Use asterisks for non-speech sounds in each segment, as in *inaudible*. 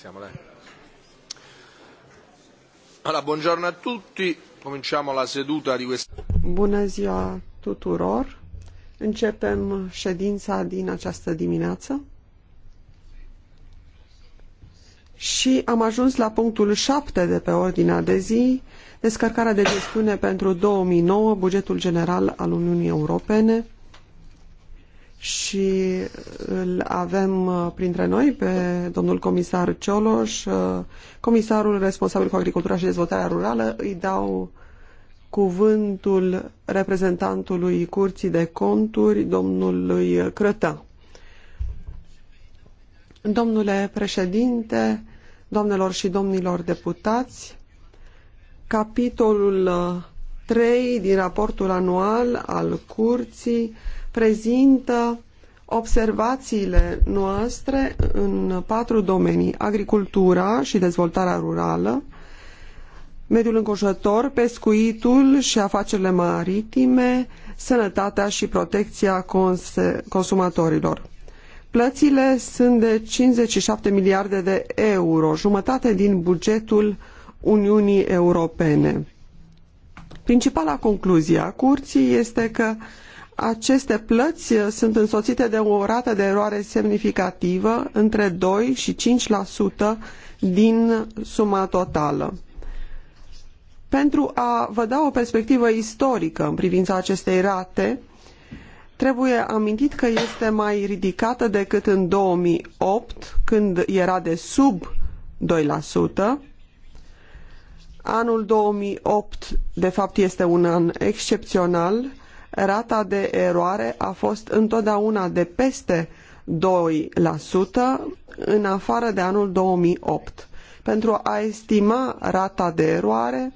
Siamo là. Allora, buongiorno a tutti. Cominciamo la seduta di questa... Bună ziua tuturor. Începem ședința din această dimineață. Și am ajuns la punctul 7 de pe ordinea de zi, descărcarea de gestiune pentru 2009, bugetul general al Uniunii Europene și îl avem uh, printre noi pe domnul comisar Cioloș, uh, comisarul responsabil cu agricultura și dezvoltarea rurală. Îi dau cuvântul reprezentantului Curții de Conturi, domnului Crătă. Domnule președinte, doamnelor și domnilor deputați, capitolul 3 uh, din raportul anual al Curții prezintă observațiile noastre în patru domenii, agricultura și dezvoltarea rurală, mediul înconjurător, pescuitul și afacerile maritime, sănătatea și protecția consumatorilor. Plățile sunt de 57 miliarde de euro, jumătate din bugetul Uniunii Europene. Principala concluzie a curții este că aceste plăți uh, sunt însoțite de o rată de eroare semnificativă, între 2 și 5% din suma totală. Pentru a vă da o perspectivă istorică în privința acestei rate, trebuie amintit că este mai ridicată decât în 2008, când era de sub 2%. Anul 2008, de fapt, este un an excepțional rata de eroare a fost întotdeauna de peste 2% în afară de anul 2008. Pentru a estima rata de eroare,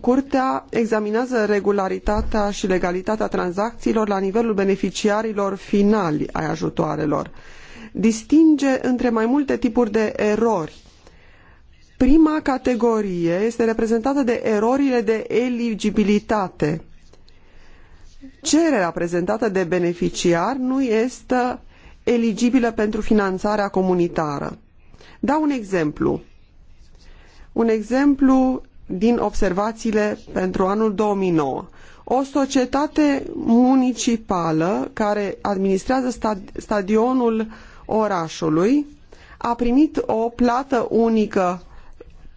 Curtea examinează regularitatea și legalitatea tranzacțiilor la nivelul beneficiarilor finali ai ajutoarelor. Distinge între mai multe tipuri de erori. Prima categorie este reprezentată de erorile de eligibilitate, cererea prezentată de beneficiar nu este eligibilă pentru finanțarea comunitară. Dau un exemplu. Un exemplu din observațiile pentru anul 2009. O societate municipală care administrează stadionul orașului a primit o plată unică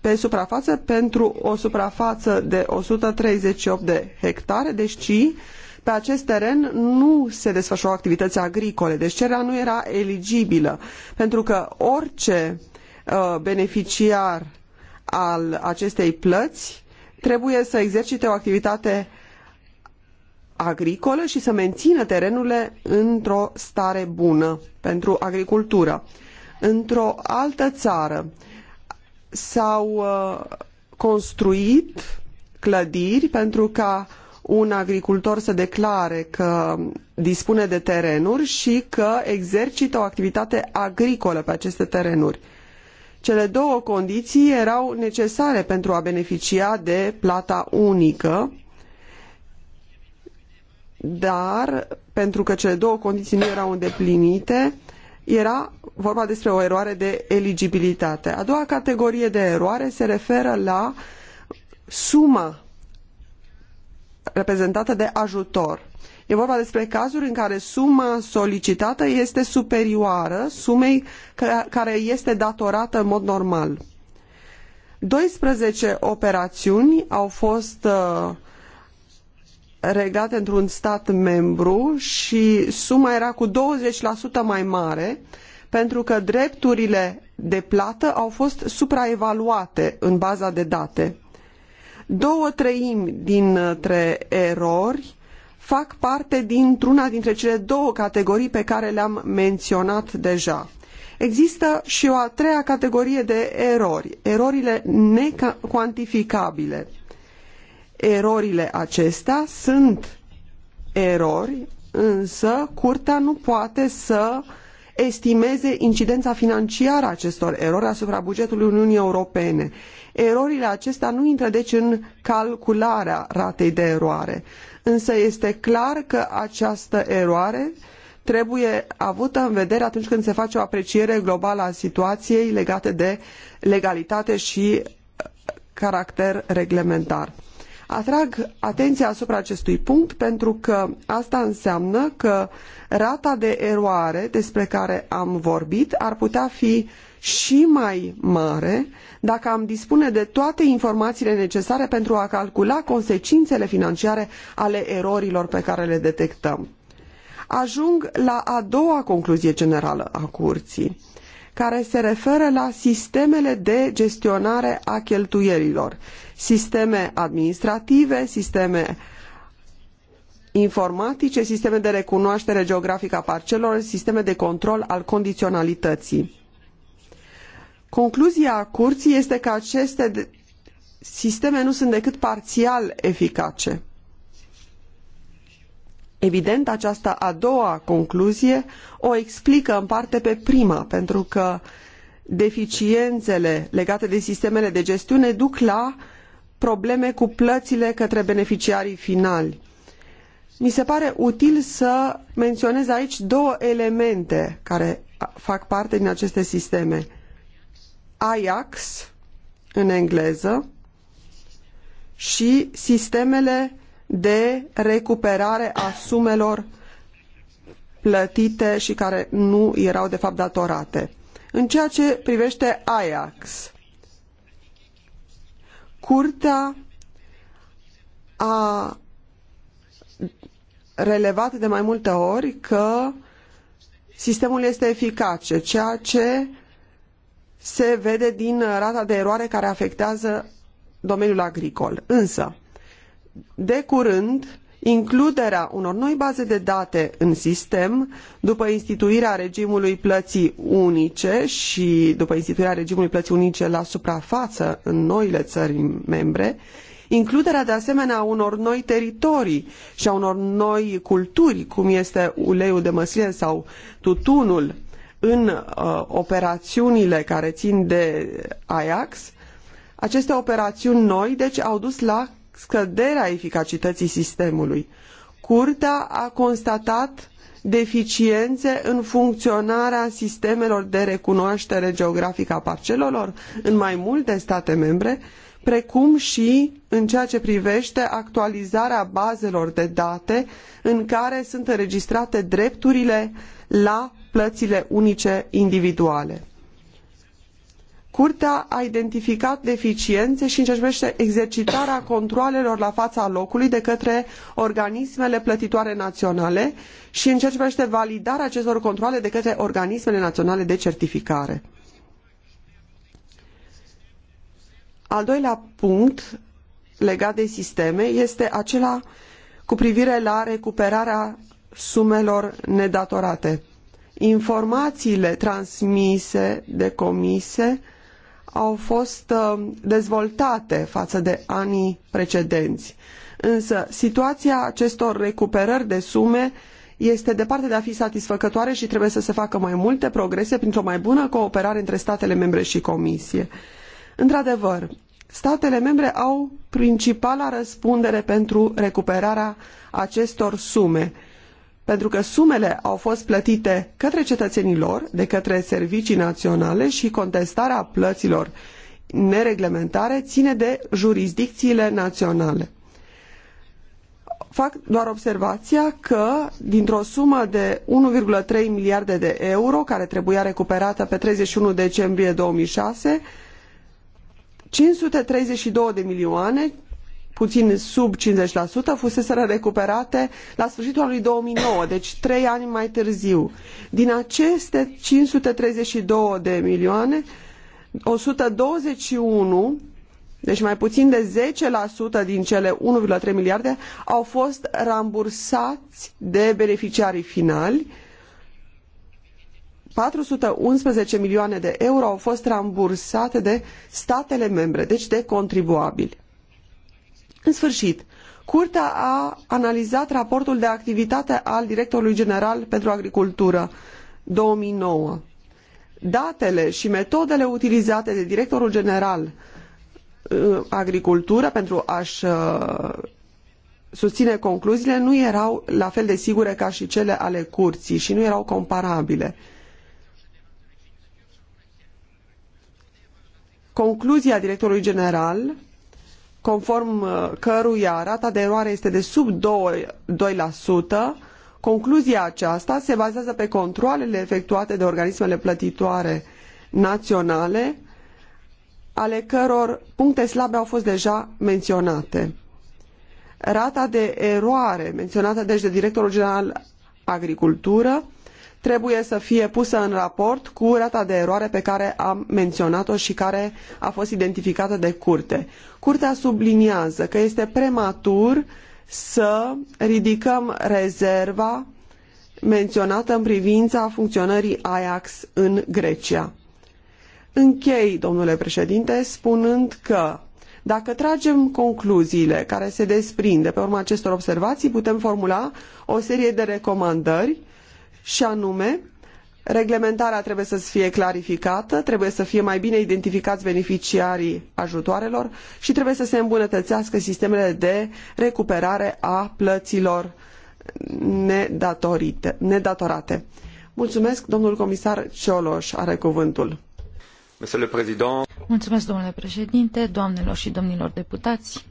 pe suprafață pentru o suprafață de 138 de hectare, deci pe acest teren nu se desfășurau activități agricole, deci cererea nu era eligibilă, pentru că orice uh, beneficiar al acestei plăți trebuie să exercite o activitate agricolă și să mențină terenurile într-o stare bună pentru agricultură. Într-o altă țară s-au uh, construit clădiri pentru ca un agricultor să declare că dispune de terenuri și că exercită o activitate agricolă pe aceste terenuri. Cele două condiții erau necesare pentru a beneficia de plata unică, dar pentru că cele două condiții nu erau îndeplinite, era vorba despre o eroare de eligibilitate. A doua categorie de eroare se referă la suma reprezentată de ajutor. E vorba despre cazuri în care suma solicitată este superioară sumei care este datorată în mod normal. 12 operațiuni au fost uh, reglate într-un stat membru și suma era cu 20% mai mare pentru că drepturile de plată au fost supraevaluate în baza de date. Două treimi dintre erori fac parte dintr-una dintre cele două categorii pe care le-am menționat deja. Există și o a treia categorie de erori, erorile necuantificabile. Erorile acestea sunt erori, însă curtea nu poate să estimeze incidența financiară a acestor erori asupra bugetului Uniunii Europene. Erorile acestea nu intră deci în calcularea ratei de eroare. Însă este clar că această eroare trebuie avută în vedere atunci când se face o apreciere globală a situației legate de legalitate și uh, caracter reglementar. Atrag atenția asupra acestui punct pentru că asta înseamnă că rata de eroare despre care am vorbit ar putea fi și mai mare dacă am dispune de toate informațiile necesare pentru a calcula consecințele financiare ale erorilor pe care le detectăm. Ajung la a doua concluzie generală a curții, care se referă la sistemele de gestionare a cheltuielilor, sisteme administrative, sisteme informatice, sisteme de recunoaștere geografică a parcelor, sisteme de control al condiționalității Concluzia curții este că aceste sisteme nu sunt decât parțial eficace. Evident, această a doua concluzie o explică în parte pe prima, pentru că deficiențele legate de sistemele de gestiune duc la probleme cu plățile către beneficiarii finali. Mi se pare util să menționez aici două elemente care fac parte din aceste sisteme. Ajax în engleză și sistemele de recuperare a sumelor plătite și care nu erau de fapt datorate. În ceea ce privește Ajax, Curtea a relevat de mai multe ori că sistemul este eficace, ceea ce se vede din uh, rata de eroare care afectează domeniul agricol. Însă, de curând, includerea unor noi baze de date în sistem, după instituirea regimului plății unice și după instituirea regimului plății unice la suprafață în noile țări membre, includerea de asemenea a unor noi teritorii și a unor noi culturi, cum este uleiul de măsline sau tutunul în uh, operațiunile care țin de Ajax, aceste operațiuni noi, deci, au dus la scăderea eficacității sistemului. Curtea a constatat deficiențe în funcționarea sistemelor de recunoaștere geografică a parcelelor în mai multe state membre precum și în ceea ce privește actualizarea bazelor de date în care sunt înregistrate drepturile la plățile unice individuale. Curtea a identificat deficiențe și încercește exercitarea controalelor la fața locului de către organismele plătitoare naționale și încercește validarea acestor controale de către organismele naționale de certificare. Al doilea punct legat de sisteme este acela cu privire la recuperarea sumelor nedatorate. Informațiile transmise de comise au fost uh, dezvoltate față de anii precedenți. Însă, situația acestor recuperări de sume este departe de a fi satisfăcătoare și trebuie să se facă mai multe progrese printr-o mai bună cooperare între statele membre și Comisie. Într-adevăr, statele membre au principala răspundere pentru recuperarea acestor sume, pentru că sumele au fost plătite către cetățenii lor, de către servicii naționale și contestarea plăților nereglementare ține de jurisdicțiile naționale. Fac doar observația că dintr-o sumă de 1,3 miliarde de euro care trebuia recuperată pe 31 decembrie 2006, 532 de milioane, puțin sub 50%, fuseseră recuperate la sfârșitul anului 2009, deci trei ani mai târziu. Din aceste 532 de milioane, 121 deci mai puțin de 10% din cele 1,3 miliarde au fost rambursați de beneficiarii finali, 411 milioane de euro au fost rambursate de statele membre, deci de contribuabili. În sfârșit, Curtea a analizat raportul de activitate al directorului general pentru agricultură 2009. Datele și metodele utilizate de directorul general uh, agricultură pentru a-și uh, susține concluziile nu erau la fel de sigure ca și cele ale curții și nu erau comparabile. Concluzia directorului general, conform uh, căruia rata de eroare este de sub 2%, 2% Concluzia aceasta se bazează pe controlele efectuate de organismele plătitoare naționale, ale căror puncte slabe au fost deja menționate. Rata de eroare menționată deci de directorul general agricultură trebuie să fie pusă în raport cu rata de eroare pe care am menționat-o și care a fost identificată de curte. Curtea subliniază că este prematur să ridicăm rezerva menționată în privința funcționării Ajax în Grecia. Închei, domnule președinte, spunând că dacă tragem concluziile care se desprind de pe urma acestor observații, putem formula o serie de recomandări și anume reglementarea trebuie să fie clarificată, trebuie să fie mai bine identificați beneficiarii ajutoarelor și trebuie să se îmbunătățească sistemele de recuperare a plăților nedatorate. Mulțumesc, domnul comisar Cioloș are cuvântul. Mulțumesc, domnule președinte, doamnelor și domnilor deputați,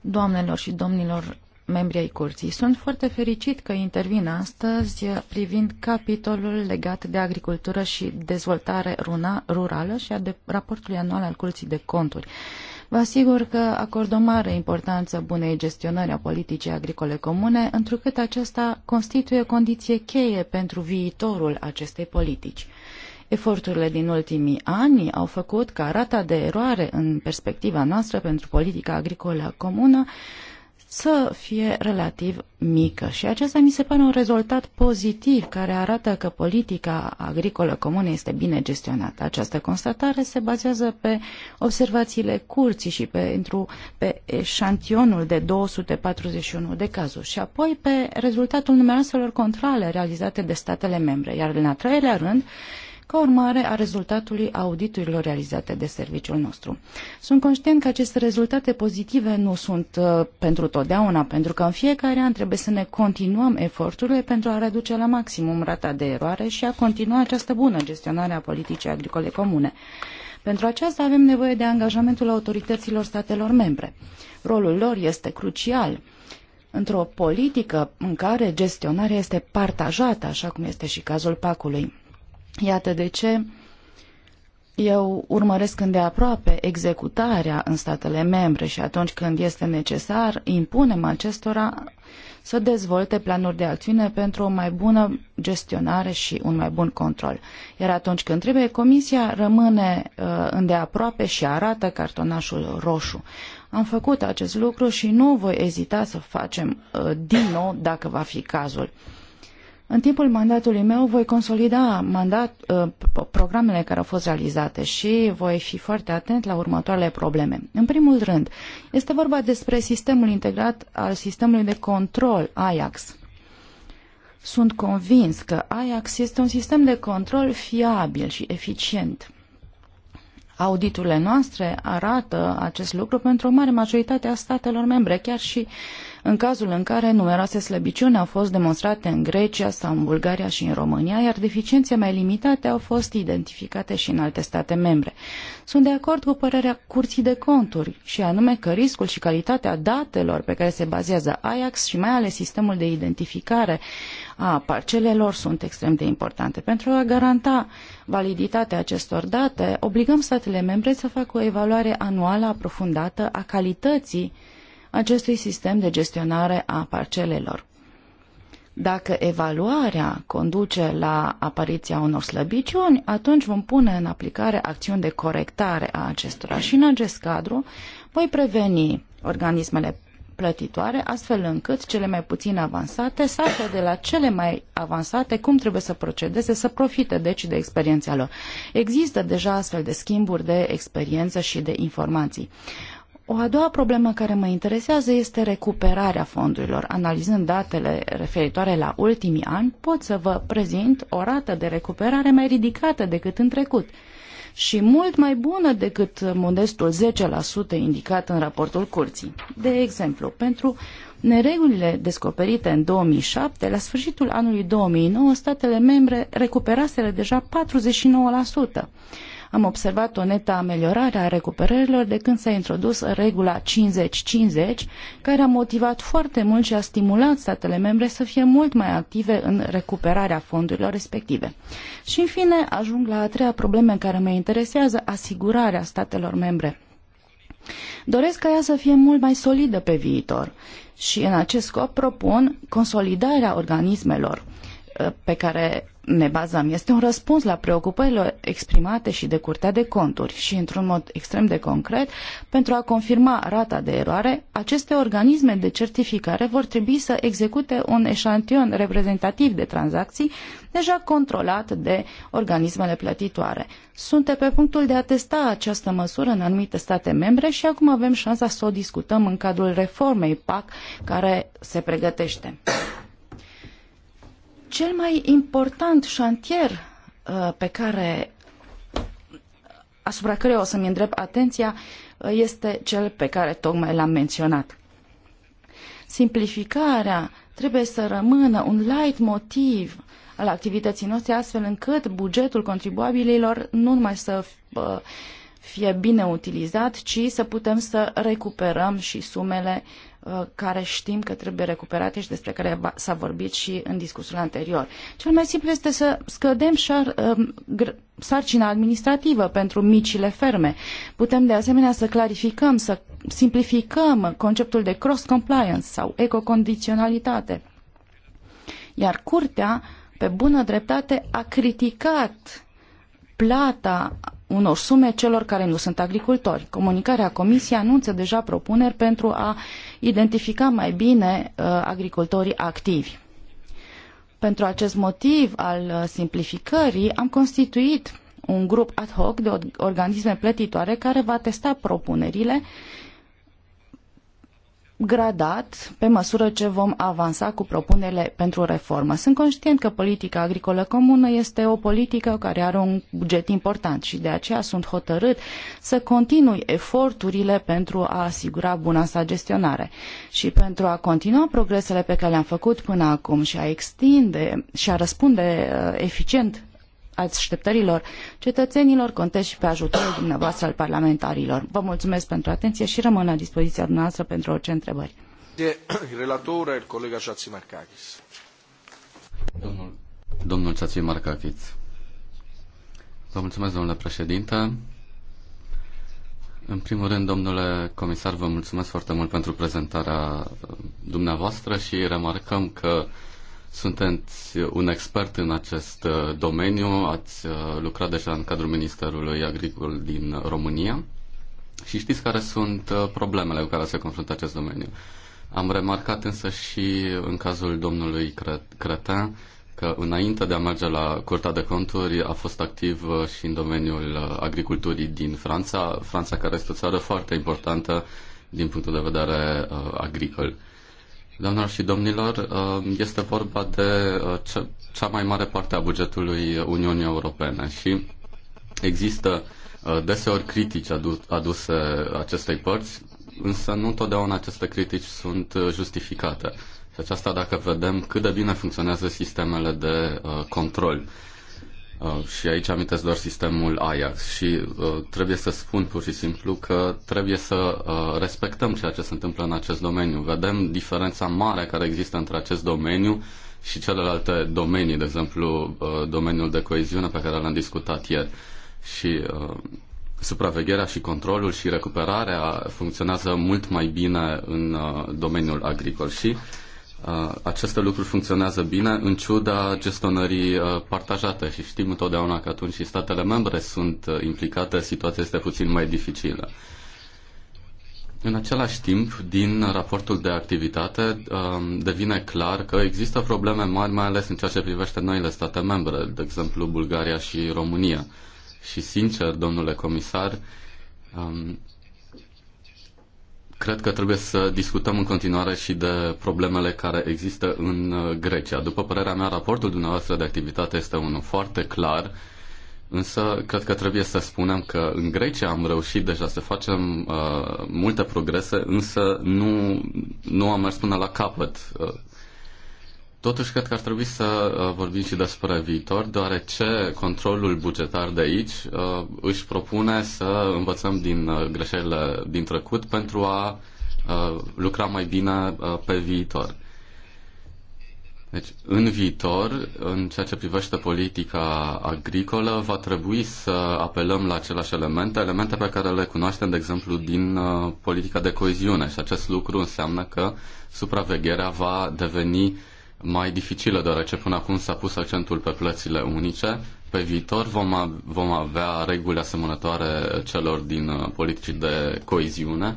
doamnelor și domnilor membrii ai curții. Sunt foarte fericit că intervin astăzi privind capitolul legat de agricultură și dezvoltare rurală și a de raportului anual al curții de conturi. Vă asigur că o mare importanță bunei gestionări a politicii agricole comune, întrucât aceasta constituie o condiție cheie pentru viitorul acestei politici. Eforturile din ultimii ani au făcut ca rata de eroare în perspectiva noastră pentru politica agricolă comună să fie relativ mică. Și acesta mi se pare un rezultat pozitiv care arată că politica agricolă comună este bine gestionată. Această constatare se bazează pe observațiile curții și pe pentru, pe eșantionul de 241 de cazuri și apoi pe rezultatul numeroaselor controle realizate de statele membre. Iar în a treilea rând, ca urmare a rezultatului auditurilor realizate de serviciul nostru. Sunt conștient că aceste rezultate pozitive nu sunt uh, pentru totdeauna, pentru că în fiecare an trebuie să ne continuăm eforturile pentru a reduce la maximum rata de eroare și a continua această bună gestionare a politicii agricole comune. Pentru aceasta avem nevoie de angajamentul autorităților statelor membre. Rolul lor este crucial într-o politică în care gestionarea este partajată, așa cum este și cazul pacului. Iată de ce eu urmăresc îndeaproape executarea în statele membre și atunci când este necesar, impunem acestora să dezvolte planuri de acțiune pentru o mai bună gestionare și un mai bun control. Iar atunci când trebuie, Comisia rămâne uh, îndeaproape și arată cartonașul roșu. Am făcut acest lucru și nu voi ezita să facem uh, din nou dacă va fi cazul. În timpul mandatului meu voi consolida mandat, uh, programele care au fost realizate și voi fi foarte atent la următoarele probleme. În primul rând, este vorba despre sistemul integrat al sistemului de control Ajax. Sunt convins că Ajax este un sistem de control fiabil și eficient. Auditurile noastre arată acest lucru pentru o mare majoritate a statelor membre, chiar și în cazul în care numeroase slăbiciuni au fost demonstrate în Grecia sau în Bulgaria și în România, iar deficiențe mai limitate au fost identificate și în alte state membre. Sunt de acord cu părerea Curții de Conturi, și anume că riscul și calitatea datelor pe care se bazează Ajax și mai ales sistemul de identificare a parcelelor sunt extrem de importante. Pentru a garanta validitatea acestor date, obligăm statele membre să facă o evaluare anuală aprofundată a calității acestui sistem de gestionare a parcelelor. Dacă evaluarea conduce la apariția unor slăbiciuni, atunci vom pune în aplicare acțiuni de corectare a acestora și în acest cadru voi preveni organismele plătitoare, astfel încât cele mai puțin avansate să afle de la cele mai avansate cum trebuie să procedeze, să profite deci de experiența lor. Există deja astfel de schimburi de experiență și de informații. O a doua problemă care mă interesează este recuperarea fondurilor. Analizând datele referitoare la ultimii ani, pot să vă prezint o rată de recuperare mai ridicată decât în trecut și mult mai bună decât modestul 10% indicat în raportul curții. De exemplu, pentru neregulile descoperite în 2007, la sfârșitul anului 2009, statele membre recuperaseră deja 49%. Am observat o netă ameliorare a recuperărilor de când s-a introdus regula 50-50, care a motivat foarte mult și a stimulat statele membre să fie mult mai active în recuperarea fondurilor respective. Și în fine ajung la a treia problemă care mă interesează, asigurarea statelor membre. Doresc ca ea să fie mult mai solidă pe viitor și în acest scop propun consolidarea organismelor pe care ne bazăm este un răspuns la preocupările exprimate și de Curtea de Conturi și, într-un mod extrem de concret, pentru a confirma rata de eroare, aceste organisme de certificare vor trebui să execute un eșantion reprezentativ de tranzacții deja controlat de organismele plătitoare. Suntem pe punctul de a testa această măsură în anumite state membre și acum avem șansa să o discutăm în cadrul reformei PAC care se pregătește. Cel mai important șantier uh, pe care asupra căruia o să-mi îndrept atenția uh, este cel pe care tocmai l-am menționat. Simplificarea trebuie să rămână un light motiv al activității noastre, astfel încât bugetul contribuabililor nu numai să uh, fie bine utilizat, ci să putem să recuperăm și sumele Uh, care știm că trebuie recuperate și despre care s-a vorbit și în discursul anterior. Cel mai simplu este să scădem șar, uh, sarcina administrativă pentru micile ferme. Putem de asemenea să clarificăm, să simplificăm conceptul de cross-compliance sau ecocondiționalitate. Iar curtea, pe bună dreptate, a criticat plata unor sume celor care nu sunt agricultori. Comunicarea Comisiei anunță deja propuneri pentru a identifica mai bine uh, agricultorii activi. Pentru acest motiv al uh, simplificării am constituit un grup ad hoc de organisme plătitoare care va testa propunerile uh, gradat pe măsură ce vom avansa cu propunerile pentru reformă. Sunt conștient că politica agricolă comună este o politică care are un buget important și de aceea sunt hotărât să continui eforturile pentru a asigura buna sa gestionare și pentru a continua progresele pe care le-am făcut până acum și a extinde și a răspunde uh, eficient așteptărilor cetățenilor, contez și pe ajutorul dumneavoastră al parlamentarilor. Vă mulțumesc pentru atenție și rămân la dispoziția dumneavoastră pentru orice întrebări. Relatorul, colega Marcachis. Domnul, domnul Marcachis. Vă mulțumesc, domnule președinte. În primul rând, domnule comisar, vă mulțumesc foarte mult pentru prezentarea uh, dumneavoastră și remarcăm că sunteți un expert în acest uh, domeniu, ați uh, lucrat deja în cadrul Ministerului Agricol din România și știți care sunt uh, problemele cu care se confruntă acest domeniu. Am remarcat însă și în cazul domnului Cretin că înainte de a merge la Curtea de Conturi a fost activ și în domeniul agriculturii din Franța, Franța care este o țară foarte importantă din punctul de vedere agricol. Doamnelor și domnilor, uh, este vorba de uh, cea mai mare parte a bugetului Uniunii Europene și există uh, deseori critici aduse acestei părți, însă nu întotdeauna aceste critici sunt justificate. Și aceasta dacă vedem cât de bine funcționează sistemele de control. Uh, și aici amintesc doar sistemul Ajax și uh, trebuie să spun pur și simplu că trebuie să uh, respectăm ceea ce se întâmplă în acest domeniu. Vedem diferența mare care există între acest domeniu și celelalte domenii, de exemplu domeniul de coeziune pe care l-am discutat ieri. Și supravegherea și controlul și recuperarea funcționează mult mai bine în domeniul agricol și Uh, aceste lucruri funcționează bine în ciuda gestionării uh, partajate și știm întotdeauna că atunci și statele membre sunt uh, implicate, situația este puțin mai dificilă. În același timp, din raportul de activitate um, devine clar că există probleme mari, mai ales în ceea ce privește noile state membre, de exemplu Bulgaria și România. Și sincer, domnule comisar, um, Cred că trebuie să discutăm în continuare și de problemele care există în uh, Grecia. După părerea mea, raportul dumneavoastră de activitate este unul foarte clar, însă cred că trebuie să spunem că în Grecia am reușit deja să facem uh, multe progrese, însă nu, nu am mers până la capăt. Uh, Totuși, cred că ar trebui să uh, vorbim și despre viitor, deoarece controlul bugetar de aici uh, își propune să învățăm din uh, greșelile din trecut pentru a lucra mai bine pe viitor. Deci, în viitor, în ceea ce privește politica agricolă, va trebui să apelăm la aceleași elemente, elemente pe care le cunoaștem, de exemplu, din politica de coeziune. Și acest lucru înseamnă că supravegherea va deveni uh, mai dificilă, deoarece până acum s-a pus accentul pe plățile unice. Pe viitor vom, vom avea reguli asemănătoare celor din uh, politicii de coeziune.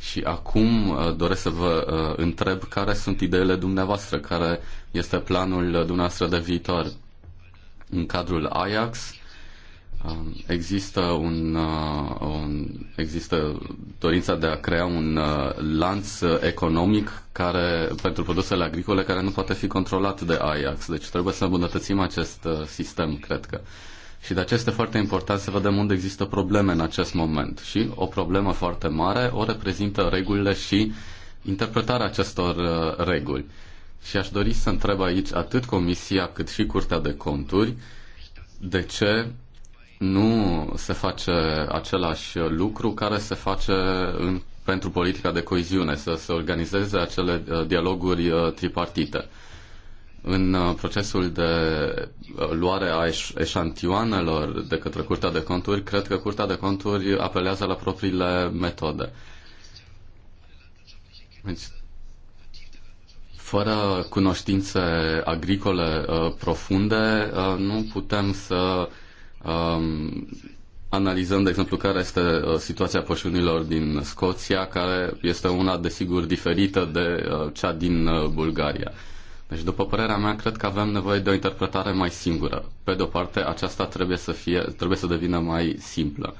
Și acum uh, doresc să vă uh, întreb care sunt ideile dumneavoastră, care este planul dumneavoastră de viitor în cadrul Ajax Um, există, un, uh, un, există dorința de a crea un uh, lanț uh, economic care, pentru produsele agricole care nu poate fi controlat de Ajax. Deci trebuie să îmbunătățim acest sistem, cred că. Și de aceea este foarte important să vedem unde există probleme în acest moment. Și o problemă foarte mare o reprezintă regulile și interpretarea acestor reguli. Și aș dori să întreb aici atât Comisia cât și Curtea de Conturi de ce nu se face același lucru care se face în, pentru politica de coeziune, să se organizeze acele uh, dialoguri uh, tripartite. În uh, procesul de luare a eșantioanelor de către Curtea de Conturi, cred că Curtea de Conturi apelează la propriile metode. Deci, fără cunoștințe agricole uh, profunde, uh, nu putem să um, analizăm, de exemplu, care este uh, situația pășunilor din Scoția, care este una, desigur, diferită de uh, cea din uh, Bulgaria. Deci, după părerea mea, cred că avem nevoie de o interpretare mai singură. Pe de-o parte, aceasta trebuie să, fie, trebuie să devină mai simplă.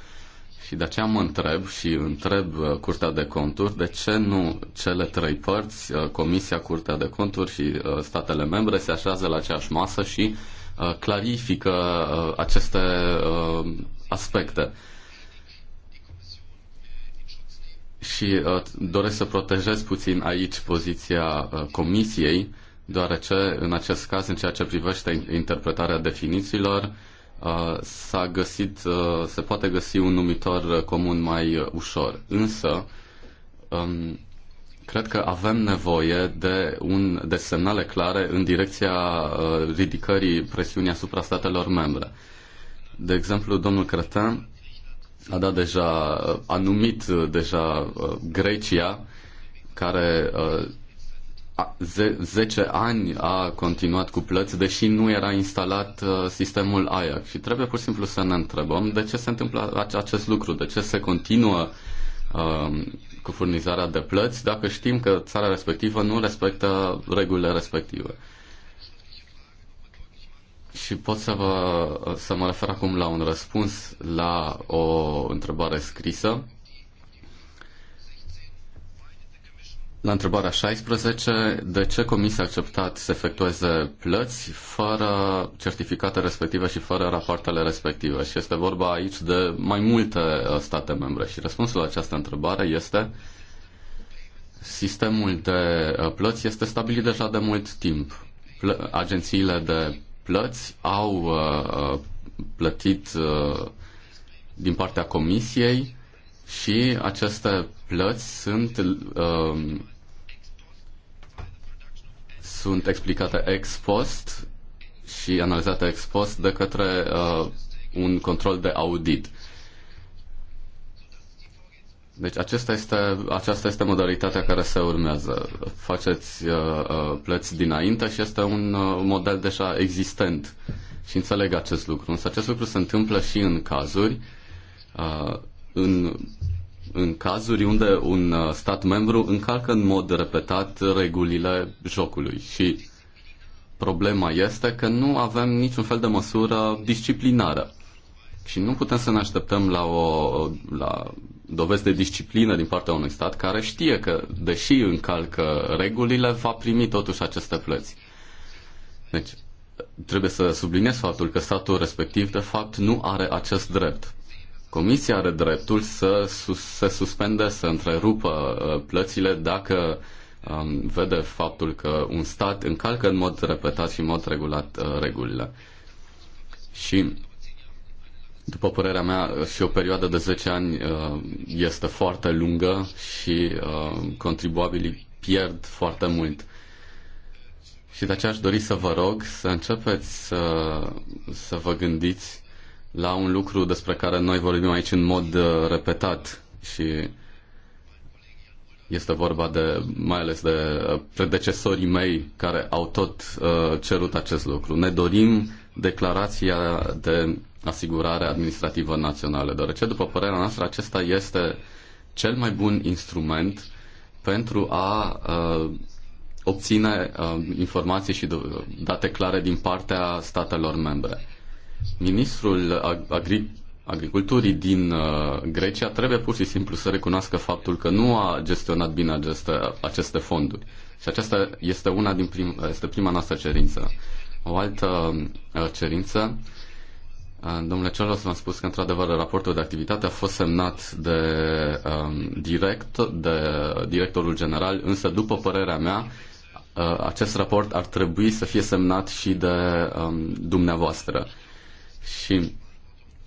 Și de aceea mă întreb și întreb Curtea de Conturi de ce nu cele trei părți, Comisia, Curtea de Conturi și statele membre, se așează la aceeași masă și uh, Uh, clarifică uh, aceste uh, aspecte. Și doresc să protejez puțin aici poziția Comisiei, deoarece în acest caz, în ceea ce privește interpretarea definițiilor, s-a găsit, se poate găsi un numitor comun mai ușor. Însă, um, Cred că avem nevoie de, un, de semnale clare în direcția uh, ridicării presiunii asupra statelor membre. De exemplu, domnul Cretan a dat deja, a numit uh, deja uh, Grecia, care zece 10 ani a continuat cu plăți, deși nu era instalat sistemul AIAC. Și trebuie pur și simplu să ne întrebăm de ce se întâmplă acest lucru, de ce se continuă cu furnizarea de plăți dacă știm că țara respectivă nu respectă regulile respective. Și pot să, vă, să mă refer acum la un răspuns la o întrebare scrisă La întrebarea 16, de ce Comisia a acceptat să efectueze plăți fără certificate respective și fără rapoartele respective? Și este vorba aici de mai multe uh, state membre. Și răspunsul la această întrebare este sistemul de uh, plăți este stabilit deja de mult timp. Agențiile de plăți au uh, plătit din partea Comisiei și aceste plăți sunt uh, sunt explicate ex post și analizate ex post de către uh, un control de audit. Deci acesta este, aceasta este modalitatea care se urmează. Faceți uh, uh plăți dinainte și este un uh, model deja existent și înțeleg acest lucru. Însă acest lucru se întâmplă și în cazuri uh, în în cazuri unde un uh, stat membru încalcă în mod repetat regulile jocului și problema este că nu avem niciun fel de măsură disciplinară. Și nu putem să ne așteptăm la, o, la dovezi de disciplină din partea unui stat care știe că, deși încalcă regulile, va primi totuși aceste plăți. Deci, trebuie să subliniez faptul că statul respectiv, de fapt, nu are acest drept. Comisia are dreptul să se suspende, să întrerupă uh, plățile dacă um, vede faptul că un stat încalcă în mod repetat și în mod regulat uh, regulile. Și după părerea mea, și o perioadă de 10 ani uh, este foarte lungă și contribuabilii pierd foarte mult. Și de aceea aș dori să vă rog să începeți să, să vă gândiți la un lucru despre care noi vorbim aici în mod uh, repetat și este vorba de, mai ales de uh, predecesorii mei care au tot uh, cerut acest lucru. Ne dorim declarația de asigurare administrativă națională, deoarece, după părerea noastră, acesta este cel mai bun instrument pentru a uh, obține uh, informații și date clare din partea statelor membre. Ministrul Agri- Agriculturii din uh, Grecia trebuie pur și simplu să recunoască faptul că nu a gestionat bine aceste, aceste fonduri. Și aceasta este una din prim, este prima noastră cerință. O altă uh, cerință uh, Domnule Cioros, v-am spus că, într-adevăr, raportul de activitate a fost semnat de, um, direct, de directorul general, însă, după părerea mea, uh, acest raport ar trebui să fie semnat și de um, dumneavoastră. Și,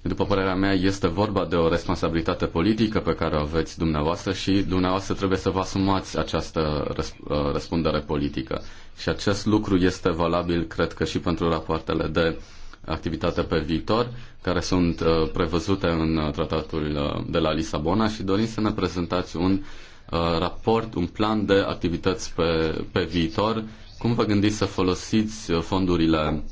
după părerea mea, este vorba de o responsabilitate politică pe care o aveți dumneavoastră și dumneavoastră trebuie să vă asumați această răsp- uh, răspundere politică. Și acest lucru este valabil, cred că, și pentru rapoartele de activitate pe viitor, care sunt uh, prevăzute în uh, tratatul uh, de la Lisabona și dorim să ne prezentați un uh, raport, un plan de activități pe, pe viitor. Cum vă gândiți să folosiți uh, fondurile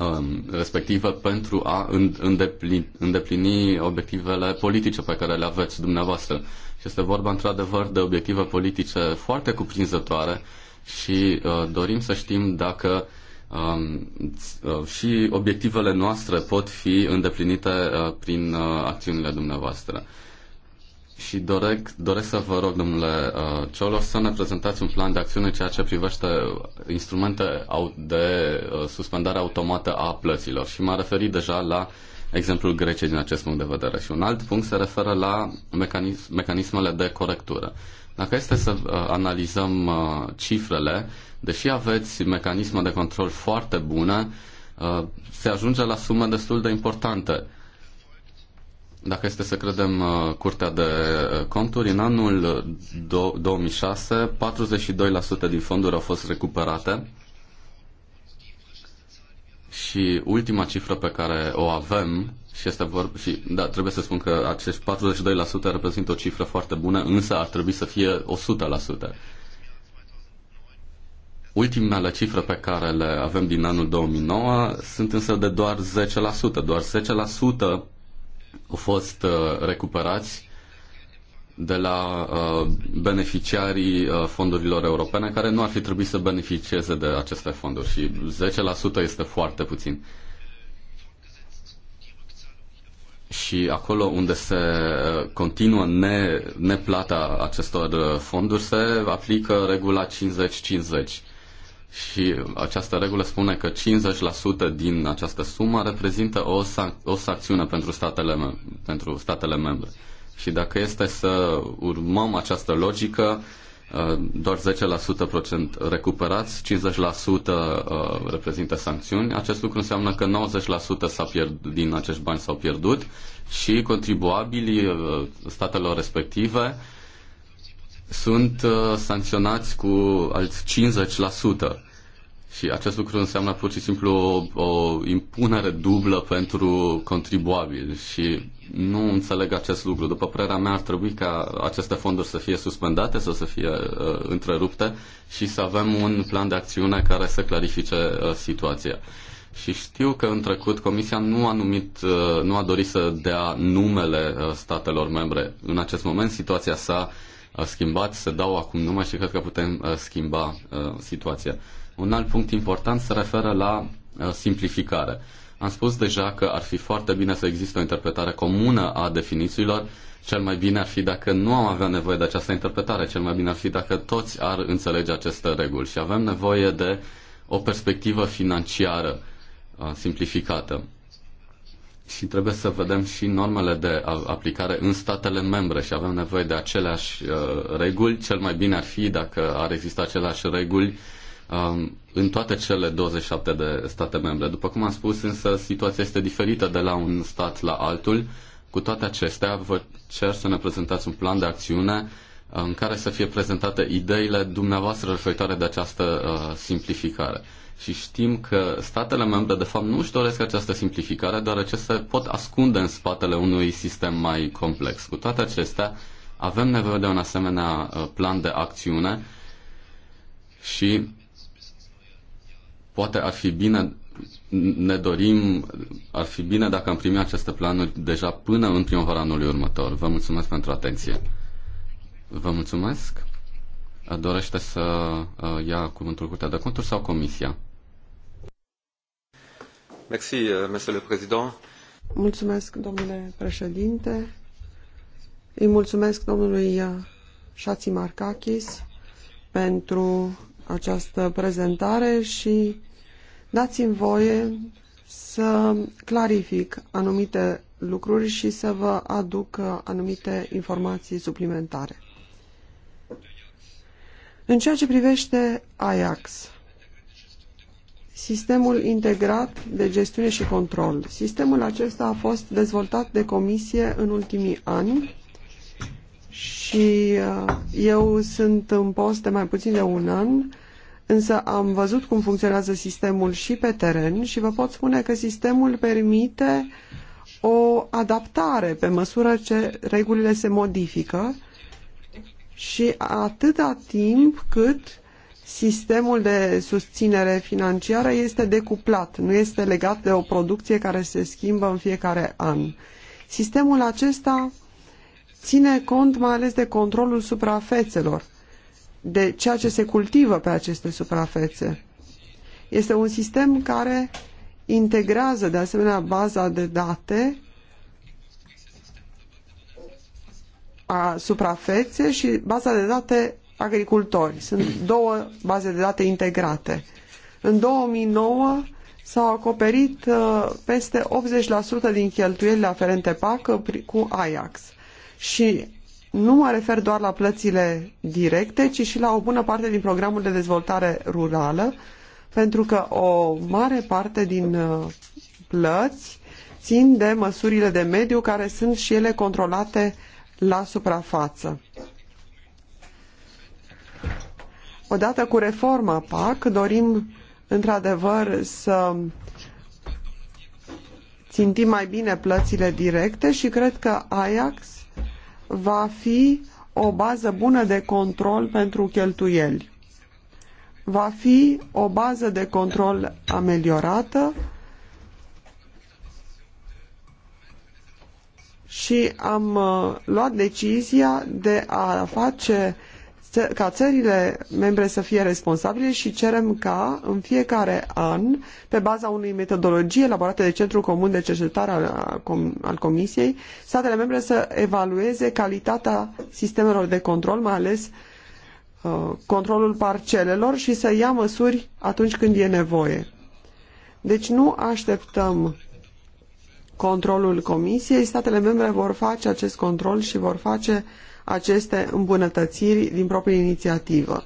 Um, respective pentru a îndeplini, îndeplini obiectivele politice pe care le aveți dumneavoastră. Și este vorba într-adevăr de obiective politice foarte cuprinzătoare și uh, dorim să știm dacă um, uh, și obiectivele noastre pot fi îndeplinite uh, prin uh, acțiunile dumneavoastră. Uh, și doresc, doresc să vă rog, domnule uh, Ciolo, să ne prezentați un plan de acțiune ceea ce privește instrumente de uh, suspendare automată a plăților. Și m-a referit deja la exemplul Greciei din acest punct de vedere. Și un alt punct se referă la mecanism, mecanismele de corectură. Dacă este să uh, analizăm uh, cifrele, deși aveți mecanisme de control foarte bune, uh, se ajunge la sume destul de importante dacă este să credem uh, Curtea de uh, Conturi, în anul 2006, 42% din fonduri au fost recuperate și ultima cifră pe care o avem și este vor... și da, trebuie să spun că acești 42% reprezintă o cifră foarte bună, însă ar trebui să fie 100%. Ultimele cifre pe care le avem din anul 2009 sunt însă de doar 10%. Doar 10% au fost uh, recuperați de la uh, beneficiarii uh, fondurilor europene care nu ar fi trebuit să beneficieze de aceste fonduri și 10% este foarte puțin. Și acolo unde se continuă ne, neplata acestor fonduri se aplică regula 50-50 și această regulă spune că 50% din această sumă reprezintă o, sanc- o sancțiune pentru statele, mem- pentru statele membre. Și dacă este să urmăm această logică, uh, doar 10% recuperați, 50% uh, reprezintă sancțiuni. Acest lucru înseamnă că 90% s-a pierdut, din acești bani s-au pierdut și contribuabilii uh, statelor respective sunt uh, sancționați cu alți 50%. Și acest lucru înseamnă pur și simplu o, o impunere dublă pentru contribuabil și nu înțeleg acest lucru. După părerea mea ar trebui ca aceste fonduri să fie suspendate sau să fie uh, întrerupte și să avem un plan de acțiune care să clarifice uh, situația. Și știu că în trecut Comisia nu a numit, uh, nu a dorit să dea numele uh, statelor membre. În acest moment situația s-a uh, schimbat, se dau acum numai și cred că putem uh, schimba uh, situația. Un alt punct important se referă la uh, simplificare. Am spus deja că ar fi foarte bine să există o interpretare comună a definițiilor. Cel mai bine ar fi dacă nu am avea nevoie de această interpretare, cel mai bine ar fi dacă toți ar înțelege aceste reguli și avem nevoie de o perspectivă financiară simplificată și trebuie să vedem și normele de aplicare în statele membre și avem nevoie de aceleași uh, reguli. Cel mai bine ar fi dacă ar exista aceleași reguli um, în toate cele 27 de state membre. După cum am spus, însă, situația este diferită de la un stat la altul. Cu toate acestea, vă cer să ne prezentați un plan de acțiune în um, care să fie prezentate ideile dumneavoastră referitoare de această uh, simplificare și știm că statele membre de fapt nu își doresc această simplificare, deoarece se pot ascunde în spatele unui sistem mai complex. Cu toate acestea, avem nevoie de un asemenea uh, plan de acțiune și poate ar fi bine ne dorim, ar fi bine dacă am primit aceste planuri deja până în primăvara anului următor. Vă mulțumesc pentru atenție. Vă mulțumesc. Dorește să uh, ia cuvântul Curtea de Conturi sau Comisia? Euh, mulțumesc, domnule președinte. Îi mulțumesc domnului Șații Marcachis pentru această prezentare și dați-mi voie să clarific anumite lucruri și să vă aduc uh, anumite informații suplimentare. În ceea ce privește Ajax, Sistemul integrat de gestiune și control. Sistemul acesta a fost dezvoltat de comisie în ultimii ani și uh, eu sunt în post de mai puțin de un an, însă am văzut cum funcționează sistemul și pe teren și vă pot spune că sistemul permite o adaptare pe măsură ce regulile se modifică și atâta timp cât sistemul de susținere financiară este decuplat, nu este legat de o producție care se schimbă în fiecare an. Sistemul acesta ține cont mai ales de controlul suprafețelor, de ceea ce se cultivă pe aceste suprafețe. Este un sistem care integrează de asemenea baza de date a suprafețe și baza de date agricultori. Sunt două baze de date integrate. În 2009 s-au acoperit uh, peste 80% din cheltuielile aferente PAC uh, cu Ajax. Și nu mă refer doar la plățile directe, ci și la o bună parte din programul de dezvoltare rurală, pentru că o mare parte din uh, plăți țin de măsurile de mediu care sunt și ele controlate la suprafață. Odată cu reforma PAC dorim într-adevăr să țintim mai bine plățile directe și cred că Ajax va fi o bază bună de control pentru cheltuieli. Va fi o bază de control ameliorată și am uh, luat decizia de a face uh, ca țările membre să fie responsabile și cerem ca în fiecare an, pe baza unei metodologii elaborate de Centrul Comun de Cercetare al, al Comisiei, statele membre să evalueze calitatea sistemelor de control, mai ales uh, controlul parcelelor și să ia măsuri atunci când e nevoie. Deci nu așteptăm controlul Comisiei, statele membre vor face acest control și vor face uh, aceste îmbunătățiri din proprie inițiativă.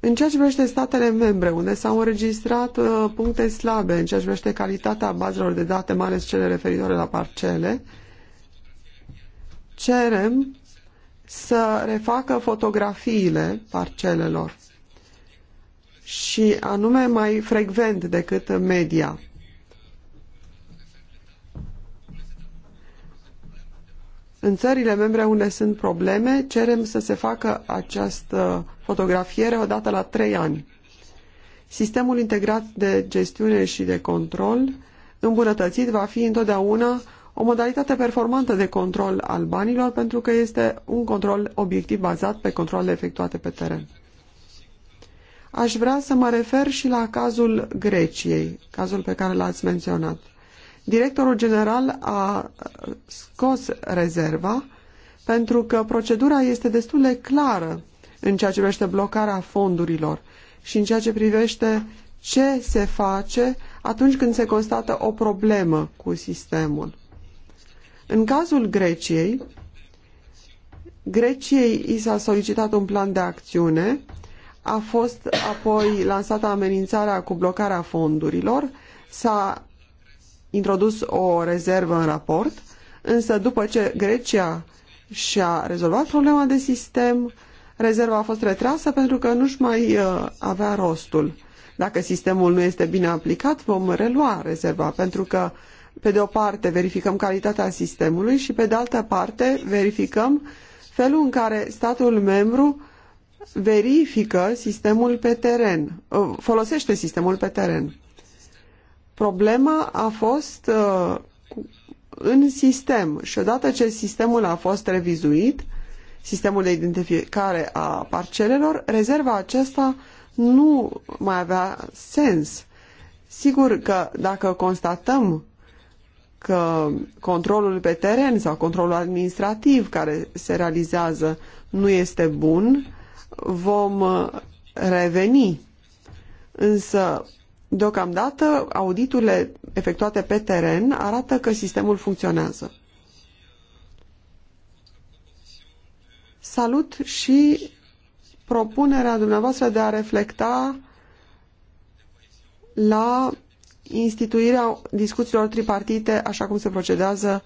În ceea ce privește statele membre, unde s-au înregistrat uh, puncte slabe în ceea ce privește calitatea bazelor de date, mai ales cele referitoare la parcele, cerem să refacă fotografiile parcelelor și anume mai frecvent decât media. În țările membre unde sunt probleme, cerem să se facă această fotografiere odată la trei ani. Sistemul integrat de gestiune și de control îmbunătățit va fi întotdeauna o modalitate performantă de control al banilor pentru că este un control obiectiv bazat pe controlele efectuate pe teren. Aș vrea să mă refer și la cazul Greciei, cazul pe care l-ați menționat directorul general a scos rezerva pentru că procedura este destul de clară în ceea ce privește blocarea fondurilor și în ceea ce privește ce se face atunci când se constată o problemă cu sistemul. În cazul Greciei, Greciei i s-a solicitat un plan de acțiune, a fost apoi lansată amenințarea cu blocarea fondurilor, s-a introdus o rezervă în raport, însă după ce Grecia și-a rezolvat problema de sistem, rezerva a fost retrasă pentru că nu-și mai uh, avea rostul. Dacă sistemul nu este bine aplicat, vom relua rezerva, pentru că, pe de o parte, verificăm calitatea sistemului și, pe de altă parte, verificăm felul în care statul membru verifică sistemul pe teren, uh, folosește sistemul pe teren. Problema a fost uh, în sistem și odată ce sistemul a fost revizuit, sistemul de identificare a parcelelor, rezerva aceasta nu mai avea sens. Sigur că dacă constatăm că controlul pe teren sau controlul administrativ care se realizează nu este bun, vom uh, reveni. Însă Deocamdată, auditurile efectuate pe teren arată că sistemul funcționează. Salut și propunerea dumneavoastră de a reflecta la instituirea discuțiilor tripartite, așa cum se procedează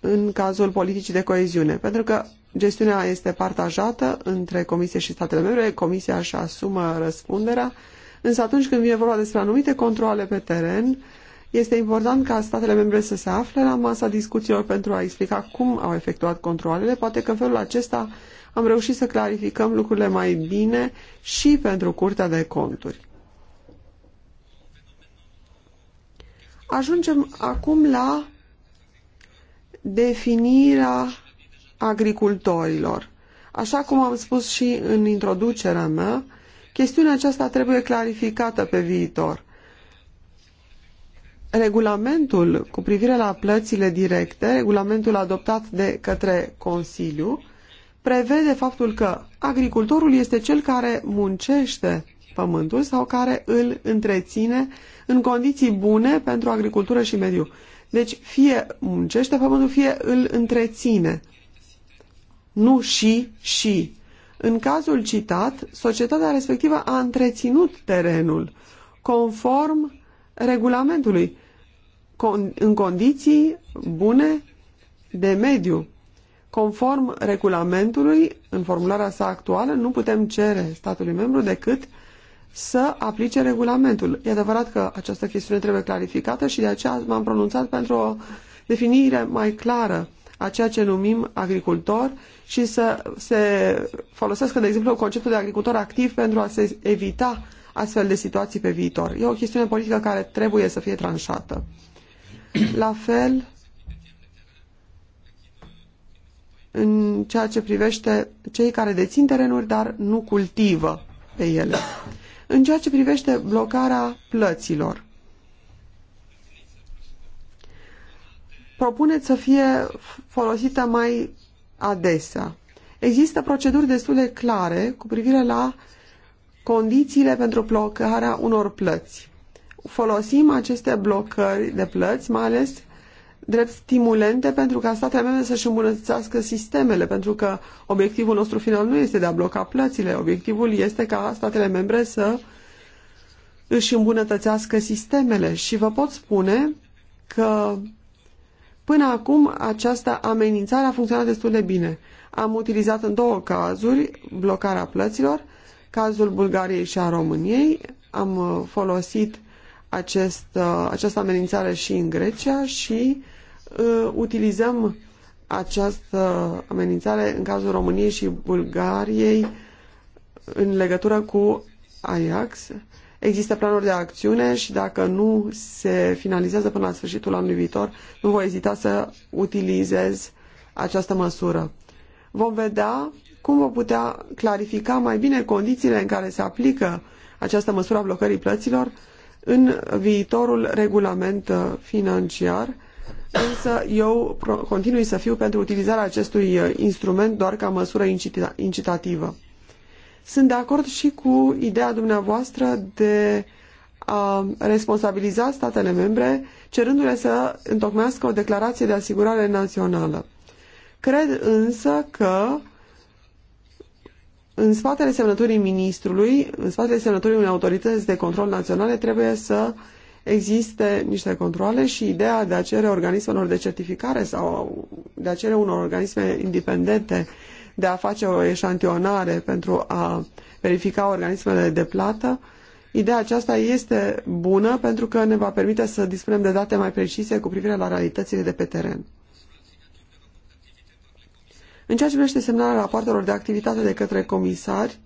în cazul politicii de coeziune. Pentru că gestiunea este partajată între Comisie și statele membre, Comisia își asumă răspunderea, Însă atunci când vine vorba despre anumite controle pe teren, este important ca statele membre să se afle la masa discuțiilor pentru a explica cum au efectuat controlele. Poate că în felul acesta am reușit să clarificăm lucrurile mai bine și pentru Curtea de Conturi. Ajungem acum la definirea agricultorilor. Așa cum am spus și în introducerea mea, Chestiunea aceasta trebuie clarificată pe viitor. Regulamentul cu privire la plățile directe, regulamentul adoptat de către Consiliu, prevede faptul că agricultorul este cel care muncește pământul sau care îl întreține în condiții bune pentru agricultură și mediu. Deci fie muncește pământul, fie îl întreține. Nu și, și. În cazul citat, societatea respectivă a întreținut terenul conform regulamentului în condiții bune de mediu. Conform regulamentului, în formularea sa actuală, nu putem cere statului membru decât să aplice regulamentul. E adevărat că această chestiune trebuie clarificată și de aceea m-am pronunțat pentru o definire mai clară a ceea ce numim agricultor și să se folosească, de exemplu, conceptul de agricultor activ pentru a se evita astfel de situații pe viitor. E o chestiune politică care trebuie să fie tranșată. La fel, în ceea ce privește cei care dețin terenuri, dar nu cultivă pe ele. În ceea ce privește blocarea plăților, propuneți să fie folosită mai adesea. Există proceduri destul de clare cu privire la condițiile pentru blocarea unor plăți. Folosim aceste blocări de plăți, mai ales drept stimulente pentru ca statele membre să-și îmbunătățească sistemele, pentru că obiectivul nostru final nu este de a bloca plățile, obiectivul este ca statele membre să își îmbunătățească sistemele. Și vă pot spune că Până acum, această amenințare a funcționat destul de bine. Am utilizat în două cazuri blocarea plăților, cazul Bulgariei și a României. Am uh, folosit acest, uh, această amenințare și în Grecia și uh, utilizăm această amenințare în cazul României și Bulgariei în legătură cu Ajax Există planuri de acțiune și dacă nu se finalizează până la sfârșitul anului viitor, nu voi ezita să utilizez această măsură. Vom vedea cum vom putea clarifica mai bine condițiile în care se aplică această măsură a blocării plăților în viitorul regulament uh, financiar, însă eu continui să fiu pentru utilizarea acestui uh, instrument doar ca măsură incitativă. Sunt de acord și cu ideea dumneavoastră de a responsabiliza statele membre, cerându-le să întocmească o declarație de asigurare națională. Cred însă că în spatele semnăturii ministrului, în spatele semnăturii unei autorități de control naționale, trebuie să existe niște controle și ideea de a cere organismelor de certificare sau de a cere unor organisme independente de a face o eșantionare pentru a verifica organismele de plată, ideea aceasta este bună pentru că ne va permite să dispunem de date mai precise cu privire la realitățile de pe teren. În ceea ce privește semnarea rapoartelor de activitate de către comisari,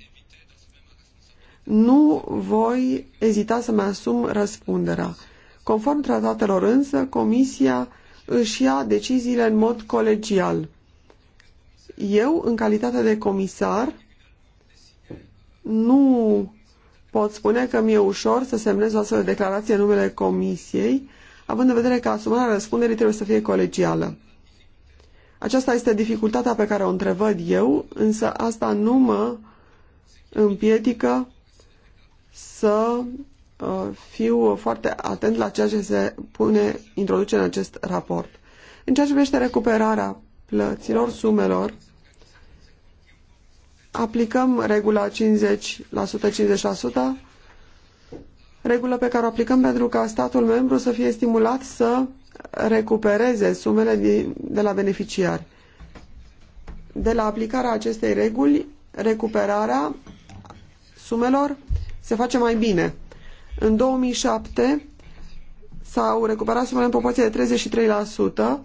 nu voi ezita să-mi asum răspunderea. Conform tratatelor însă, Comisia își ia deciziile în mod colegial. Eu, în calitate de comisar, nu pot spune că mi-e ușor să semnez o astfel de declarație în numele comisiei, având în vedere că asumarea răspunderii trebuie să fie colegială. Aceasta este dificultatea pe care o întrevăd eu, însă asta nu mă împiedică să uh, fiu foarte atent la ceea ce se pune, introduce în acest raport. În ceea ce privește recuperarea plăților, sumelor, aplicăm regula 50%, 50%, regulă pe care o aplicăm pentru ca statul membru să fie stimulat să recupereze sumele de la beneficiari. De la aplicarea acestei reguli, recuperarea sumelor se face mai bine. În 2007 s-au recuperat sumele în proporție de 33%,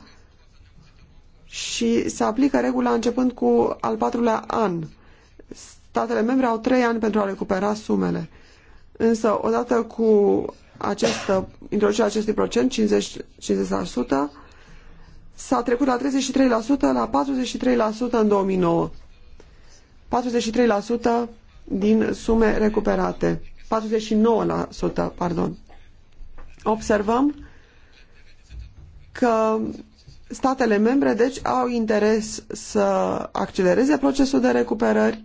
și se aplică regula începând cu al patrulea an. Statele membre au trei ani pentru a recupera sumele. Însă, odată cu această, introducerea acestui procent, 50, 50% s-a trecut la 33%, la 43% în 2009. 43% din sume recuperate. 49%, pardon. Observăm că statele membre, deci, au interes să accelereze procesul de recuperări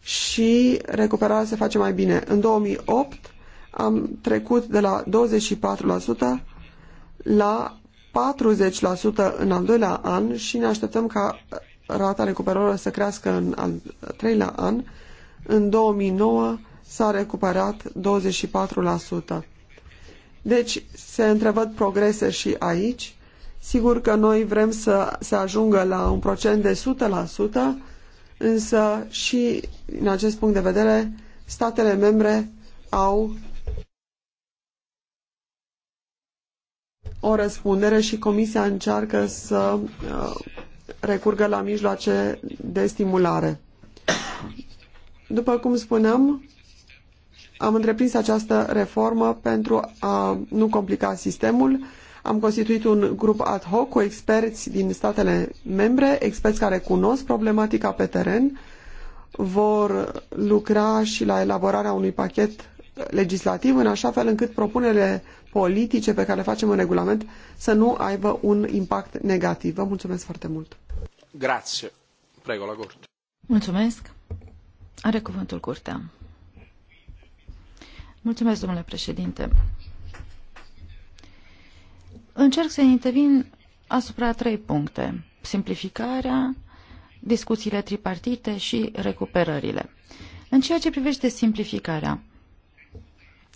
și recuperarea se face mai bine. În 2008 am trecut de la 24% la 40% în al doilea an și ne așteptăm ca rata recuperărilor să crească în al treilea an. În 2009 s-a recuperat 24%. Deci se întrevăd progrese și aici Sigur că noi vrem să se ajungă la un procent de 100%, însă și în acest punct de vedere statele membre au o răspundere și Comisia încearcă să uh, recurgă la mijloace de stimulare. După cum spuneam, am întreprins această reformă pentru a nu complica sistemul, am constituit un grup ad hoc cu experți din statele membre, experți care cunosc problematica pe teren, vor lucra și la elaborarea unui pachet legislativ în așa fel încât propunerile politice pe care le facem în regulament să nu aibă un impact negativ. Vă mulțumesc foarte mult. Grazie. Prego la curte. Mulțumesc. Are cuvântul curtea. Mulțumesc, domnule președinte. Încerc să intervin asupra trei puncte. Simplificarea, discuțiile tripartite și recuperările. În ceea ce privește simplificarea,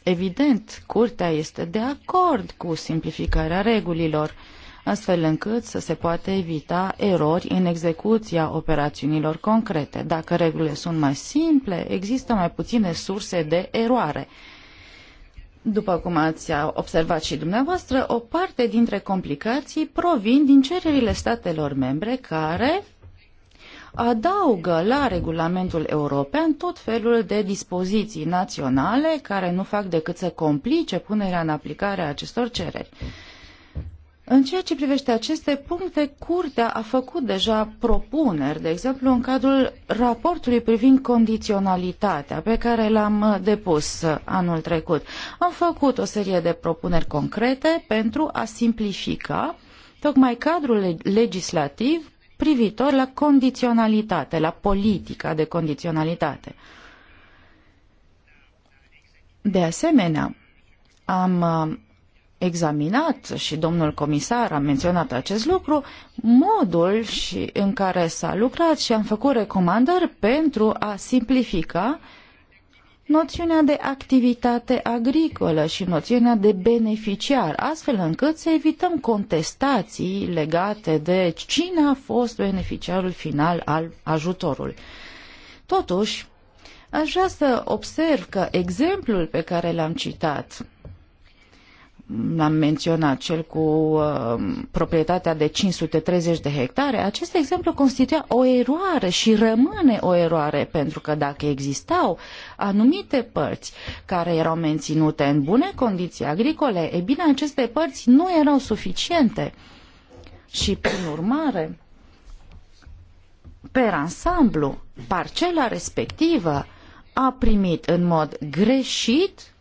evident, curtea este de acord cu simplificarea regulilor, astfel încât să se poate evita erori în execuția operațiunilor concrete. Dacă regulile sunt mai simple, există mai puține surse de eroare. După cum ați observat și dumneavoastră, o parte dintre complicații provin din cererile statelor membre care adaugă la regulamentul european tot felul de dispoziții naționale care nu fac decât să complice punerea în aplicare a acestor cereri. În ceea ce privește aceste puncte, Curtea a făcut deja propuneri, de exemplu în cadrul raportului privind condiționalitatea pe care l-am depus anul trecut. Am făcut o serie de propuneri concrete pentru a simplifica tocmai cadrul legislativ privitor la condiționalitate, la politica de condiționalitate. De asemenea, am examinat și domnul comisar a menționat acest lucru, modul și în care s-a lucrat și am făcut recomandări pentru a simplifica noțiunea de activitate agricolă și noțiunea de beneficiar, astfel încât să evităm contestații legate de cine a fost beneficiarul final al ajutorului. Totuși, aș vrea să observ că exemplul pe care l-am citat l-am menționat, cel cu uh, proprietatea de 530 de hectare, acest exemplu constituia o eroare și rămâne o eroare, pentru că dacă existau anumite părți care erau menținute în bune condiții agricole, e bine, aceste părți nu erau suficiente. Și, prin urmare, per ansamblu, parcela respectivă a primit în mod greșit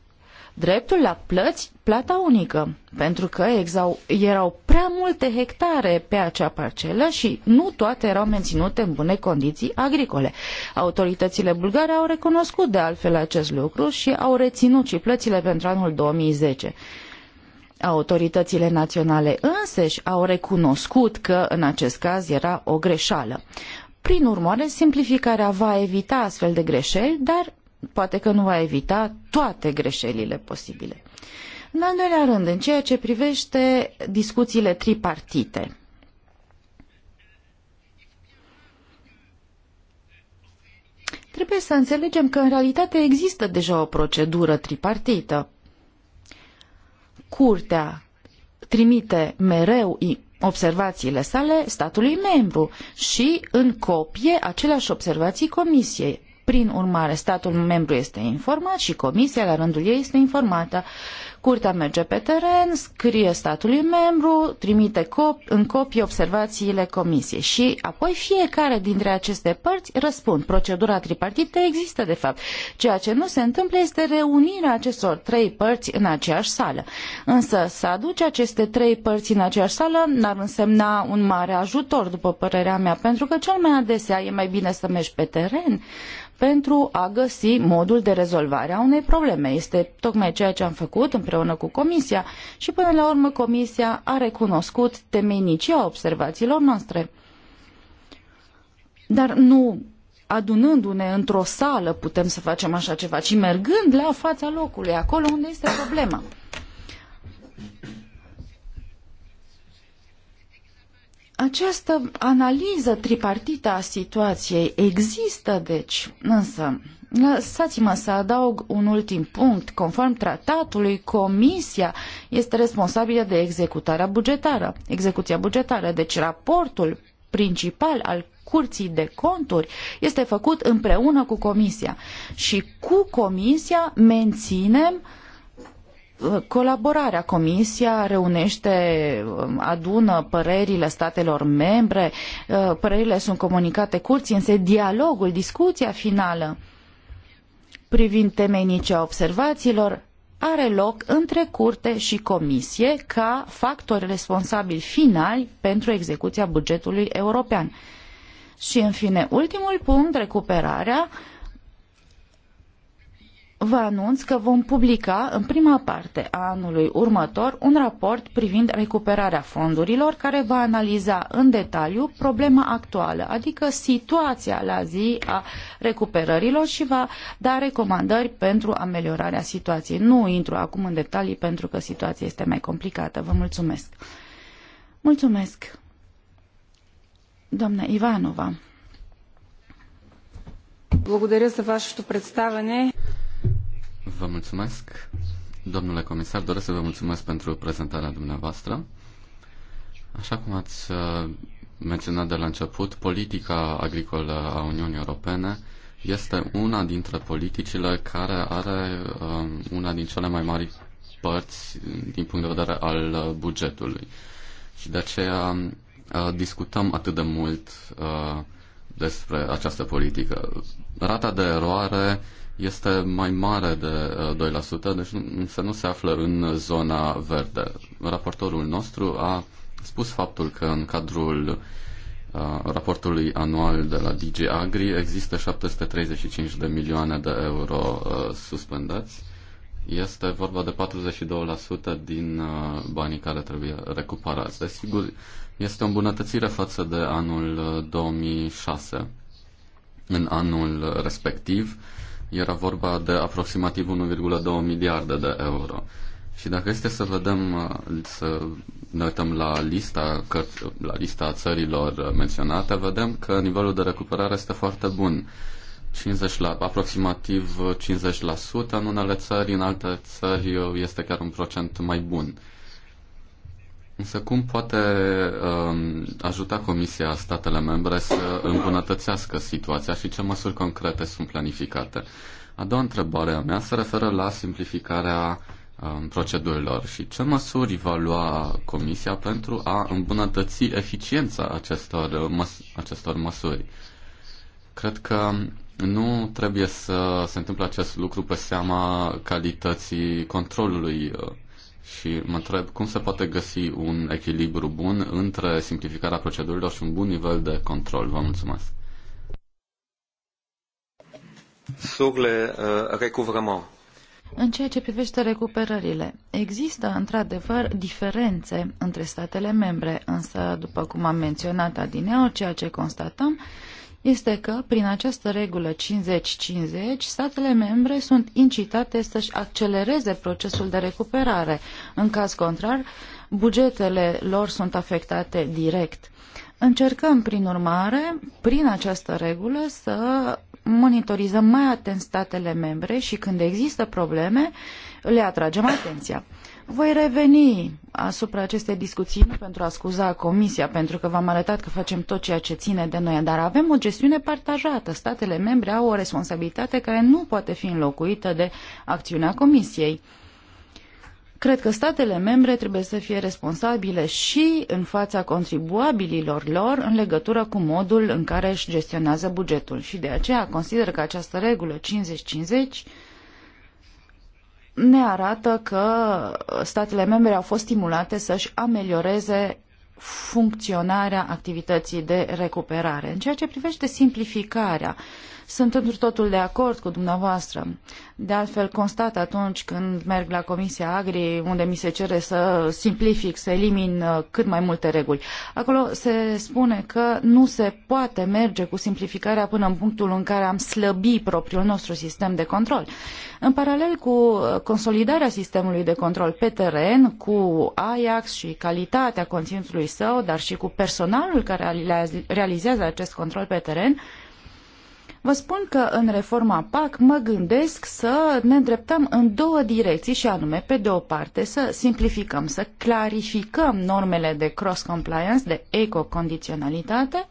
dreptul la plăți, plata unică, pentru că exau, erau prea multe hectare pe acea parcelă și nu toate erau menținute în bune condiții agricole. Autoritățile bulgare au recunoscut de altfel acest lucru și au reținut și plățile pentru anul 2010. Autoritățile naționale însăși au recunoscut că în acest caz era o greșeală. Prin urmare, simplificarea va evita astfel de greșeli, dar poate că nu va evita toate greșelile posibile. În al doilea rând, în ceea ce privește discuțiile tripartite, trebuie să înțelegem că în realitate există deja o procedură tripartită. Curtea trimite mereu observațiile sale statului membru și în copie aceleași observații comisiei. Prin urmare, statul membru este informat și comisia, la rândul ei, este informată. Curtea merge pe teren, scrie statului membru, trimite cop- în copii observațiile comisiei și apoi fiecare dintre aceste părți răspund. Procedura tripartită există, de fapt. Ceea ce nu se întâmplă este reunirea acestor trei părți în aceeași sală. Însă să aduce aceste trei părți în aceeași sală n-ar însemna un mare ajutor, după părerea mea, pentru că cel mai adesea e mai bine să mergi pe teren pentru a găsi modul de rezolvare a unei probleme. Este tocmai ceea ce am făcut împreună cu Comisia și până la urmă Comisia a recunoscut temenicia observațiilor noastre. Dar nu adunându-ne într-o sală putem să facem așa ceva, ci mergând la fața locului, acolo unde este problema. Această analiză tripartită a situației există, deci, însă, lăsați-mă să adaug un ultim punct. Conform tratatului, Comisia este responsabilă de executarea bugetară, execuția bugetară, deci raportul principal al Curții de Conturi este făcut împreună cu Comisia și cu Comisia menținem uh, colaborarea. Comisia reunește, um, adună părerile statelor membre, uh, părerile sunt comunicate curții, însă dialogul, discuția finală privind temenicea observațiilor are loc între curte și comisie ca factori responsabili finali pentru execuția bugetului european. Și în fine, ultimul punct, recuperarea, uh, vă anunț că vom publica în prima parte a anului următor un raport privind recuperarea fondurilor care va analiza în detaliu problema actuală, adică situația la zi a recuperărilor și va da recomandări pentru ameliorarea situației. Nu intru acum în detalii pentru că situația este mai complicată. Vă mulțumesc. Mulțumesc. Doamna Ivanova. Благодаря за вашето представяне. Vă mulțumesc, domnule comisar. Doresc să vă mulțumesc pentru prezentarea dumneavoastră. Așa cum ați uh, menționat de la început, politica agricolă a Uniunii Europene este una dintre politicile care are um, una din cele mai mari părți din punct de vedere al bugetului. Și de aceea uh, discutăm atât de mult uh, despre această politică. Rata de eroare este mai mare de 2%, uh, deci se nu se află în zona verde. Raportorul nostru a spus faptul că în cadrul uh, raportului anual de la DG Agri există 735 de milioane de euro uh, suspendați. Este vorba de 42% din banii care trebuie recuperați. Desigur, este o îmbunătățire față de anul 2006. În anul respectiv, era vorba de aproximativ 1,2 miliarde de euro. Și dacă este să vedem, uh, să ne uităm la lista, la lista țărilor uh, menționate, vedem că nivelul de recuperare este foarte bun. 50 la, aproximativ 50% în unele țări, în alte țări uh, este chiar un procent mai bun. Însă cum poate um, ajuta Comisia statele membre să îmbunătățească situația și ce măsuri concrete sunt planificate? A doua întrebare a mea se referă la simplificarea um, procedurilor și ce măsuri va lua Comisia pentru a îmbunătăți eficiența acestor, măs- acestor măsuri. Cred că nu trebuie să se întâmple acest lucru pe seama calității controlului uh, și mă întreb cum se poate găsi un echilibru bun între simplificarea procedurilor și un bun nivel de control. Vă mulțumesc. Sugle uh, În ceea ce privește recuperările, există într-adevăr diferențe între statele membre, însă, după cum am menționat adineau, ceea ce constatăm este că, prin această regulă 50-50, statele membre sunt incitate să-și accelereze procesul de recuperare. În caz contrar, bugetele lor sunt afectate direct. Încercăm, prin urmare, prin această regulă, să monitorizăm mai atent statele membre și când există probleme, le atragem atenția. Voi reveni asupra acestei discuții nu pentru a scuza Comisia, pentru că v-am arătat că facem tot ceea ce ține de noi, dar avem o gestiune partajată. Statele membre au o responsabilitate care nu poate fi înlocuită de acțiunea Comisiei. Cred că statele membre trebuie să fie responsabile și în fața contribuabililor lor în legătură cu modul în care își gestionează bugetul și de aceea consider că această regulă 50-50 ne arată că statele membre au fost stimulate să-și amelioreze funcționarea activității de recuperare. În ceea ce privește simplificarea, sunt într totul de acord cu dumneavoastră. De altfel, constat atunci când merg la Comisia Agri, unde mi se cere să simplific, să elimin uh, cât mai multe reguli. Acolo se spune că nu se poate merge cu simplificarea până în punctul în care am slăbi propriul nostru sistem de control. În paralel cu uh, consolidarea sistemului de control pe teren, cu Ajax și calitatea conținutului său, dar și cu personalul care realizează acest control pe teren, Vă spun că în reforma PAC mă gândesc să ne îndreptăm în două direcții și anume, pe de o parte, să simplificăm, să clarificăm normele de cross-compliance, de ecocondiționalitate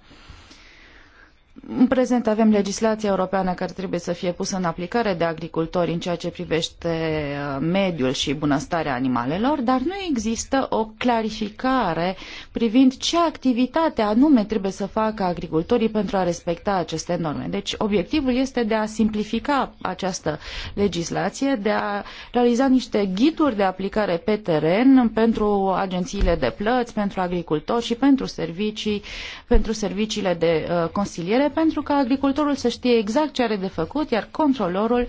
în prezent avem legislația europeană care trebuie să fie pusă în aplicare de agricultori în ceea ce privește uh, mediul și bunăstarea animalelor, dar nu există o clarificare privind ce activitate anume trebuie să facă agricultorii pentru a respecta aceste norme. Deci obiectivul este de a simplifica această legislație, de a realiza niște ghiduri de aplicare pe teren pentru agențiile de plăți, pentru agricultori și pentru servicii, pentru serviciile de uh, consiliere pentru ca agricultorul să știe exact ce are de făcut, iar controlorul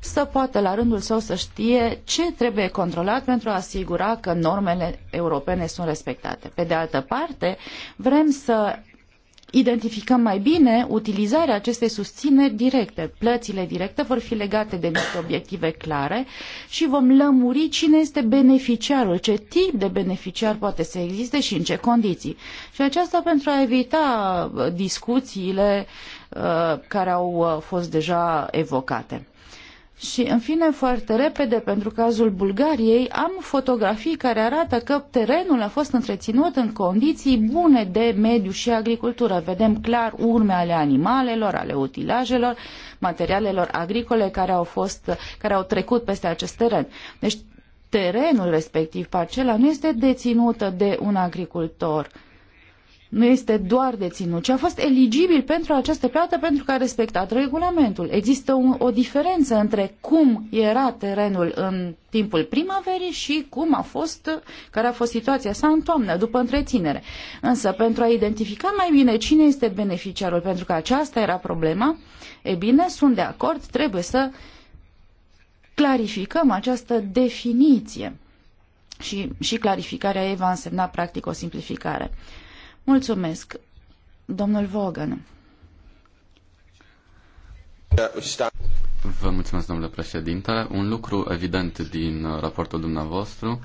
să poată la rândul său să știe ce trebuie controlat pentru a asigura că normele europene sunt respectate. Pe de altă parte, vrem să identificăm mai bine utilizarea acestei susțineri directe. Plățile directe vor fi legate de niște obiective clare și vom lămuri cine este beneficiarul, ce tip de beneficiar poate să existe și în ce condiții. Și aceasta pentru a evita uh, discuțiile uh, care au uh, fost deja evocate. Și, în fine, foarte repede, pentru cazul Bulgariei, am fotografii care arată că terenul a fost întreținut în condiții bune de mediu și agricultură. Vedem clar urme ale animalelor, ale utilajelor, materialelor agricole care au, fost, care au trecut peste acest teren. Deci, terenul respectiv, parcela, nu este deținută de un agricultor nu este doar de ținut, ci a fost eligibil pentru această plată pentru că a respectat regulamentul. Există o, o diferență între cum era terenul în timpul primaverii și cum a fost, care a fost situația sa în toamnă, după întreținere. Însă, pentru a identifica mai bine cine este beneficiarul, pentru că aceasta era problema, e bine, sunt de acord, trebuie să clarificăm această definiție. Și, și clarificarea ei va însemna practic o simplificare. Mulțumesc, domnul Vogan. Vă mulțumesc, domnule președinte. Un lucru evident din raportul dumneavoastră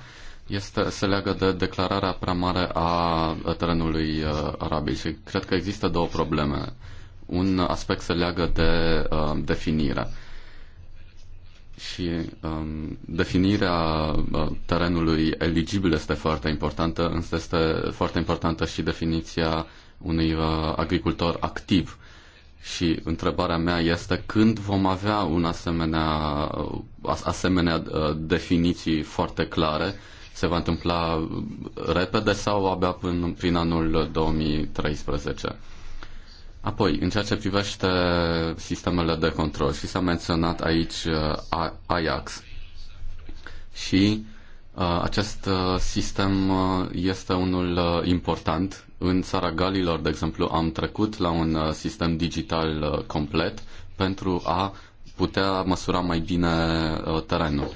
este, se leagă de declararea prea mare a terenului uh, arabic și cred că există două probleme. Un aspect se leagă de uh, definire și um, definirea uh, terenului eligibil este foarte importantă, însă este foarte importantă și definiția unui uh, agricultor activ. Și întrebarea mea este când vom avea un asemenea, uh, asemenea uh, definiții foarte clare? Se va întâmpla repede sau abia până prin anul 2013? Apoi, în ceea ce privește sistemele de control, și s-a menționat aici uh, Ajax. Și uh, acest uh, sistem este unul important. În țara Galilor, de exemplu, am trecut la un sistem digital complet pentru a putea măsura mai bine terenul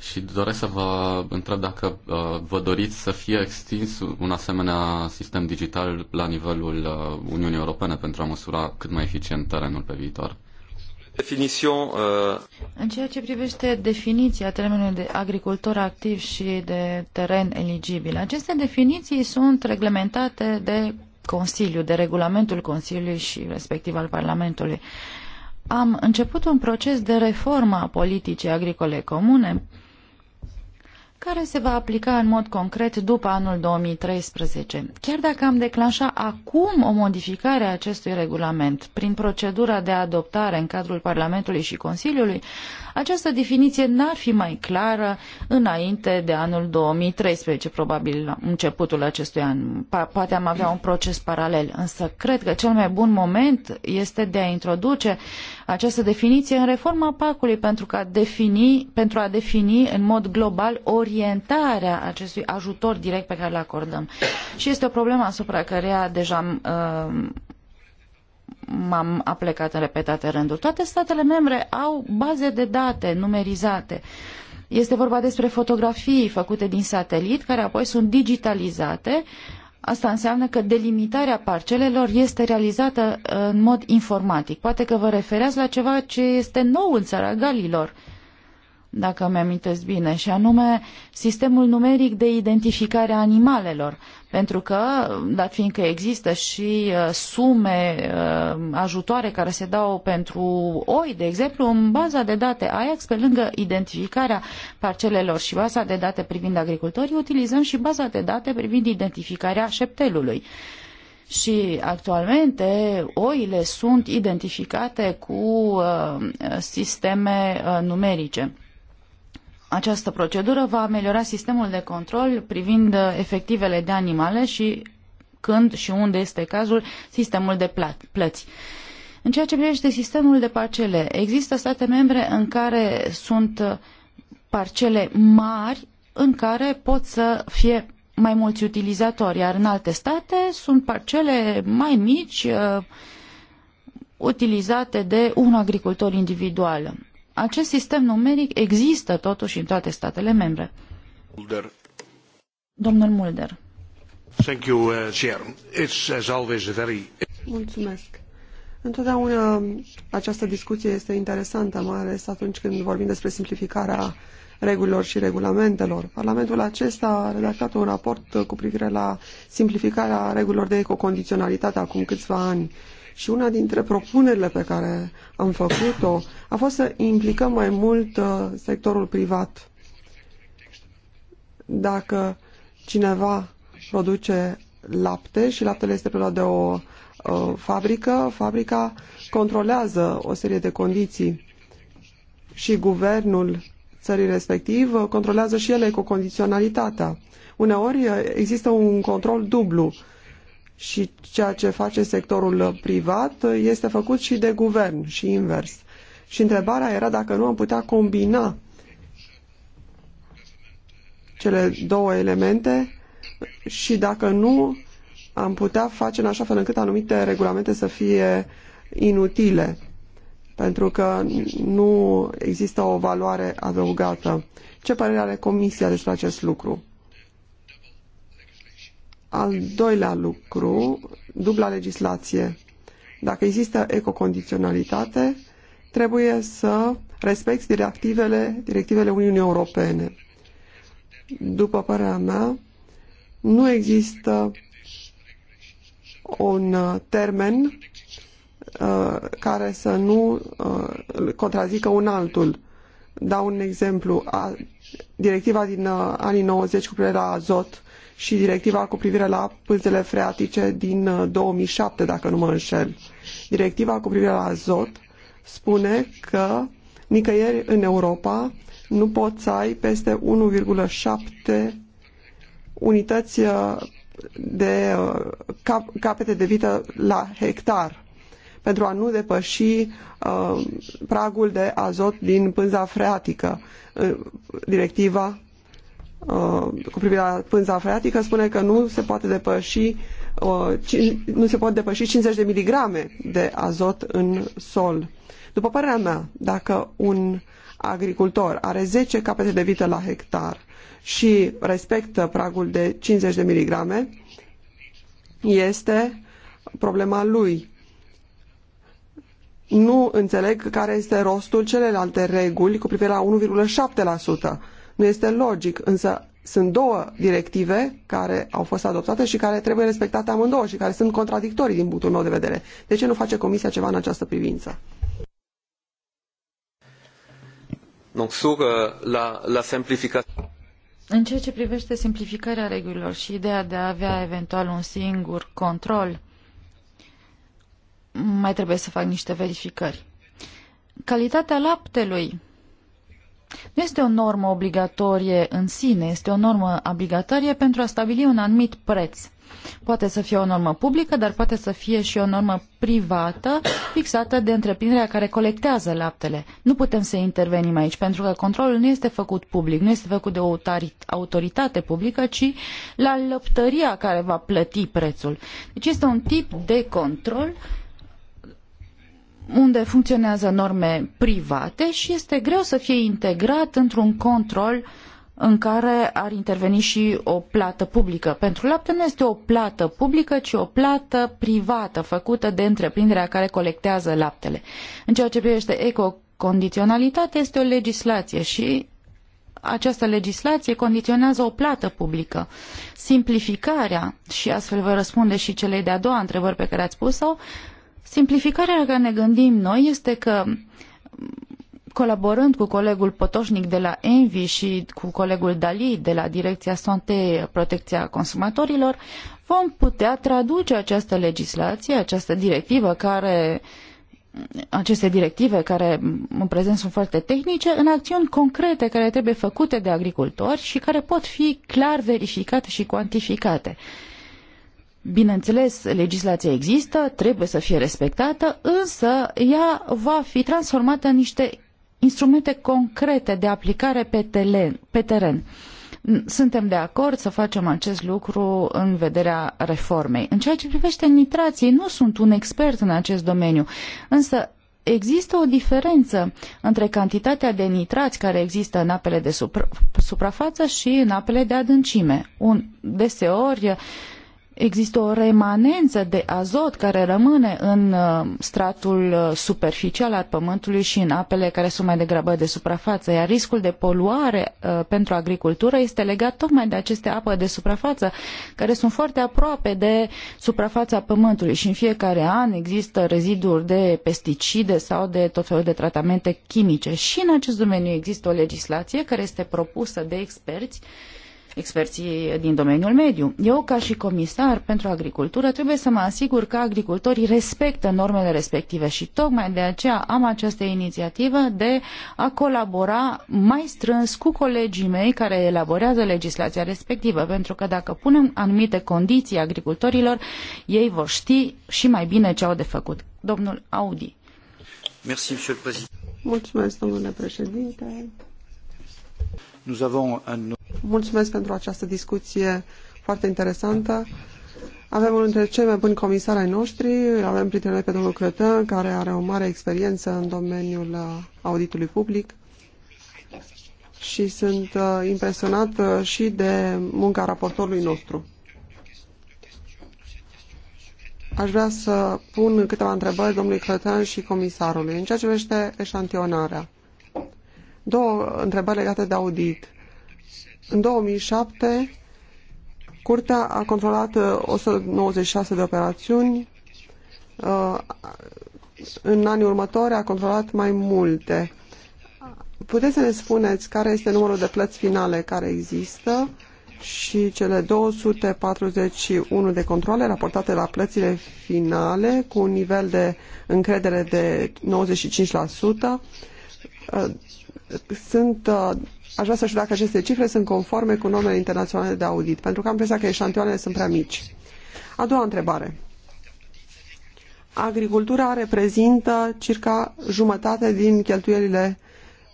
și doresc să vă întreb dacă uh, vă doriți să fie extins un asemenea sistem digital la nivelul uh, Uniunii Europene pentru a măsura cât mai eficient terenul pe viitor. Definition, uh... În ceea ce privește definiția termenului de agricultor activ și de teren eligibil, aceste definiții sunt reglementate de Consiliu, de regulamentul Consiliului și respectiv al Parlamentului. Am început un proces de reformă a politicii agricole comune care se va aplica în mod concret după anul 2013. Chiar dacă am declanșat acum o modificare a acestui regulament prin procedura de adoptare în cadrul Parlamentului și Consiliului, această definiție n-ar fi mai clară înainte de anul 2013, probabil la începutul acestui an. Poate am avea un proces paralel, însă cred că cel mai bun moment este de a introduce această definiție în reforma PAC-ului pentru, ca defini, pentru a defini în mod global orientarea acestui ajutor direct pe care îl acordăm. Și este o problemă asupra căreia deja uh, m-am aplecat în repetate rânduri. Toate statele membre au baze de date numerizate. Este vorba despre fotografii făcute din satelit, care apoi sunt digitalizate. Asta înseamnă că delimitarea parcelelor este realizată uh, în mod informatic. Poate că vă refereați la ceva ce este nou în țara Galilor dacă mi-amintesc bine, și anume sistemul numeric de identificare a animalelor. Pentru că, dat fiindcă există și uh, sume uh, ajutoare care se dau pentru oi, de exemplu, în baza de date AIAX, pe lângă identificarea parcelelor și baza de date privind agricultorii, utilizăm și baza de date privind identificarea șeptelului. Și actualmente oile sunt identificate cu uh, sisteme uh, numerice. Această procedură va ameliora sistemul de control privind uh, efectivele de animale și când și unde este cazul sistemul de plăți. În ceea ce privește sistemul de parcele, există state membre în care sunt uh, parcele mari în care pot să fie mai mulți utilizatori, iar în alte state sunt parcele mai mici uh, utilizate de un agricultor individual. Acest sistem numeric există totuși în toate statele membre. Mulder. Domnul Mulder. Thank you, uh, Chair. It's, as always, a very... Mulțumesc. Întotdeauna această discuție este interesantă, mai ales atunci când vorbim despre simplificarea regulilor și regulamentelor. Parlamentul acesta a redactat un raport cu privire la simplificarea regulilor de ecocondiționalitate acum câțiva ani și una dintre propunerile pe care am făcut-o a fost să implicăm mai mult uh, sectorul privat. Dacă cineva produce lapte și laptele este preluat de o uh, fabrică, fabrica controlează o serie de condiții și guvernul țării respectiv uh, controlează și ele cu condiționalitatea. Uneori există un control dublu și ceea ce face sectorul uh, privat uh, este făcut și de guvern și invers. Și întrebarea era dacă nu am putea combina cele două elemente și dacă nu am putea face în așa fel încât anumite regulamente să fie inutile pentru că nu există o valoare adăugată. Ce părere are Comisia despre acest lucru? Al doilea lucru, dubla legislație. Dacă există ecocondiționalitate, trebuie să respecti directivele, directivele Uniunii Europene. După părerea mea, nu există un uh, termen uh, care să nu uh, contrazică un altul. Dau un exemplu. A, directiva din uh, anii 90 cu privire la azot și directiva cu privire la pânzele freatice din 2007, uh, dacă nu mă înșel. Directiva cu privire la azot spune că nicăieri în Europa nu poți să ai peste 1,7 unități uh, de uh, cap, capete de vită la hectar pentru a nu depăși uh, pragul de azot din pânza freatică. Directiva Uh, cu privire la pânza freatică spune că nu se poate depăși uh, nu se pot depăși 50 de miligrame de azot în sol. După părerea mea, dacă un agricultor are 10 capete de vită la hectar și respectă pragul de 50 de miligrame, este problema lui. Nu înțeleg care este rostul celelalte reguli cu privire la 1,7%. Nu este logic, însă sunt două directive care au fost adoptate și care trebuie respectate amândouă și care sunt contradictorii din punctul meu de vedere. De ce nu face Comisia ceva în această privință? Donc sur euh, la, la În ceea ce privește simplificarea regulilor și ideea de a avea eventual un singur control, mai trebuie să fac niște verificări. Calitatea laptelui nu este o normă obligatorie în sine, este o normă obligatorie pentru a stabili un anumit preț. Poate să fie o normă publică, dar poate să fie și o normă privată fixată de întreprinderea care colectează laptele. Nu putem să intervenim aici, pentru că controlul nu este făcut public, nu este făcut de o autoritate publică, ci la lăptăria care va plăti prețul. Deci este un tip de control unde funcționează norme private și este greu să fie integrat într-un control în care ar interveni și o plată publică. Pentru lapte nu este o plată publică, ci o plată privată făcută de întreprinderea care colectează laptele. În ceea ce privește ecocondiționalitatea, este o legislație și această legislație condiționează o plată publică. Simplificarea, și astfel vă răspunde și celei de-a doua întrebări pe care ați pus-o, Simplificarea la care ne gândim noi este că colaborând cu colegul Potoșnic de la Envi și cu colegul Dali de la Direcția Sante Protecția Consumatorilor, vom putea traduce această legislație, această directivă care aceste directive care în prezent sunt foarte tehnice, în acțiuni concrete care trebuie făcute de agricultori și care pot fi clar verificate și cuantificate. Bineînțeles, legislația există, trebuie să fie respectată, însă ea va fi transformată în niște instrumente concrete de aplicare pe, telen, pe teren. Suntem de acord să facem acest lucru în vederea reformei. În ceea ce privește nitrații, nu sunt un expert în acest domeniu, însă există o diferență între cantitatea de nitrați care există în apele de supra- suprafață și în apele de adâncime. Un, deseori, există o remanență de azot care rămâne în uh, stratul uh, superficial al pământului și în apele care sunt mai degrabă de suprafață, iar riscul de poluare uh, pentru agricultură este legat tocmai de aceste ape de suprafață, care sunt foarte aproape de suprafața pământului și în fiecare an există reziduri de pesticide sau de tot felul de tratamente chimice. Și în acest domeniu există o legislație care este propusă de experți experții din domeniul mediu. Eu, ca și comisar pentru agricultură, trebuie să mă asigur că agricultorii respectă normele respective și tocmai de aceea am această inițiativă de a colabora mai strâns cu colegii mei care elaborează legislația respectivă, pentru că dacă punem anumite condiții agricultorilor, ei vor ști și mai bine ce au de făcut. Domnul Audi. Mulțumesc, domnule președinte. Mulțumesc pentru această discuție foarte interesantă. Avem unul dintre cei mai buni comisari ai noștri, avem printre noi pe domnul Cretin, care are o mare experiență în domeniul uh, auditului public și sunt uh, impresionat uh, și de munca raportorului nostru. Aș vrea să pun câteva întrebări domnului Cretin și comisarului în ceea ce privește eșantionarea. Două întrebări legate de audit. În 2007, Curtea a controlat 196 uh, de operațiuni. Uh, în anii următori a controlat mai multe. Puteți să ne spuneți care este numărul de plăți finale care există și cele 241 de controle raportate la plățile finale cu un nivel de încredere de 95%, sunt, uh, aș vrea să știu dacă aceste cifre sunt conforme cu normele internaționale de audit, pentru că am impresia că eșantioanele sunt prea mici. A doua întrebare. Agricultura reprezintă circa jumătate din cheltuielile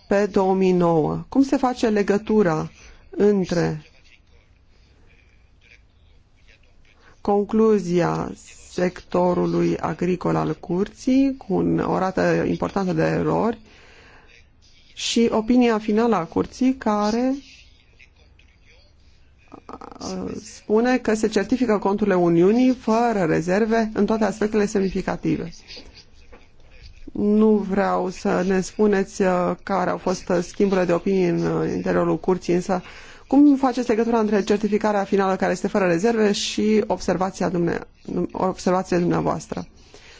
pe 2009. Cum se face legătura între concluzia sectorului agricol al curții, cu o rată importantă de erori, și opinia finală a curții care uh, spune că se certifică conturile Uniunii fără rezerve în toate aspectele semnificative. Nu vreau să ne spuneți uh, care au fost uh, schimburile de opinii în interiorul curții, însă cum faceți legătura între certificarea finală care este fără rezerve și observația dumne, observațiile dumneavoastră?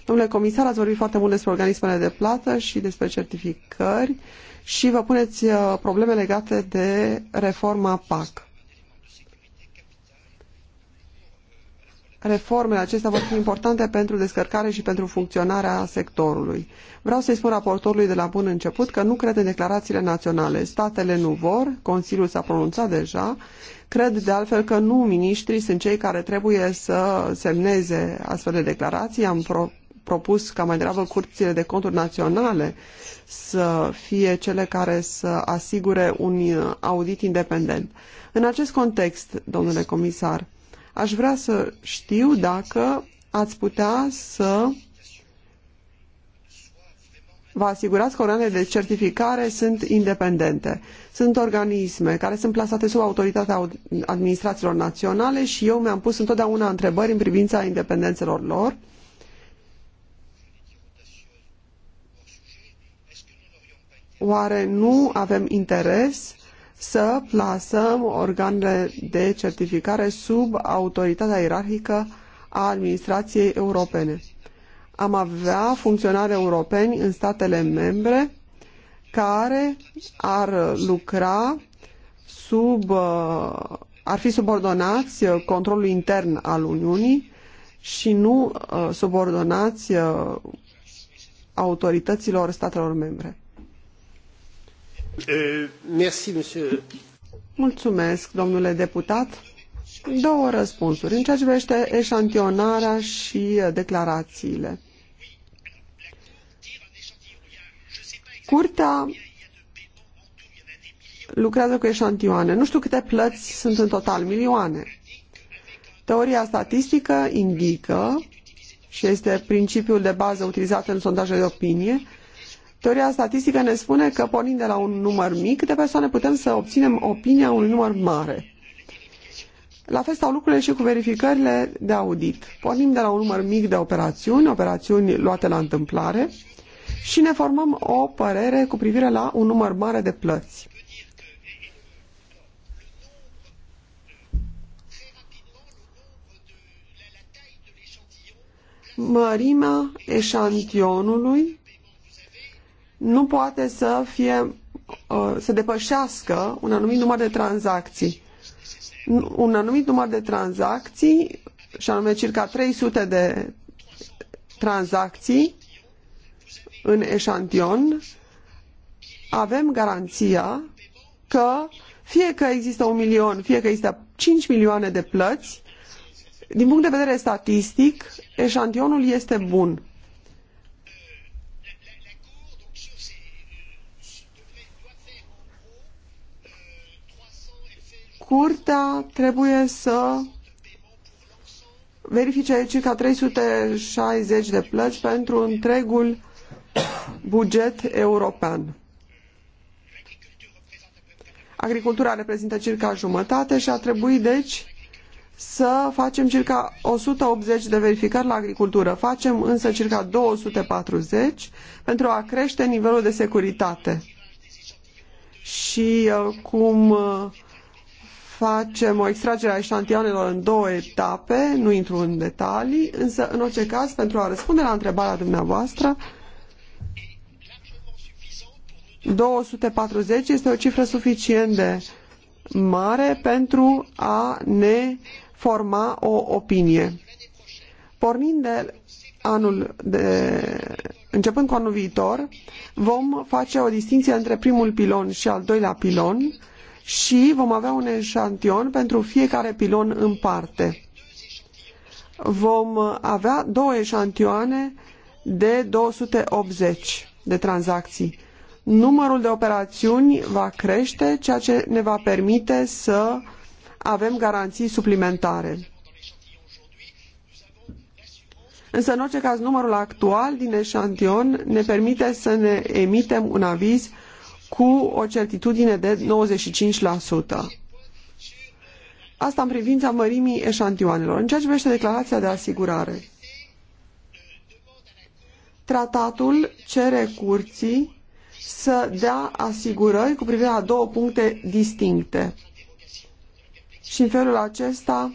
Domnule comisar, ați vorbit foarte mult despre organismele de plată și despre certificări și vă puneți uh, probleme legate de reforma PAC. Reformele acestea vor fi importante pentru descărcare și pentru funcționarea sectorului. Vreau să-i spun raportorului de la bun început că nu cred în declarațiile naționale. Statele nu vor, Consiliul s-a pronunțat deja. Cred de altfel că nu miniștrii sunt cei care trebuie să semneze astfel de declarații. Am propus ca mai degrabă curțile de conturi naționale să fie cele care să asigure un audit independent. În acest context, domnule comisar, aș vrea să știu dacă ați putea să vă asigurați că organele de certificare sunt independente. Sunt organisme care sunt plasate sub autoritatea administrațiilor naționale și eu mi-am pus întotdeauna întrebări în privința independențelor lor Oare nu avem interes să plasăm organele de certificare sub autoritatea ierarhică a administrației europene? Am avea funcționari europeni în statele membre care ar lucra sub, uh, ar fi subordonați uh, controlului intern al Uniunii și nu uh, subordonați autorităților statelor membre. Eh, Mulțumesc, domnule deputat. Două răspunsuri. În ceea ce privește eșantionarea și eh, declarațiile. Curtea lucrează cu eșantioane. Nu știu câte plăți sunt în total, milioane. Teoria statistică indică, și este principiul de bază utilizat în sondajele de opinie, Teoria statistică ne spune că pornind de la un număr mic de persoane putem să obținem opinia unui număr mare. La fel stau lucrurile și cu verificările de audit. Pornim de la un număr mic de operațiuni, operațiuni luate la întâmplare și ne formăm o părere cu privire la un număr mare de plăți. Mărimea eșantionului nu poate să fie uh, să depășească un anumit număr de tranzacții. Un anumit număr de tranzacții, și anume circa 300 de tranzacții în eșantion, avem garanția că fie că există un milion, fie că există 5 milioane de plăți, din punct de vedere statistic, eșantionul este bun. Curtea trebuie să verifice circa 360 de plăți pentru întregul buget european. Agricultura reprezintă circa jumătate și a trebuit, deci, să facem circa 180 de verificări la agricultură. Facem însă circa 240 pentru a crește nivelul de securitate. Și uh, cum uh, facem o extragere a eșantionelor în două etape, nu intru în detalii, însă, în orice caz, pentru a răspunde la întrebarea dumneavoastră, 240 este o cifră suficient de mare pentru a ne forma o opinie. Pornind de anul de, începând cu anul viitor, vom face o distinție între primul pilon și al doilea pilon, și vom avea un eșantion pentru fiecare pilon în parte. Vom avea două eșantioane de 280 de tranzacții. Numărul de operațiuni va crește, ceea ce ne va permite să avem garanții suplimentare. Însă, în orice caz, numărul actual din eșantion ne permite să ne emitem un aviz cu o certitudine de 95%. Asta în privința mărimii eșantioanelor. În ceea ce privește declarația de asigurare, tratatul cere curții să dea asigurări cu privire la două puncte distincte. Și în felul acesta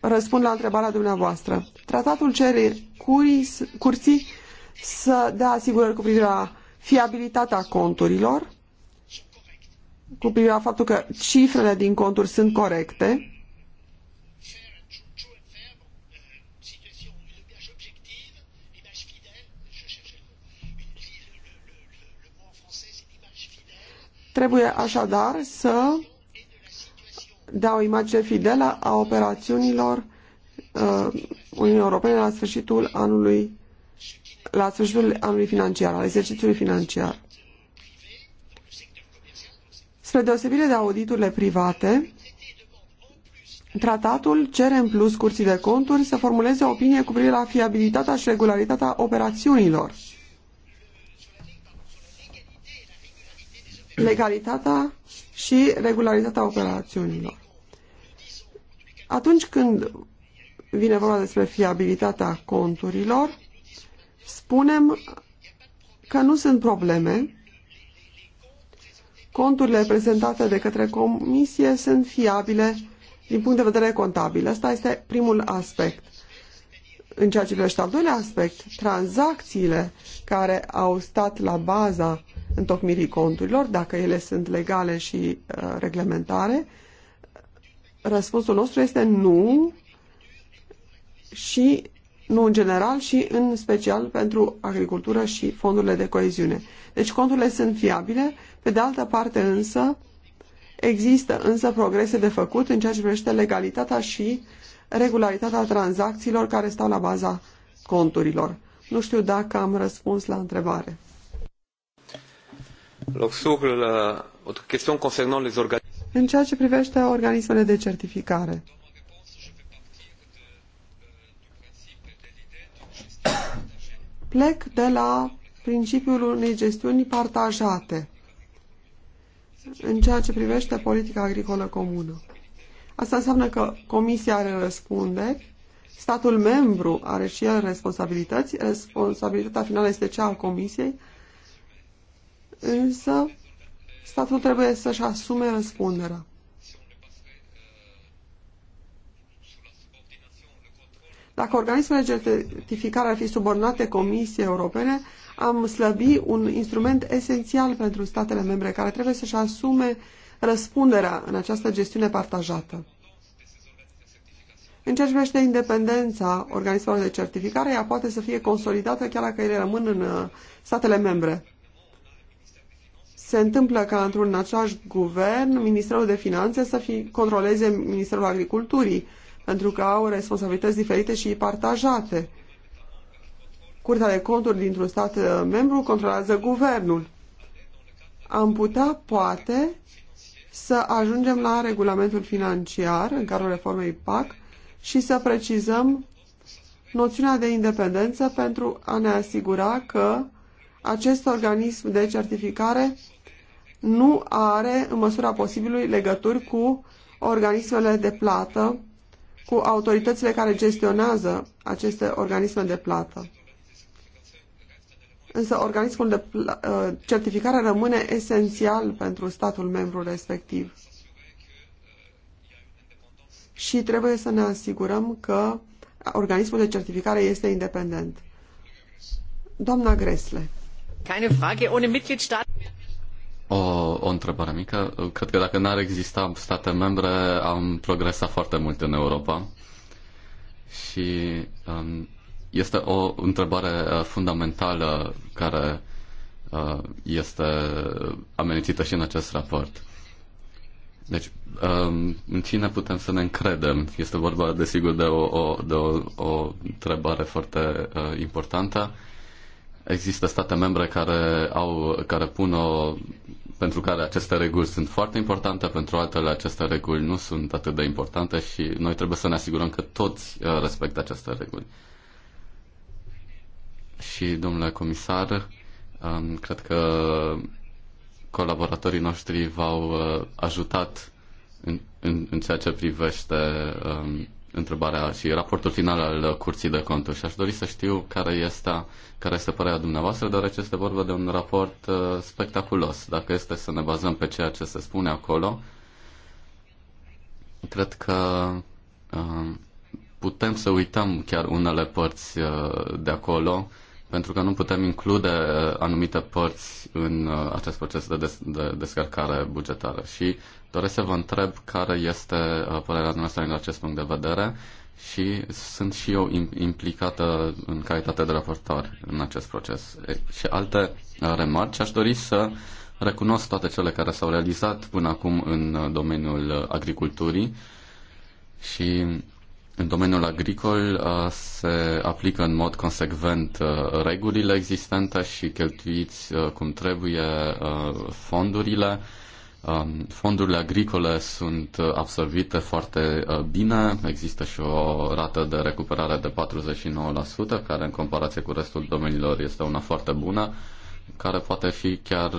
răspund la întrebarea dumneavoastră. Tratatul cere curii, curții să dea asigurări cu privire la fiabilitatea conturilor, cu privire la faptul că cifrele din conturi sunt corecte, Trebuie așadar să dea o imagine fidelă a operațiunilor uh, Uniunii Europene la sfârșitul anului la sfârșitul anului financiar, al exercițiului financiar. Spre deosebire de auditurile private, tratatul cere în plus curții de conturi să formuleze opinie cu privire la fiabilitatea și regularitatea operațiunilor. Legalitatea și regularitatea operațiunilor. Atunci când vine vorba despre fiabilitatea conturilor, spunem că nu sunt probleme. Conturile prezentate de către comisie sunt fiabile din punct de vedere contabil. Asta este primul aspect. În ceea ce privește al doilea aspect, tranzacțiile care au stat la baza întocmirii conturilor, dacă ele sunt legale și uh, reglementare, răspunsul nostru este nu și nu în general, și în special pentru agricultură și fondurile de coeziune. Deci conturile sunt fiabile, pe de altă parte însă există însă progrese de făcut în ceea ce privește legalitatea și regularitatea tranzacțiilor care stau la baza conturilor. Nu știu dacă am răspuns la întrebare. În ceea ce privește organismele de certificare, Plec de la principiul unei gestiuni partajate în ceea ce privește politica agricolă comună. Asta înseamnă că Comisia are răspunde, statul membru are și el responsabilități, responsabilitatea finală este cea a Comisiei, însă statul trebuie să-și asume răspunderea. Dacă organismele de certificare ar fi subordonate Comisiei Europene, am slăbi un instrument esențial pentru statele membre care trebuie să-și asume răspunderea în această gestiune partajată. În ceea ce privește independența organismelor de certificare, ea poate să fie consolidată chiar dacă ele rămân în uh, statele membre. Se întâmplă ca într-un același guvern, Ministerul de Finanțe să fi, controleze Ministerul Agriculturii, pentru că au responsabilități diferite și partajate. Curtea de conturi dintr-un stat uh, membru controlează guvernul. Am putea, poate, să ajungem la regulamentul financiar în cadrul reformei PAC și să precizăm noțiunea de independență pentru a ne asigura că acest organism de certificare nu are, în măsura posibilului, legături cu organismele de plată cu autoritățile care gestionează aceste organisme de plată. Însă organismul de uh, certificare rămâne esențial pentru statul membru respectiv. Și trebuie să ne asigurăm că organismul de certificare este independent. Doamna Gresle. Keine Frage, ohne Mitgliedstaat. O o întrebare mică. Cred că dacă n-ar exista state membre, am progresat foarte mult în Europa. Și um, este o întrebare uh, fundamentală care uh, este amenințită și în acest raport. Deci, um, în cine putem să ne încredem? Este vorba, desigur, de o, o, de o, o întrebare foarte uh, importantă. Există state membre care, au, care pun o pentru care aceste reguli sunt foarte importante, pentru altele aceste reguli nu sunt atât de importante și noi trebuie să ne asigurăm că toți uh, respectă aceste reguli. Și, domnule comisar, um, cred că colaboratorii noștri v-au uh, ajutat în, în, în ceea ce privește um, întrebarea și raportul final al Curții de Conturi și aș dori să știu care este, care este părerea dumneavoastră, deoarece este vorba de un raport uh, spectaculos. Dacă este să ne bazăm pe ceea ce se spune acolo, cred că uh, putem să uităm chiar unele părți uh, de acolo, uh, pentru că nu putem include uh, anumite părți în uh, acest proces de, des- de descărcare bugetară. Și doresc să vă întreb care este uh, părerea noastră în acest punct de vedere și sunt și eu implicată în calitate de raportor în acest proces. Și alte remarci, aș dori să recunosc toate cele care s-au realizat până acum în domeniul agriculturii și în domeniul agricol uh, se aplică în mod consecvent uh, regulile existente și cheltuiți uh, cum trebuie fondurile. Um, fondurile agricole sunt absorbite foarte bine, există și o rată de recuperare de 49%, care în comparație cu restul domeniilor este una foarte bună, care poate fi chiar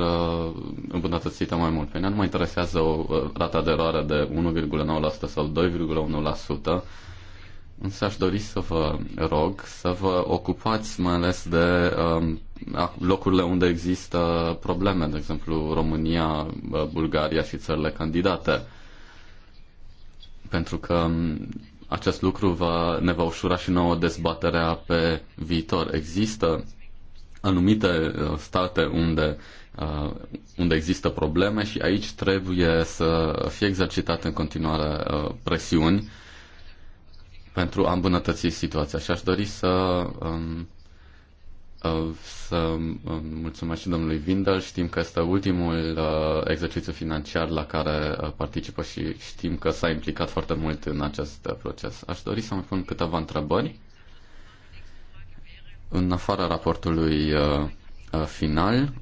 îmbunătățită mai mult. Pe mine nu mă interesează o rată de eroare de 1,9% sau 2,1%, Însă aș dori să vă rog să vă ocupați mai ales de uh, locurile unde există probleme, de exemplu România, uh, Bulgaria și țările candidate. Pentru că um, acest lucru va, ne va ușura și nouă dezbaterea pe viitor. Există anumite uh, state unde, uh, unde există probleme și aici trebuie să fie exercitate în continuare uh, presiuni pentru a îmbunătăți situația. Și aș dori să, um, uh, să um, mulțumesc și domnului Vindel. Știm că este ultimul uh, exercițiu financiar la care uh, participă și știm că s-a implicat foarte mult în acest uh, proces. Aș dori să mai pun câteva întrebări. În afara raportului uh, final,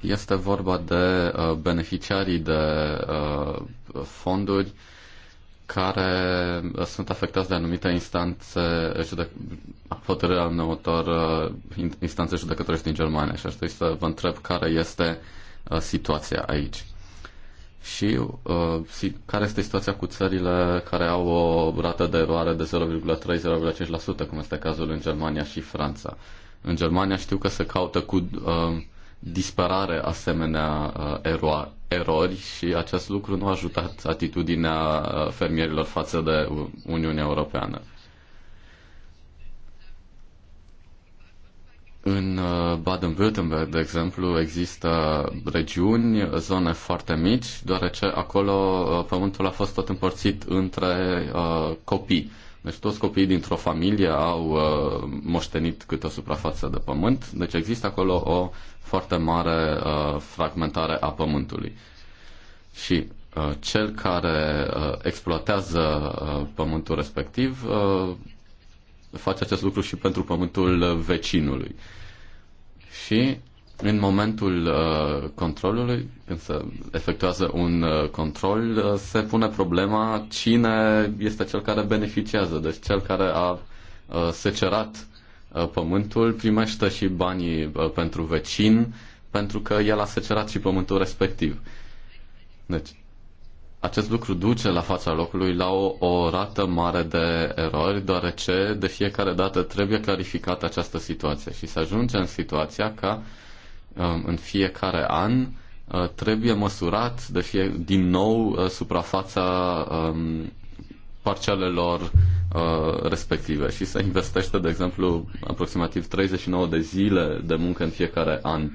este vorba de uh, beneficiarii de uh, fonduri uh, care uh, sunt afectați de anumite instanțe, uh, judec- hotărârea anumitor uh, instanțe judecătorești din Germania și aș dori să vă întreb care este situația aici. Și uh, care este situația cu țările care au o rată de eroare de 0,3-0,5%, cum este cazul în Germania și Franța? În Germania știu că se caută cu uh, disparare asemenea uh, ero- erori și acest lucru nu a ajutat atitudinea uh, fermierilor față de Uniunea Europeană. În uh, Baden-Württemberg, de exemplu, există regiuni, zone foarte mici, deoarece acolo pământul a fost tot împărțit între uh, copii. Deci toți copiii dintr-o familie au uh, moștenit câte o suprafață de pământ, deci există acolo o foarte mare uh, fragmentare a pământului. Și uh, cel care uh, exploatează uh, pământul respectiv uh, face acest lucru și pentru pământul vecinului. Și în momentul uh, controlului, când se efectuează un uh, control, uh, se pune problema cine este cel care beneficiază. Deci cel care a uh, secerat uh, pământul primește și banii uh, pentru vecin, pentru că el a secerat și pământul respectiv. Deci, acest lucru duce la fața locului la o, o rată mare de erori, deoarece de fiecare dată trebuie clarificată această situație și să ajungem în situația ca uh, Um, în fiecare an uh, trebuie măsurat de fie, din nou uh, suprafața um, parcelelor uh, respective și se investește, de exemplu, aproximativ 39 de zile de muncă în fiecare an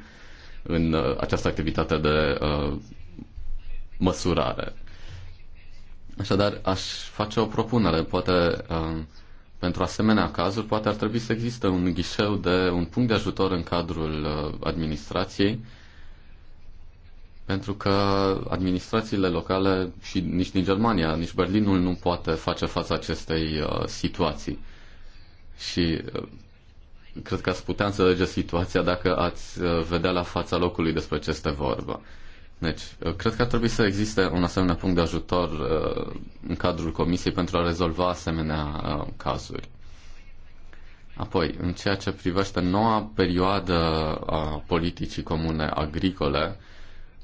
în această activitate de măsurare. Așadar, aș face o propunere, poate um, pentru asemenea cazuri, poate ar trebui să existe un ghișeu de un punct de ajutor în cadrul uh, administrației, pentru că administrațiile locale și nici din Germania, nici Berlinul nu poate face față acestei uh, situații. Și uh, cred că ați putea înțelege situația dacă ați uh, vedea la fața locului despre ce este vorba. Deci, uh, cred că ar trebui să existe un asemenea punct de ajutor uh, în cadrul Comisiei pentru a rezolva asemenea uh, cazuri. Apoi, în ceea ce privește noua perioadă a politicii comune agricole,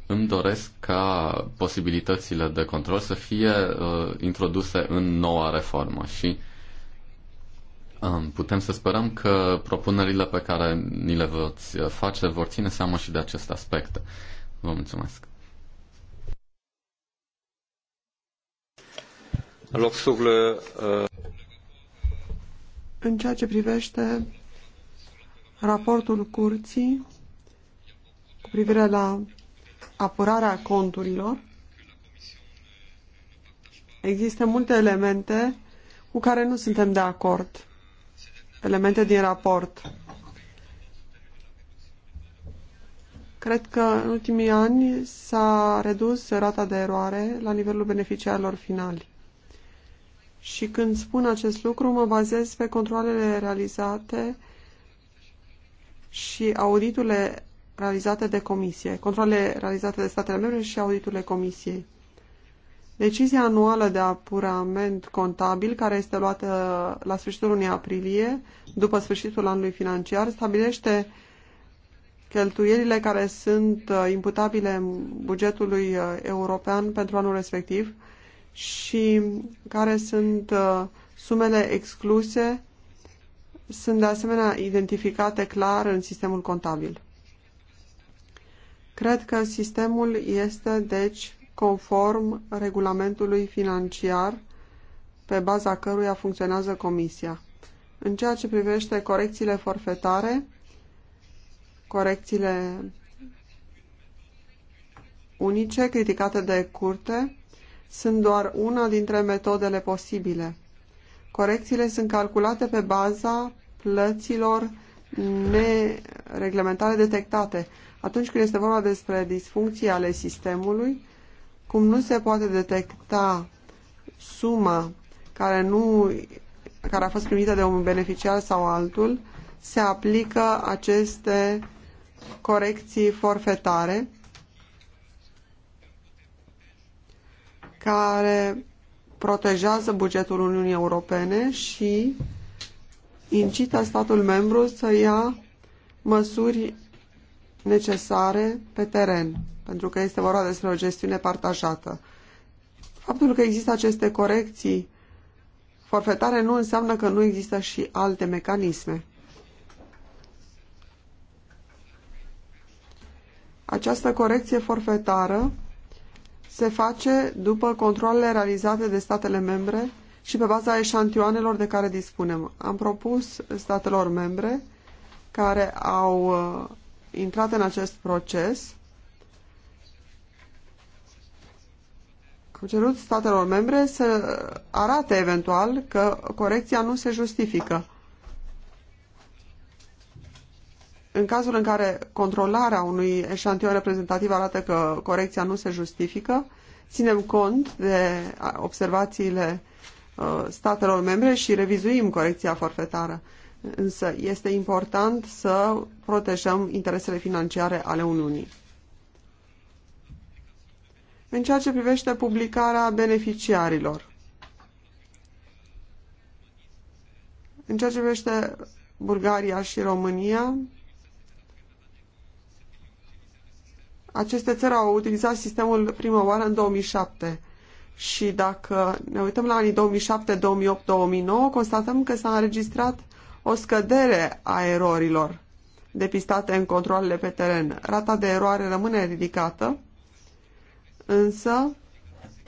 îmi doresc ca posibilitățile de control să fie uh, introduse în noua reformă și um, putem să sperăm că propunerile pe care ni le voți face vor ține seama și de aceste aspecte. Uh, Vă mulțumesc. Uh, În ceea ce privește raportul curții cu privire la apărarea conturilor, există multe elemente cu care nu suntem de acord. Elemente din raport. Cred că în ultimii ani s-a redus rata de eroare la nivelul beneficiarilor finali. Și când spun acest lucru, mă bazez pe controlele realizate și auditurile realizate de comisie, controlele realizate de statele membre și auditurile comisiei. Decizia anuală de apurament contabil, care este luată la sfârșitul lunii aprilie, după sfârșitul anului financiar, stabilește cheltuielile care sunt uh, imputabile bugetului uh, european pentru anul respectiv și care sunt uh, sumele excluse sunt de asemenea identificate clar în sistemul contabil. Cred că sistemul este, deci, conform regulamentului financiar pe baza căruia funcționează Comisia. În ceea ce privește corecțiile forfetare, corecțiile unice criticate de curte sunt doar una dintre metodele posibile. Corecțiile sunt calculate pe baza plăților nereglementare detectate. Atunci când este vorba despre disfuncții ale sistemului, cum nu se poate detecta suma care, nu, care a fost primită de un beneficiar sau altul, se aplică aceste corecții forfetare care protejează bugetul Uniunii Europene și incită statul membru să ia măsuri necesare pe teren, pentru că este vorba despre o gestiune partajată. Faptul că există aceste corecții forfetare nu înseamnă că nu există și alte mecanisme. Această corecție forfetară se face după controlele realizate de statele membre și pe baza eșantioanelor de care dispunem. Am propus statelor membre care au uh, intrat în acest proces am cerut statelor membre să arate eventual că corecția nu se justifică. în cazul în care controlarea unui eșantion reprezentativ arată că corecția nu se justifică, ținem cont de observațiile uh, statelor membre și revizuim corecția forfetară. Însă este important să protejăm interesele financiare ale Uniunii. În ceea ce privește publicarea beneficiarilor, în ceea ce privește Bulgaria și România, Aceste țări au utilizat sistemul prima oară în 2007 și dacă ne uităm la anii 2007, 2008, 2009, constatăm că s-a înregistrat o scădere a erorilor depistate în controlele pe teren. Rata de eroare rămâne ridicată, însă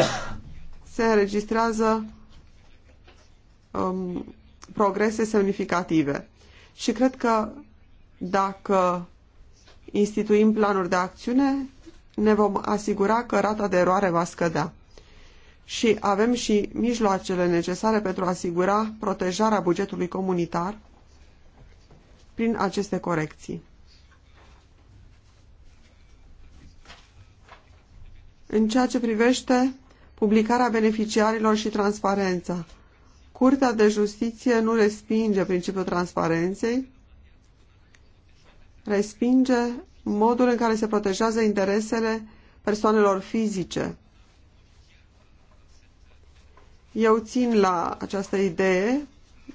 *coughs* se înregistrează um, progrese semnificative. Și cred că dacă instituim planuri de acțiune, ne vom asigura că rata de eroare va scădea. Și avem și mijloacele necesare pentru a asigura protejarea bugetului comunitar prin aceste corecții. În ceea ce privește publicarea beneficiarilor și transparența, Curtea de Justiție nu respinge principiul transparenței, respinge modul în care se protejează interesele persoanelor fizice. Eu țin la această idee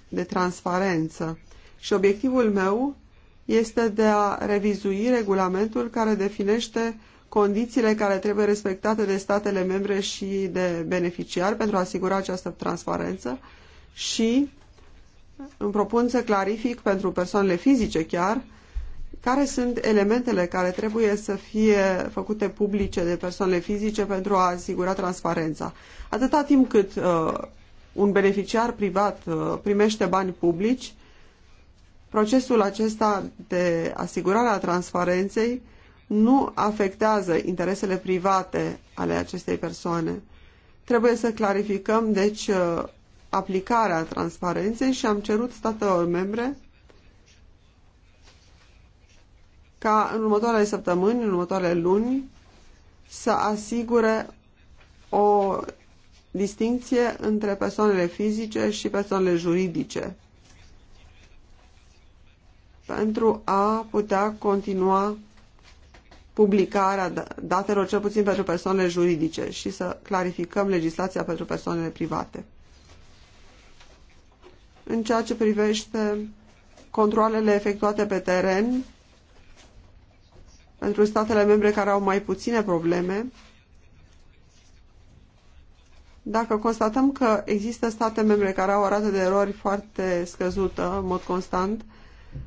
de transparență și obiectivul meu este de a revizui regulamentul care definește condițiile care trebuie respectate de statele membre și de beneficiari pentru a asigura această transparență și îmi propun să clarific pentru persoanele fizice chiar care sunt elementele care trebuie să fie făcute publice de persoanele fizice pentru a asigura transparența. Atâta timp cât uh, un beneficiar privat uh, primește bani publici, procesul acesta de asigurare a transparenței nu afectează interesele private ale acestei persoane. Trebuie să clarificăm, deci, uh, aplicarea transparenței și am cerut statelor membre ca în următoarele săptămâni, în următoarele luni, să asigure o distinție între persoanele fizice și persoanele juridice pentru a putea continua publicarea da- datelor, cel puțin pentru persoanele juridice, și să clarificăm legislația pentru persoanele private. În ceea ce privește controlele efectuate pe teren, pentru statele membre care au mai puține probleme, dacă constatăm că există state membre care au o rată de erori foarte scăzută, în mod constant,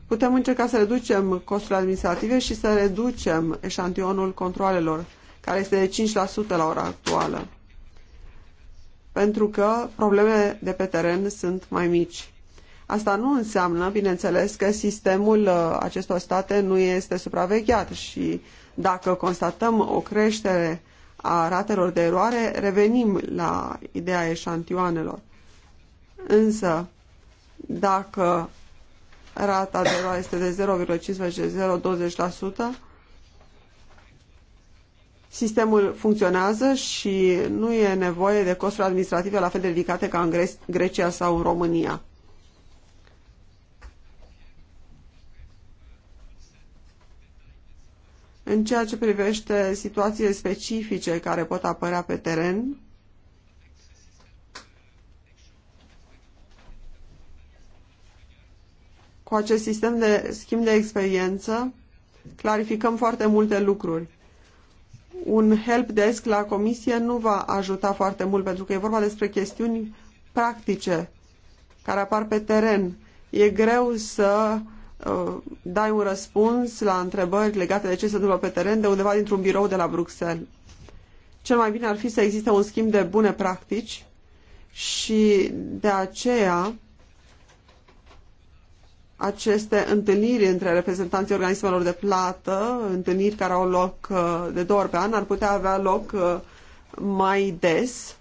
putem încerca să reducem costurile administrative și să reducem eșantionul controlelor, care este de 5% la ora actuală, pentru că problemele de pe teren sunt mai mici. Asta nu înseamnă, bineînțeles, că sistemul uh, acestor state nu este supravegheat și dacă constatăm o creștere a ratelor de eroare, revenim la ideea eșantioanelor. Însă, dacă rata de eroare este de 0,15-0,20%, sistemul funcționează și nu e nevoie de costuri administrative la fel de ridicate ca în Grecia sau în România. În ceea ce privește situațiile specifice care pot apărea pe teren, cu acest sistem de schimb de experiență clarificăm foarte multe lucruri. Un help desk la comisie nu va ajuta foarte mult pentru că e vorba despre chestiuni practice care apar pe teren. E greu să Uh, dai un răspuns la întrebări legate de ce se întâmplă pe teren de undeva dintr-un birou de la Bruxelles. Cel mai bine ar fi să existe un schimb de bune practici și de aceea aceste întâlniri între reprezentanții organismelor de plată, întâlniri care au loc uh, de două ori pe an, ar putea avea loc uh, mai des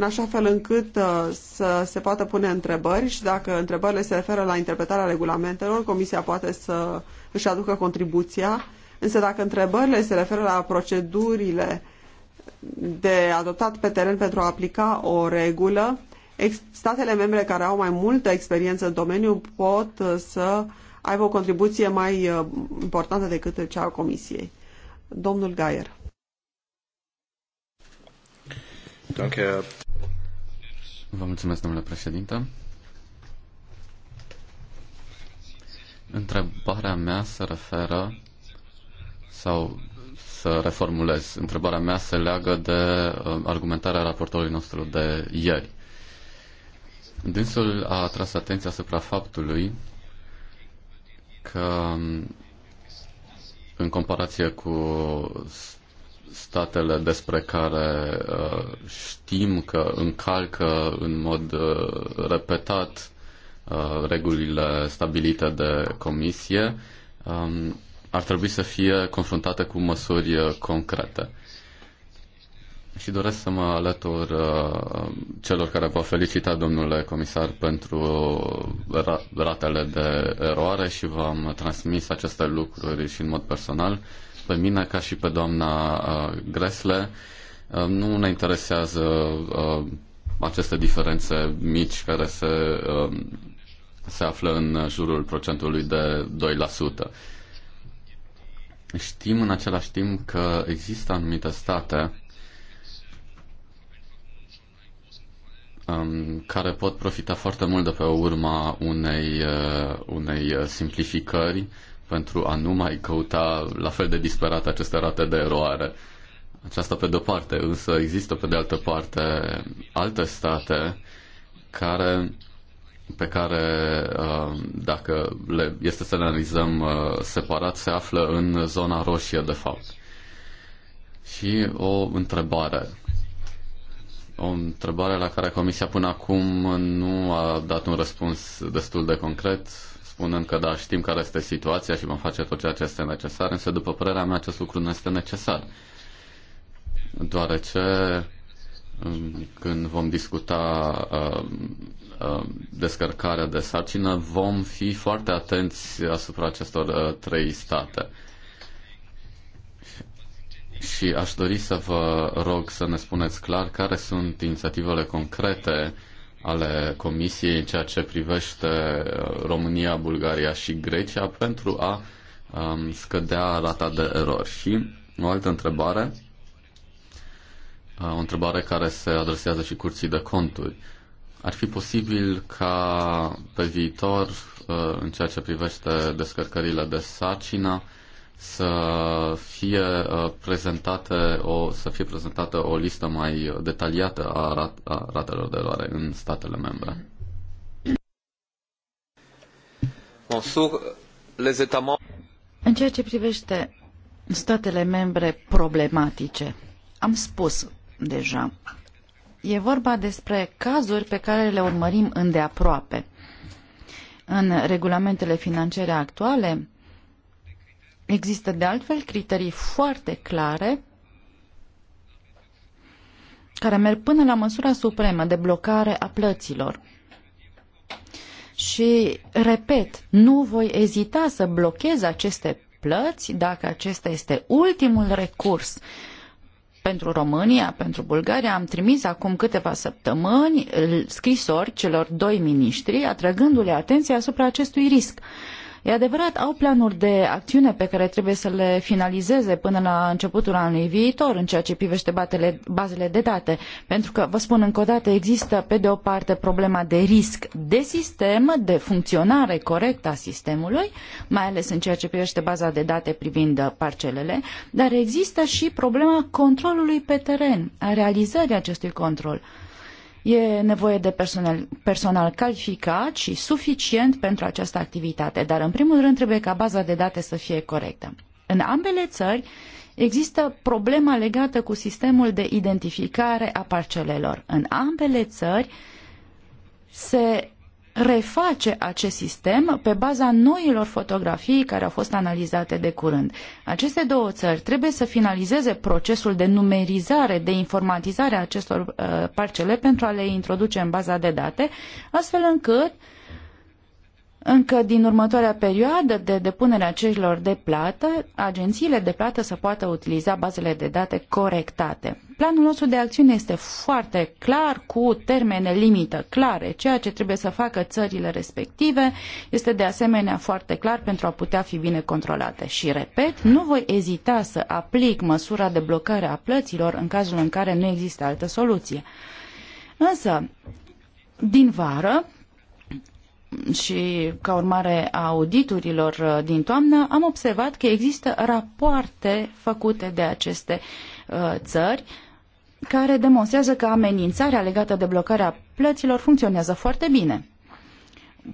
în așa fel încât uh, să se poată pune întrebări și dacă întrebările se referă la interpretarea regulamentelor, Comisia poate să își aducă contribuția, însă dacă întrebările se referă la procedurile de adoptat pe teren pentru a aplica o regulă, statele membre care au mai multă experiență în domeniu pot uh, să aibă o contribuție mai uh, importantă decât cea a Comisiei. Domnul Gaier. Danke. Vă mulțumesc, domnule președinte. Întrebarea mea se referă sau să reformulez. Întrebarea mea se leagă de uh, argumentarea raportorului nostru de ieri. Dânsul a atras atenția asupra faptului că um, în comparație cu statele despre care uh, știm că încalcă în mod uh, repetat uh, regulile stabilite de comisie um, ar trebui să fie confruntate cu măsuri concrete. Și doresc să mă alătur celor care vă felicita, domnule comisar, pentru ratele de eroare și v-am transmis aceste lucruri și în mod personal pe mine ca și pe doamna uh, Gresle. Uh, nu ne interesează uh, aceste diferențe mici care se, se află în jurul procentului de 2%. Știm în același timp că există anumite state um, care pot profita foarte mult de pe urma unei, unei simplificări pentru a nu mai căuta la fel de disperat aceste rate de eroare. Aceasta pe de-o parte, însă există pe de altă parte alte state care pe care, uh, dacă le este să le analizăm uh, separat, se află în zona roșie, de fapt. Și o întrebare. O întrebare la care Comisia până acum nu a dat un răspuns destul de concret spunând că da, știm care este situația și vom face tot ceea ce este necesar, însă după părerea mea acest lucru nu este necesar. Deoarece um, când vom discuta uh, uh, descărcarea de sarcină, vom fi foarte atenți asupra acestor uh, trei state. Și aș dori să vă rog să ne spuneți clar care sunt inițiativele concrete uh, ale Comisiei în ceea ce privește uh, România, Bulgaria și Grecia pentru a um, scădea rata de erori. Și o altă întrebare, uh, o întrebare care se adresează și curții de conturi. Ar fi posibil ca pe viitor, uh, în ceea ce privește descărcările de sarcină, să fie uh, prezentată o, să fie prezentată o listă mai detaliată a, rat, a ratelor de luare în statele membre. În ceea ce privește statele membre problematice, am spus deja, e vorba despre cazuri pe care le urmărim îndeaproape. În regulamentele financiare actuale, Există de altfel criterii foarte clare care merg până la măsura supremă de blocare a plăților. Și, repet, nu voi ezita să blochez aceste plăți dacă acesta este ultimul recurs. Pentru România, pentru Bulgaria, am trimis acum câteva săptămâni scrisori celor doi miniștri, atrăgându-le atenția asupra acestui risc. E adevărat, au planuri de acțiune pe care trebuie să le finalizeze până la începutul anului viitor în ceea ce privește batele, bazele de date. Pentru că, vă spun încă o dată, există pe de o parte problema de risc de sistem, de funcționare corectă a sistemului, mai ales în ceea ce privește baza de date privind parcelele, dar există și problema controlului pe teren, a realizării acestui control. E nevoie de personal, personal calificat și suficient pentru această activitate, dar în primul rând trebuie ca baza de date să fie corectă. În ambele țări există problema legată cu sistemul de identificare a parcelelor. În ambele țări se reface acest sistem pe baza noilor fotografii care au fost analizate de curând. Aceste două țări trebuie să finalizeze procesul de numerizare, de informatizare a acestor uh, parcele pentru a le introduce în baza de date, astfel încât uh, încă din următoarea perioadă de depunere a cerilor de plată, agențiile de plată să poată utiliza bazele de date corectate. Planul nostru de acțiune este foarte clar, cu termene limită clare. Ceea ce trebuie să facă țările respective este de asemenea foarte clar pentru a putea fi bine controlate. Și, repet, nu voi ezita să aplic măsura de blocare a plăților în cazul în care nu există altă soluție. Însă, din vară, și ca urmare a auditurilor uh, din toamnă, am observat că există rapoarte făcute de aceste uh, țări care demonstrează că amenințarea legată de blocarea plăților funcționează foarte bine.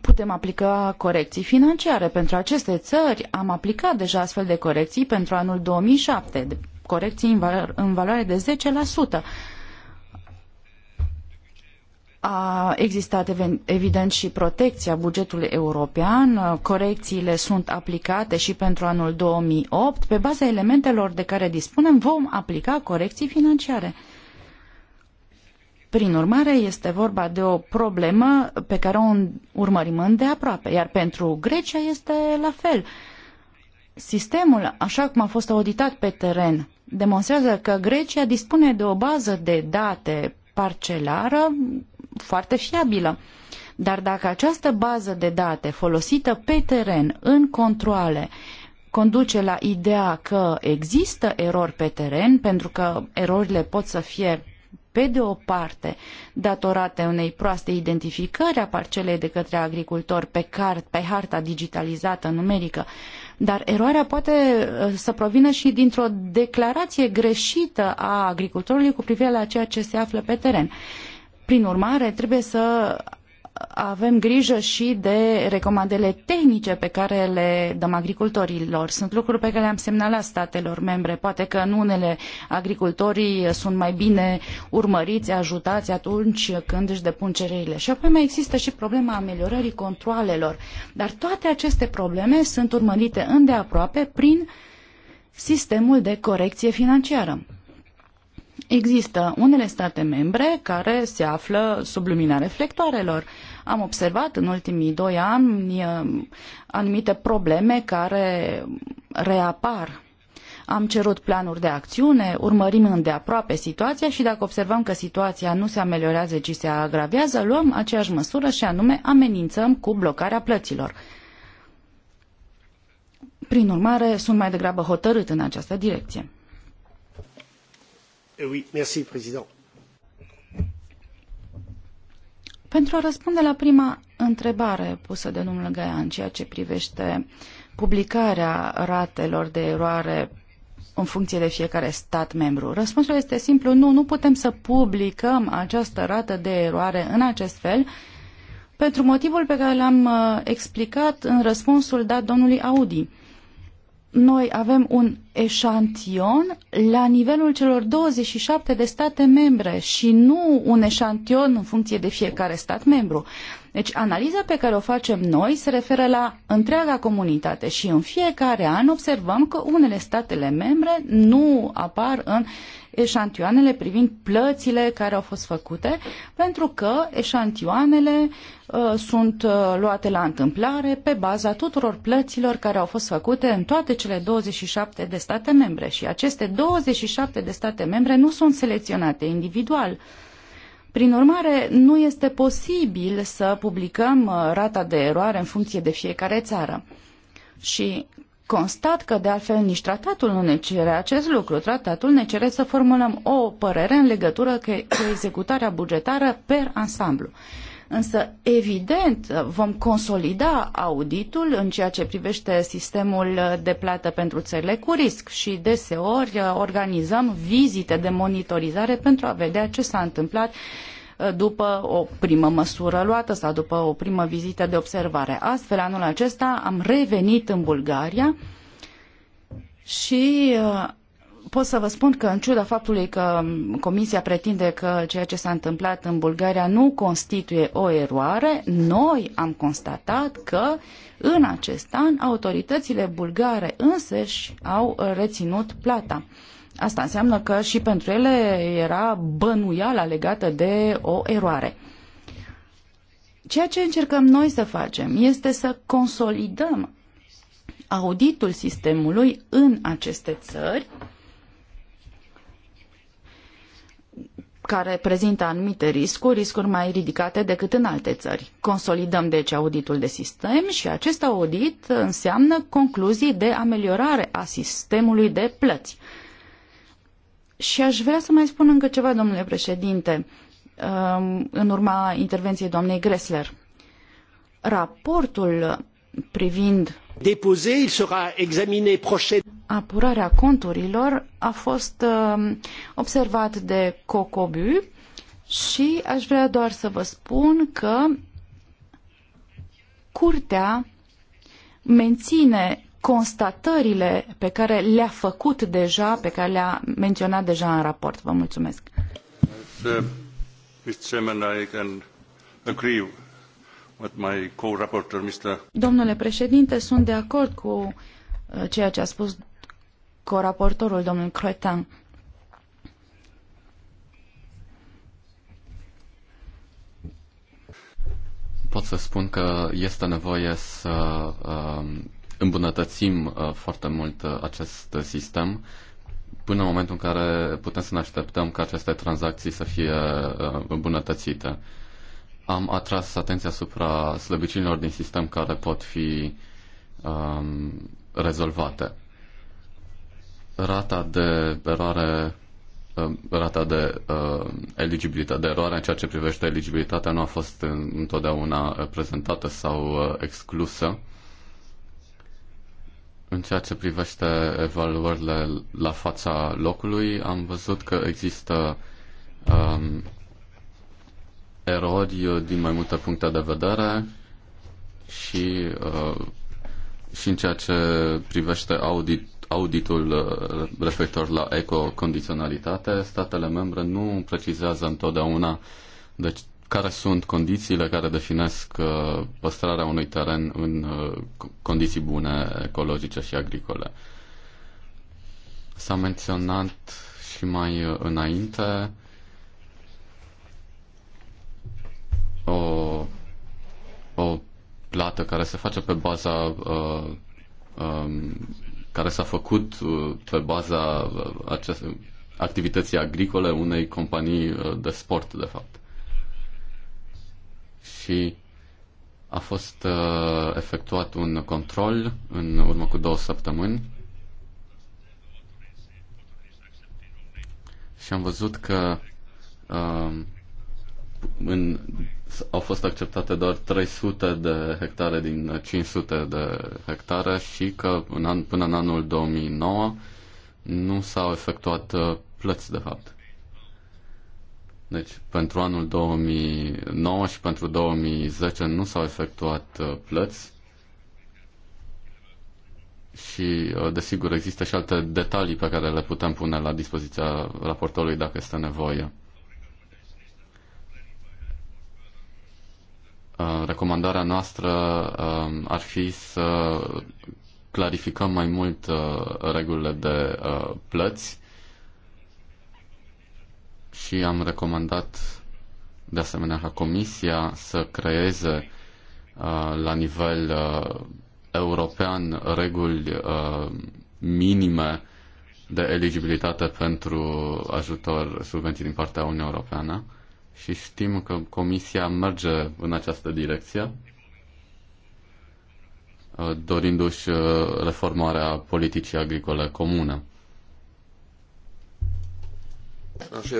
Putem aplica corecții financiare. Pentru aceste țări am aplicat deja astfel de corecții pentru anul 2007, corecții în, valoare de sută a existat evident și protecția bugetului european, corecțiile sunt aplicate și pentru anul 2008. Pe baza elementelor de care dispunem vom aplica corecții financiare. Prin urmare, este vorba de o problemă pe care o urmărim îndeaproape, iar pentru Grecia este la fel. Sistemul, așa cum a fost auditat pe teren, demonstrează că Grecia dispune de o bază de date parcelară foarte fiabilă. Dar dacă această bază de date folosită pe teren, în controle, conduce la ideea că există erori pe teren, pentru că erorile pot să fie pe de o parte datorate unei proaste identificări a parcelei de către agricultor pe, cart, pe harta digitalizată numerică, dar eroarea poate uh, să provină și dintr-o declarație greșită a agricultorului cu privire la ceea ce se află pe teren. Prin urmare, trebuie să avem grijă și de recomandele tehnice pe care le dăm agricultorilor. Sunt lucruri pe care le-am semnalat statelor membre. Poate că în unele agricultorii sunt mai bine urmăriți, ajutați atunci când își depun cererile. Și apoi mai există și problema ameliorării controalelor. Dar toate aceste probleme sunt urmărite îndeaproape prin sistemul de corecție financiară. Există unele state membre care se află sub lumina reflectoarelor. Am observat în ultimii doi ani um, anumite probleme care reapar am cerut planuri de acțiune, urmărim îndeaproape situația și dacă observăm că situația nu se ameliorează, ci se agravează, luăm aceeași măsură și anume amenințăm cu blocarea plăților. Prin urmare, sunt mai degrabă hotărât în această direcție. Eh pentru a răspunde la prima întrebare pusă de domnul Gaia în ceea ce privește publicarea ratelor de eroare în funcție de fiecare stat membru. Răspunsul este simplu, nu, nu putem să publicăm această rată de eroare în acest fel, pentru motivul pe care l-am uh, explicat în răspunsul dat domnului Audi noi avem un eșantion la nivelul celor 27 de state membre și nu un eșantion în funcție de fiecare stat membru. Deci analiza pe care o facem noi se referă la întreaga comunitate și în fiecare an observăm că unele statele membre nu apar în eșantioanele privind plățile care au fost făcute, pentru că eșantioanele uh, sunt uh, luate la întâmplare pe baza tuturor plăților care au fost făcute în toate cele 27 de state membre și aceste 27 de state membre nu sunt selecționate individual. Uh, prin urmare, nu este posibil să publicăm uh, rata de eroare în funcție de fiecare țară. Și constat că, de altfel, nici tratatul nu ne cere acest lucru. Tratatul ne cere să formulăm o părere în legătură cu executarea bugetară per ansamblu. Însă, evident, vom consolida auditul în ceea ce privește sistemul de plată pentru țările cu risc și deseori organizăm vizite de monitorizare pentru a vedea ce s-a întâmplat uh, după o primă măsură luată sau după o primă vizită de observare. Astfel, anul acesta am revenit în Bulgaria și uh, pot să vă spun că în ciuda faptului că Comisia pretinde că ceea ce s-a întâmplat în Bulgaria nu constituie o eroare, noi am constatat că în acest an autoritățile bulgare însăși au reținut plata. Asta înseamnă că și pentru ele era bănuiala legată de o eroare. Ceea ce încercăm noi să facem este să consolidăm auditul sistemului în aceste țări, care prezintă anumite riscuri, riscuri mai ridicate decât în alte țări. Consolidăm deci auditul de sistem și acest audit înseamnă concluzii de ameliorare a sistemului de plăți. Și aș vrea să mai spun încă ceva, domnule președinte, um, în urma intervenției doamnei Gressler. Raportul privind déposé, il sera examiné prochainement. Apurarea conturilor a fost um, observat de Cocobu și aș vrea doar să vă spun că curtea menține constatările pe care le-a făcut deja, pe care le-a menționat deja în raport. Vă mulțumesc. Uh, Mr. Chairman, I can agree Domnule președinte, sunt de acord cu uh, ceea ce a spus coraportorul, domnul Cretan. Pot să spun că este nevoie să um, îmbunătățim uh, foarte mult uh, acest sistem până în momentul în care putem să ne așteptăm ca aceste tranzacții să fie îmbunătățite am atras atenția asupra slăbiciunilor din sistem care pot fi um, rezolvate. Rata de eroare um, rata de uh, eligibilitate, de eroare în ceea ce privește eligibilitatea nu a fost întotdeauna uh, prezentată sau uh, exclusă. În ceea ce privește evaluările la fața locului, am văzut că există um, erori uh, din mai multe puncte de vedere și, uh, și în ceea ce privește audit, auditul uh, referitor la ecocondiționalitate, statele membre nu precizează întotdeauna deci, care sunt condițiile care definesc păstrarea unui teren în condiții bune ecologice și agricole. S-a menționat și mai înainte o, o plată care se face pe baza uh, um, care s-a făcut uh, pe baza uh, acest, activității agricole unei companii uh, de sport, de fapt. Și a fost uh, efectuat un control în urmă cu două săptămâni și am văzut că uh, în, au fost acceptate doar 300 de hectare din 500 de hectare și că în an, până în anul 2009 nu s-au efectuat uh, plăți, de fapt. Deci, pentru anul 2009 și pentru 2010 nu s-au efectuat uh, plăți și, uh, desigur, există și alte detalii pe care le putem pune la dispoziția raportorului dacă este nevoie. Uh, recomandarea noastră um, ar fi să clarificăm mai mult uh, regulile de uh, plăți și am recomandat de asemenea ca Comisia să creeze la nivel european reguli minime de eligibilitate pentru ajutor subvenții din partea Uniunii Europeană și știm că Comisia merge în această direcție, uh, dorindu-și uh, reformarea politicii agricole comune. Aș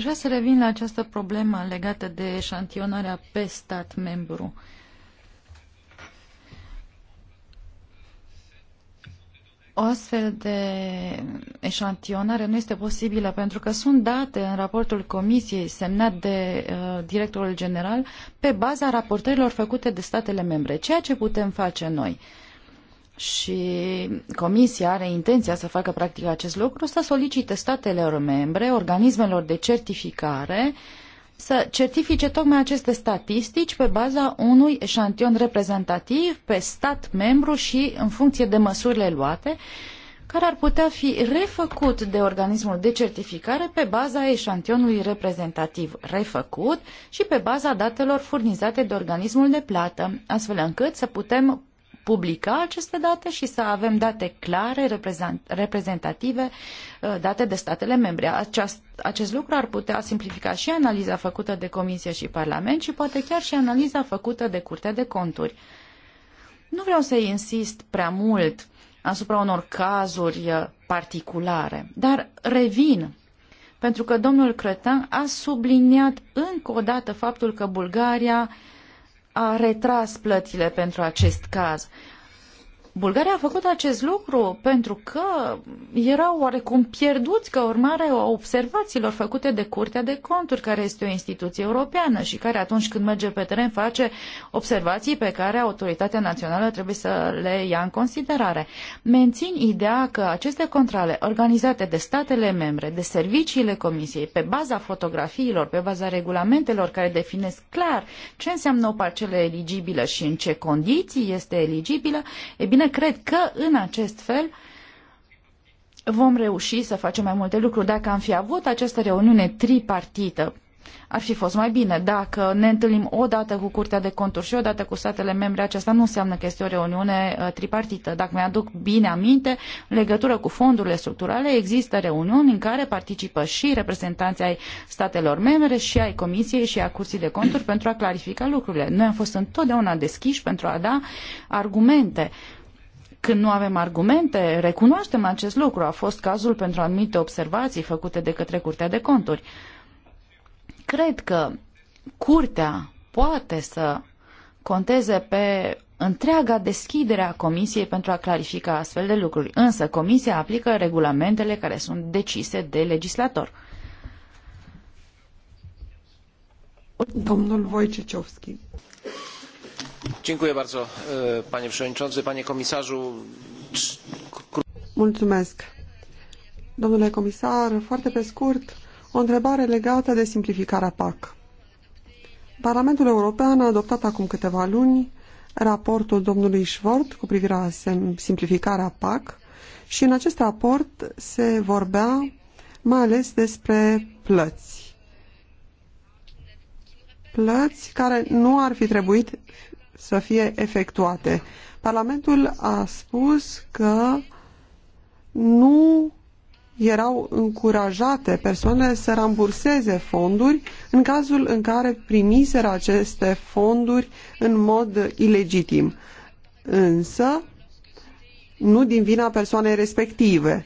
vrea să revin la această problemă legată de eșantionarea pe stat membru. Uh, O astfel de eșantionare nu este posibilă pentru că sunt date în raportul comisiei semnat de uh, directorul general pe baza raportărilor făcute de statele membre, ceea ce putem face noi. Și comisia are intenția să facă practic acest lucru, să solicite statelor membre, organismelor de certificare uh, să certifice tocmai aceste statistici pe baza unui eșantion reprezentativ pe stat membru și în funcție de măsurile luate, care ar putea fi refăcut de organismul de certificare pe baza eșantionului reprezentativ refăcut și pe baza datelor furnizate de organismul de plată, astfel încât să putem publica aceste date și să avem date clare, reprezentative, uh, date de statele membre. Aceast, acest lucru ar putea simplifica și analiza făcută de Comisie și Parlament și poate chiar și analiza făcută de Curtea de Conturi. Nu vreau să insist prea mult asupra unor cazuri uh, particulare, dar revin pentru că domnul Cretin a subliniat încă o dată faptul că Bulgaria uh, a retras plăile pentru acest caz. Bulgaria a făcut acest lucru pentru că erau oarecum pierduți ca urmare a observațiilor făcute de Curtea de Conturi, care este o instituție europeană și care atunci când merge pe teren face observații pe care autoritatea națională trebuie să le ia în considerare. Mențin ideea că aceste controle organizate de statele membre, de serviciile Comisiei, pe baza fotografiilor, pe baza regulamentelor care definesc clar ce înseamnă o parcelă eligibilă și în ce condiții este eligibilă, e bine, Europene. Cred că în acest fel vom reuși să facem mai multe lucruri. Dacă am fi avut această reuniune tripartită, ar fi fost mai bine. Dacă ne întâlnim o dată cu Curtea de Conturi și o dată cu statele membre, aceasta nu înseamnă că este o reuniune uh, tripartită. Dacă mi-aduc bine aminte, în legătură cu fondurile structurale, există reuniuni în care participă și reprezentanții ai statelor membre și ai Comisiei și a Curții de Conturi pentru a clarifica lucrurile. Noi am fost întotdeauna deschiși pentru a da argumente când nu avem argumente, recunoaștem acest lucru. A fost cazul pentru anumite observații făcute de către Curtea de Conturi. Cred că Curtea poate să conteze pe întreaga deschidere a Comisiei pentru a clarifica astfel de lucruri, însă Comisia aplică regulamentele care sunt decise de legislator. Domnul Wojciechowski. Dziękuję bardzo, panie przewodniczący, panie komisarzu. Mulțumesc. Domnule comisar, foarte pe scurt, o întrebare legată de simplificarea PAC. Parlamentul European a adoptat acum câteva luni raportul domnului Schwart cu privire la simplificarea PAC și în acest raport se vorbea mai ales despre plăți. Plăți care nu ar fi trebuit să fie efectuate. Parlamentul a spus că nu erau încurajate persoanele să ramburseze fonduri în cazul în care primiseră aceste fonduri în mod ilegitim. Însă, nu din vina persoanei respective,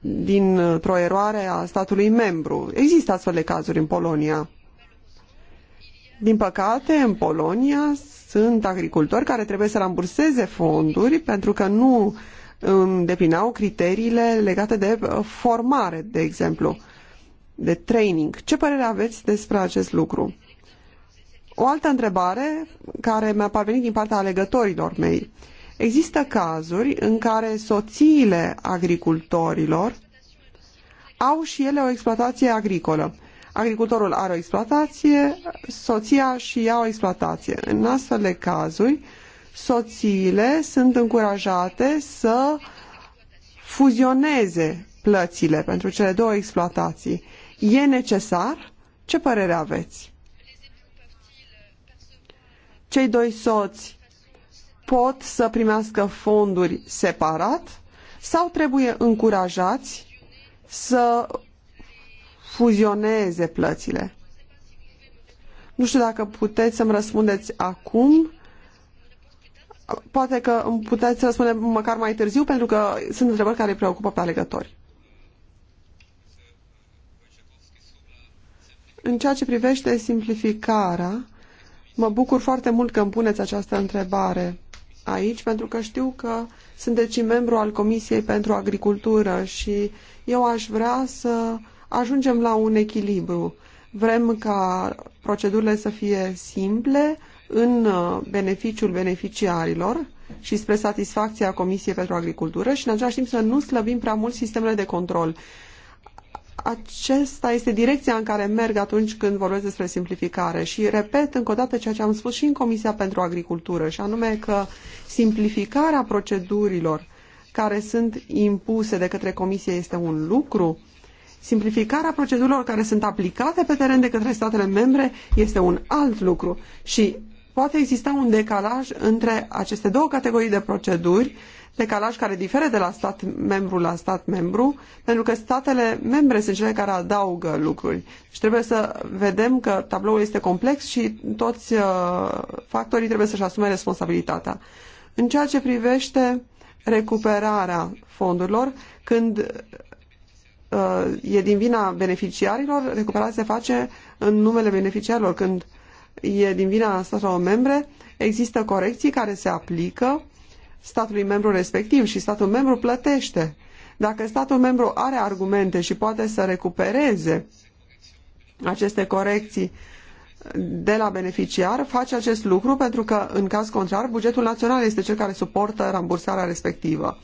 dintr-o eroare a statului membru. Există astfel de cazuri în Polonia. Din păcate, în Polonia sunt agricultori care trebuie să ramburseze fonduri pentru că nu îndeplineau um, criteriile legate de uh, formare, de exemplu, de training. Ce părere aveți despre acest lucru? O altă întrebare care mi-a parvenit din partea alegătorilor mei. Există cazuri în care soțiile agricultorilor au și ele o exploatație agricolă agricultorul are o exploatație, soția și ea o exploatație. În astfel de cazuri, soțiile sunt încurajate să fuzioneze plățile pentru cele două exploatații. E necesar? Ce părere aveți? Cei doi soți pot să primească fonduri separat sau trebuie încurajați să fuzioneze plățile. Nu știu dacă puteți să-mi răspundeți acum. Poate că îmi puteți răspunde măcar mai târziu, pentru că sunt întrebări care îi preocupă pe alegători. În ceea ce privește simplificarea, mă bucur foarte mult că îmi puneți această întrebare aici, pentru că știu că sunteți și membru al Comisiei pentru Agricultură și eu aș vrea să ajungem la un echilibru. Vrem ca procedurile să fie simple în uh, beneficiul beneficiarilor și spre satisfacția Comisiei pentru Agricultură și în același timp să nu slăbim prea mult sistemele de control. Acesta este direcția în care merg atunci când vorbesc despre simplificare și repet încă o dată ceea ce am spus și în Comisia pentru Agricultură și anume că simplificarea procedurilor care sunt impuse de către Comisie este un lucru, Simplificarea procedurilor care sunt aplicate pe teren de către statele membre este un alt lucru și poate exista un decalaj între aceste două categorii de proceduri, decalaj care diferă de la stat membru la stat membru, pentru că statele membre sunt cele care adaugă lucruri. Și trebuie să vedem că tabloul este complex și toți uh, factorii trebuie să-și asume responsabilitatea. În ceea ce privește recuperarea fondurilor, când Uh, e din vina beneficiarilor, recuperarea se face în numele beneficiarilor. Când e din vina statelor membre, există corecții care se aplică statului membru respectiv și statul membru plătește. Dacă statul membru are argumente și poate să recupereze aceste corecții de la beneficiar, face acest lucru pentru că, în caz contrar, bugetul național este cel care suportă rambursarea respectivă.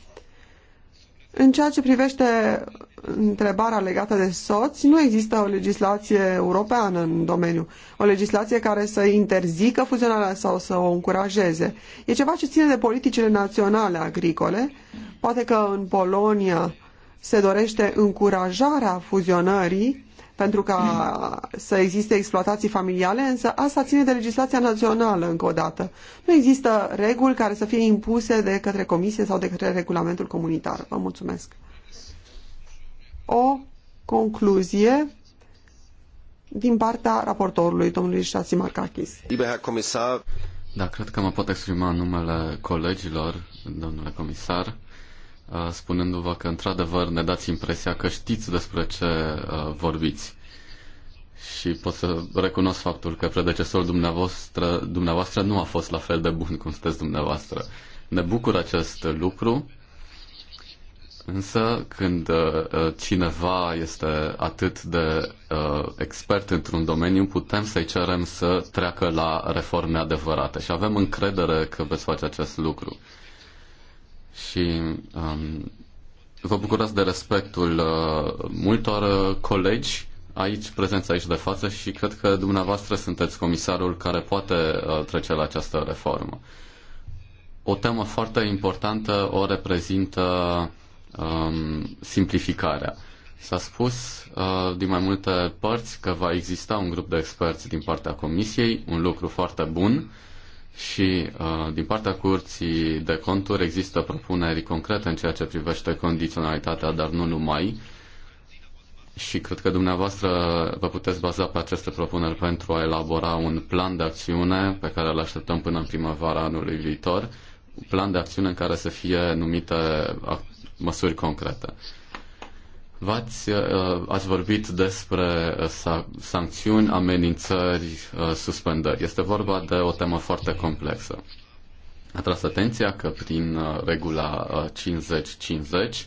În ceea ce privește întrebarea legată de soți, nu există o legislație europeană în domeniu, o legislație care să interzică fuzionarea sau să o încurajeze. E ceva ce ține de politicile naționale agricole. Poate că în Polonia se dorește încurajarea fuzionării pentru ca să existe exploatații familiale, însă asta ține de legislația națională încă o dată. Nu există reguli care să fie impuse de către comisie sau de către regulamentul comunitar. Vă mulțumesc o concluzie din partea raportorului, domnului Șasi Marcachis. Da, cred că mă pot exprima numele colegilor, domnule comisar, uh, spunându-vă că, într-adevăr, ne dați impresia că știți despre ce uh, vorbiți. Și pot să recunosc faptul că predecesorul dumneavoastră, dumneavoastră nu a fost la fel de bun cum sunteți dumneavoastră. Ne bucur acest lucru Însă, când uh, uh, cineva este atât de uh, expert într-un domeniu, putem să-i cerem să treacă la reforme adevărate și avem încredere că veți face acest lucru. Și um, vă bucurați de respectul uh, multor uh, colegi aici, prezenți aici de față și cred că dumneavoastră sunteți comisarul care poate uh, trece la această reformă. O temă foarte importantă o reprezintă um, simplificarea. S-a spus uh, din mai multe părți că va exista un grup de experți din partea Comisiei, un lucru foarte bun și uh, din partea Curții de Conturi există propuneri concrete în ceea ce privește condiționalitatea, dar nu numai. Și cred că dumneavoastră vă puteți baza pe aceste propuneri pentru a elabora un plan de acțiune pe care îl așteptăm până în primăvara anului viitor, un plan de acțiune în care să fie numite măsuri concrete. V-ați, uh, ați vorbit despre uh, sancțiuni, amenințări, uh, suspendări. Este vorba de o temă foarte complexă. A tras atenția că prin regula 50-50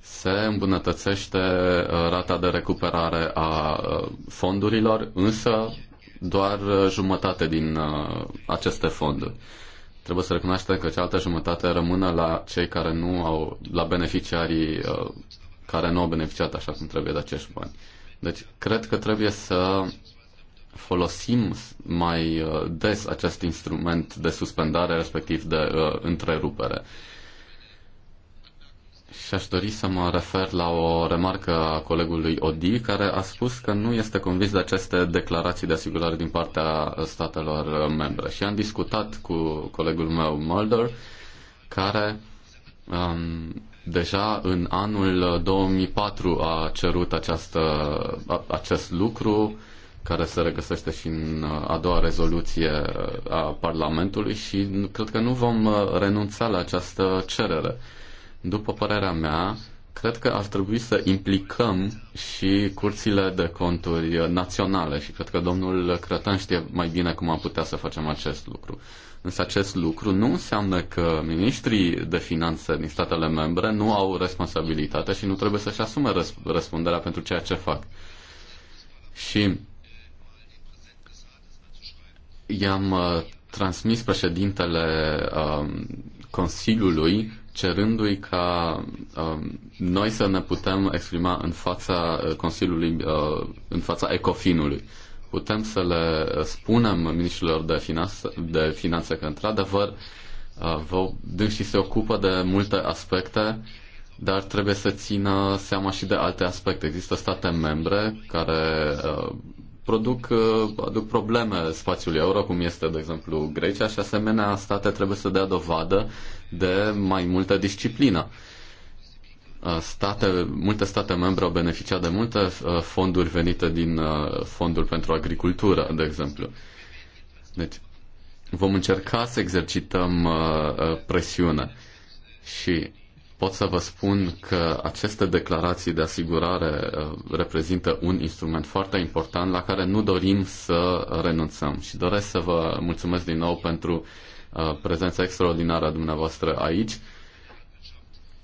se îmbunătățește rata de recuperare a fondurilor, însă doar jumătate din aceste fonduri trebuie să recunoaște că cealaltă jumătate rămână la cei care nu au, la beneficiarii uh, care nu au beneficiat așa cum trebuie de acești bani. Deci, cred că trebuie să folosim mai uh, des acest instrument de suspendare, respectiv de uh, întrerupere. Și aș dori să mă refer la o remarcă a colegului Odi, care a spus că nu este convins de aceste declarații de asigurare din partea statelor membre. Și am discutat cu colegul meu, Mulder, care um, deja în anul 2004 a cerut această, a, acest lucru, care se regăsește și în a doua rezoluție a Parlamentului și cred că nu vom uh, renunța la această cerere după părerea mea, cred că ar trebui să implicăm și curțile de conturi naționale și cred că domnul Crătan știe mai bine cum am putea să facem acest lucru. Însă acest lucru nu înseamnă că ministrii de finanțe din statele membre nu au responsabilitate și nu trebuie să-și asume răsp- răspunderea pentru ceea ce fac. Și i-am uh, transmis președintele uh, Consiliului cerându-i ca um, noi să ne putem exprima în fața uh, Consiliului, uh, în fața Ecofinului. Putem să le spunem ministrilor de finanțe, de finanțe că, într-adevăr, uh, dânsii se ocupă de multe aspecte, dar trebuie să țină seama și de alte aspecte. Există state membre care uh, produc, uh, aduc probleme spațiului euro, cum este, de exemplu, Grecia și asemenea state trebuie să dea dovadă de mai multă disciplină. Uh, state, multe state membre au beneficiat de multe uh, fonduri venite din uh, Fondul pentru Agricultură, de exemplu. Deci, vom încerca să exercităm presiune și pot să vă spun că aceste declarații de asigurare reprezintă un instrument foarte important la care nu dorim să renunțăm și doresc să vă mulțumesc din nou pentru Uh, prezența extraordinară a dumneavoastră aici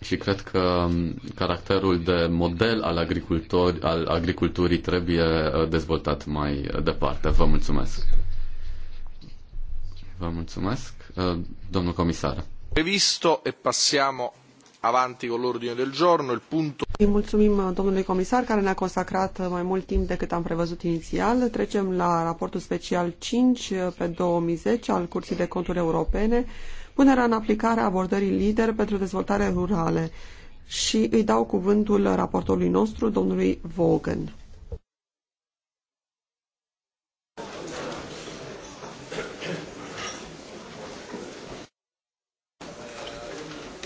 și cred că um, caracterul de model al, agricultori, al agriculturii trebuie uh, dezvoltat mai uh, departe. Vă mulțumesc. Vă mulțumesc, domnul comisar. Previsto e passiamo avanti con l'ordine del giorno. Il punto... Îi mulțumim domnului comisar care ne-a consacrat mai mult timp decât am prevăzut inițial. Trecem la raportul special 5 eh, pe 2010 al Curții de Conturi Europene, punerea în aplicare a abordării lider pentru dezvoltare rurale. Și îi dau cuvântul raportului nostru, domnului Vaughan.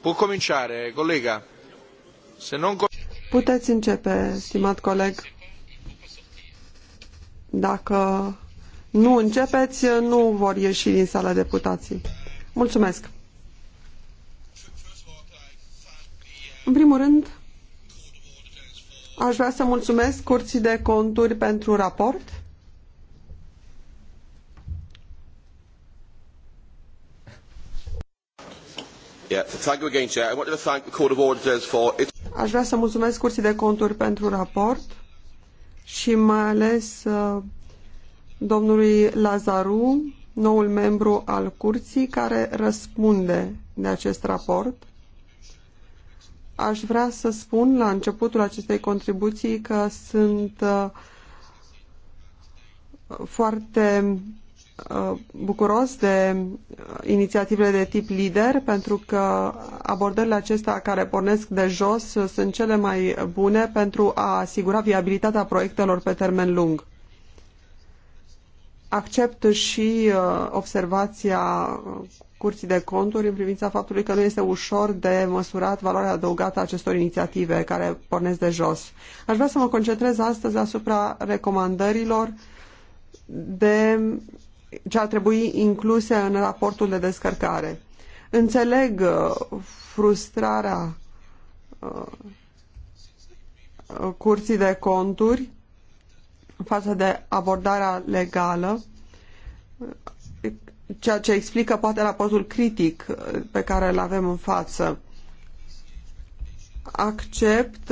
Può cominciare, colega. Se non... Puteți începe, stimat coleg. Dacă nu începeți, nu vor ieși din sala deputații. Mulțumesc. În primul rând, aș vrea să mulțumesc Curții de Conturi pentru raport. Aș vrea să mulțumesc Curții de Conturi pentru raport și mai ales uh, domnului Lazaru, noul membru al Curții, care răspunde de acest raport. Aș vrea să spun la începutul acestei contribuții că sunt uh, foarte Uh, bucuros de uh, inițiativele de tip lider pentru că abordările acestea care pornesc de jos uh, sunt cele mai bune pentru a asigura viabilitatea proiectelor pe termen lung. Accept și observația Curții de Conturi în privința faptului că nu este ușor de măsurat valoarea adăugată a acestor inițiative care pornesc de jos. Aș vrea să mă concentrez astăzi asupra recomandărilor de ce ar trebui incluse în raportul de descărcare. Înțeleg uh, frustrarea uh, uh, curții de conturi față de abordarea legală, ceea ce explică poate raportul critic pe care îl avem în față. Accept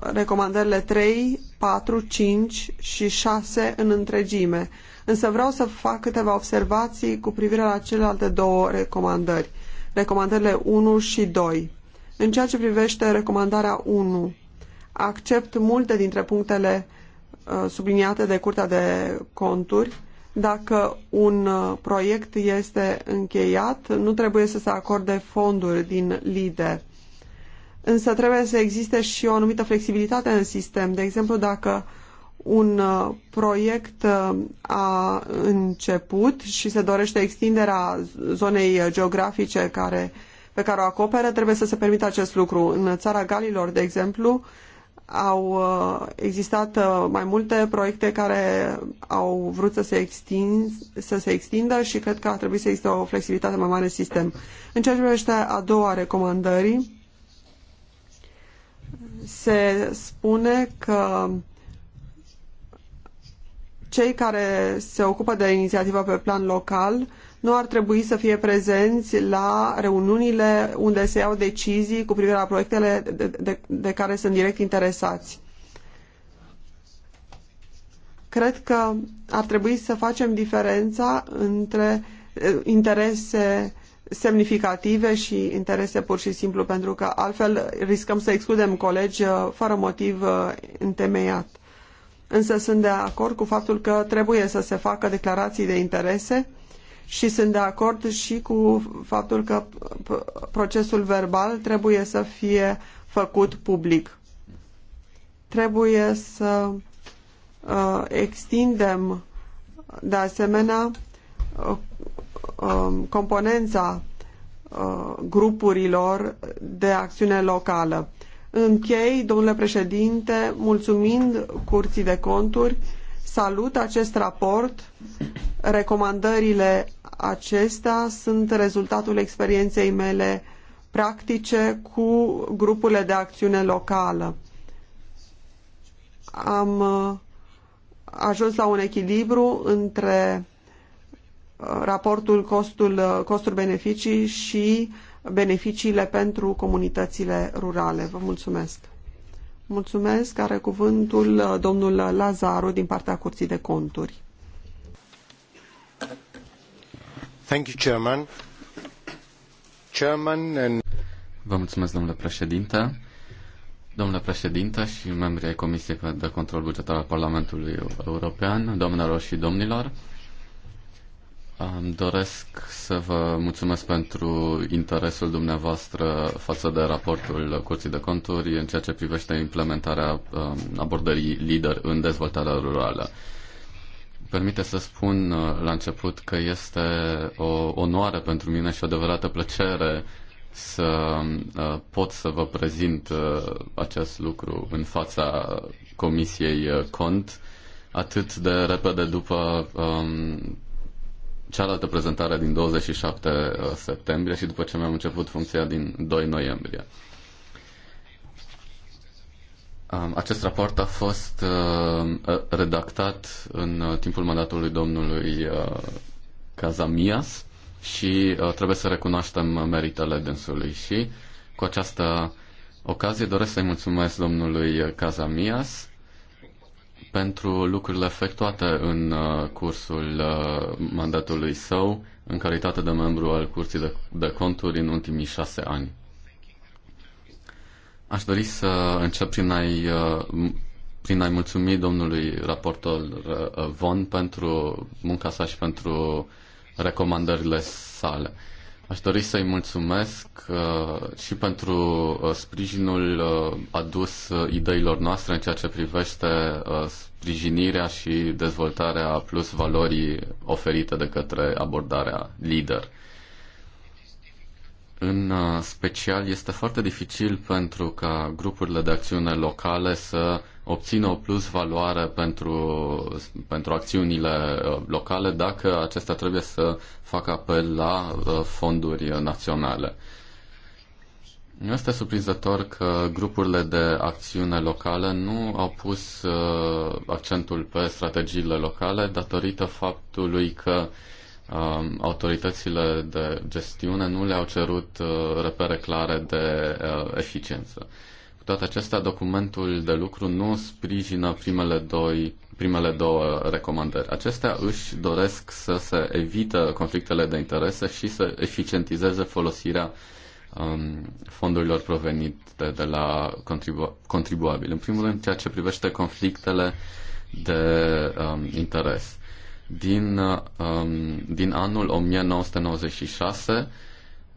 recomandările 3, 4, 5 și 6 în întregime însă vreau să fac câteva observații cu privire la celelalte două recomandări, recomandările 1 și 2. În ceea ce privește recomandarea 1, accept multe dintre punctele uh, subliniate de Curtea de Conturi. Dacă un uh, proiect este încheiat, nu trebuie să se acorde fonduri din LIDE. Însă trebuie să existe și o anumită flexibilitate în sistem. De exemplu, dacă un uh, proiect uh, a început și se dorește extinderea zonei geografice care, pe care o acoperă, trebuie să se permită acest lucru. În țara Galilor, de exemplu, au uh, existat mai multe proiecte care au vrut să se, extind, să se extindă și cred că ar trebui să existe o flexibilitate mai mare în sistem. În ceea ce privește a doua recomandării, se spune că cei care se ocupă de inițiativă pe plan local nu ar trebui să fie prezenți la reuniunile unde se iau decizii cu privire la proiectele de, de, de care sunt direct interesați. Cred că ar trebui să facem diferența între eh, interese semnificative și interese pur și simplu, pentru că altfel riscăm să excludem colegi eh, fără motiv eh, întemeiat însă sunt de acord cu faptul că trebuie să se facă declarații de interese și sunt de acord și cu faptul că procesul verbal trebuie să fie făcut public. Trebuie să uh, extindem de asemenea uh, um, uh, grupurilor de acțiune locală. Închei, domnule președinte, mulțumind Curții de Conturi, salut acest raport. Recomandările acestea sunt rezultatul experienței mele practice cu grupurile de acțiune locală. Am uh, ajuns la un echilibru între uh, raportul costul, uh, costuri-beneficii și beneficiile pentru comunitățile rurale. Vă mulțumesc! Mulțumesc, are cuvântul uh, domnul Lazaru din partea Curții de Conturi. Thank you, Chairman. Chairman and... Vă mulțumesc, domnule președinte. Domnule președinte și membrii Comisiei de Control Bugetar al Parlamentului European, domnilor și domnilor, doresc să vă mulțumesc pentru interesul dumneavoastră față de raportul Curții de Conturi în ceea ce privește implementarea um, abordării lider în dezvoltarea rurală. Permite să spun uh, la început că este o onoare pentru mine și o adevărată plăcere să uh, pot să vă prezint uh, acest lucru în fața Comisiei Cont atât de repede după um, cealaltă prezentare din 27 uh, septembrie și după ce mi-am început funcția din 2 noiembrie. Um, acest raport a fost uh, redactat în uh, timpul mandatului domnului Casamias și trebuie să recunoaștem meritele dânsului și cu această ocazie doresc să-i mulțumesc domnului Casamias pentru lucrurile efectuate în uh, cursul uh, mandatului său în calitate de membru al Curții de, de Conturi în ultimii șase ani. Aș dori să încep prin a-i, uh, prin a mulțumi domnului raportor Von pentru munca sa și pentru recomandările sale. Aș dori să-i mulțumesc uh, și pentru uh, sprijinul uh, adus uh, ideilor noastre în ceea ce privește uh, sprijinirea și dezvoltarea plus valorii oferite de către abordarea lider. În uh, special, este foarte dificil pentru ca grupurile de acțiune locale să obțină o plus valoare pentru, pentru acțiunile uh, locale dacă acestea trebuie să facă apel la uh, fonduri naționale. Nu este surprinzător că grupurile de acțiune locale nu au pus uh, accentul pe strategiile locale datorită faptului că um, autoritățile de gestiune nu le-au cerut repere clare de eficiență. Cu toate acestea, documentul de lucru nu sprijină primele, doi, primele două recomandări. Acestea își doresc să se evită conflictele de interese și să eficientizeze folosirea um, fondurilor provenite de la contribu- contribuabil. În primul rând, ceea ce privește conflictele de um, interes. Din, um, din anul 1996,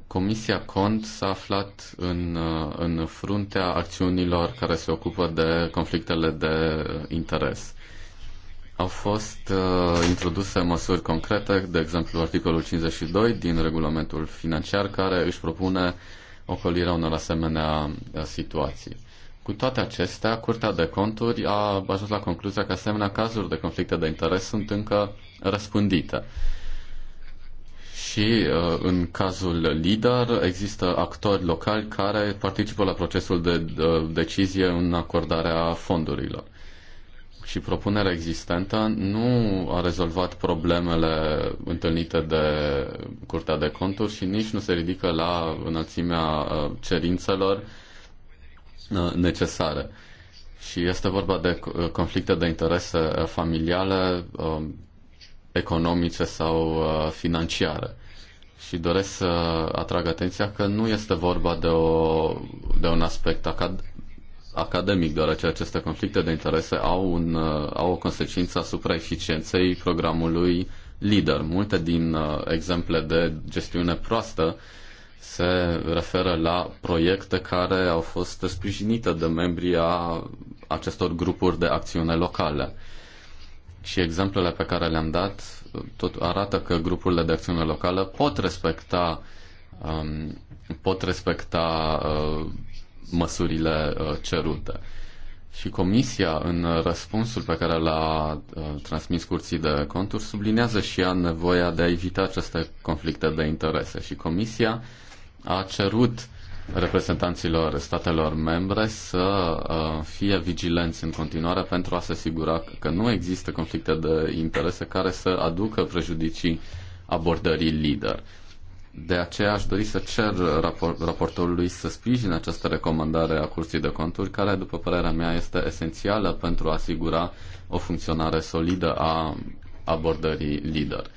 Comisia Cont s-a aflat în, uh, în fruntea acțiunilor care se ocupă de conflictele de interes. Au fost uh, introduse măsuri concrete, de exemplu articolul 52 din regulamentul financiar, care își propune ocolirea unor asemenea uh, situații. Cu toate acestea, Curtea de Conturi a ajuns la concluzia că asemenea cazuri de conflicte de interes sunt încă răspândite și uh, în cazul LIDAR există actori locali care participă la procesul de decizie în acordarea fondurilor. Și propunerea existentă nu a rezolvat problemele întâlnite de Curtea de Conturi și nici nu se ridică la înălțimea uh, cerințelor uh, necesare. Și este vorba de conflicte de interese familiale economice sau uh, financiare. Și doresc să atrag atenția că nu este vorba de, o, de un aspect acad- academic, deoarece aceste conflicte de interese au, un, uh, au o consecință asupra eficienței programului lider. Multe din uh, exemple de gestiune proastă se referă la proiecte care au fost sprijinite de membrii a acestor grupuri de acțiune locale și exemplele pe care le-am dat tot arată că grupurile de acțiune locală pot respecta um, pot respecta uh, măsurile uh, cerute. Și Comisia, în răspunsul pe care l-a uh, transmis Curții de Conturi, sublinează și ea nevoia de a evita aceste conflicte de interese. Și Comisia a cerut reprezentanților statelor membre să uh, fie vigilenți în continuare pentru a se asigura că nu există conflicte de interese care să aducă prejudicii abordării lider. De aceea aș dori să cer raportorului să sprijine această recomandare a Curții de Conturi, care, după părerea mea, este esențială pentru a asigura o funcționare solidă a abordării lider.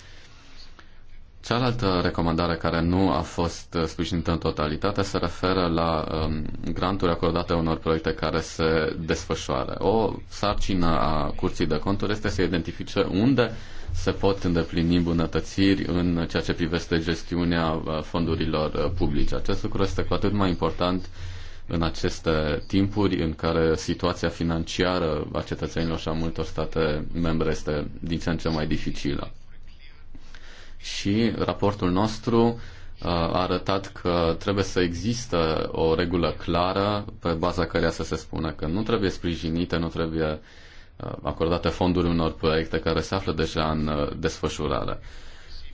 Cealaltă recomandare care nu a fost uh, sprijinită în totalitate se referă la um, granturi acordate unor proiecte care se desfășoară. O sarcină a Curții de Conturi este să identifice unde se pot îndeplini îmbunătățiri în ceea ce privește gestiunea uh, fondurilor uh, publice. Acest lucru este cu atât mai important în aceste timpuri în care situația financiară a cetățenilor și a multor state membre este din ce în ce mai dificilă și raportul nostru uh, a arătat că trebuie să există o regulă clară pe baza căreia să se spună că nu trebuie sprijinite, nu trebuie uh, acordate fonduri unor proiecte care se află deja în uh, desfășurare.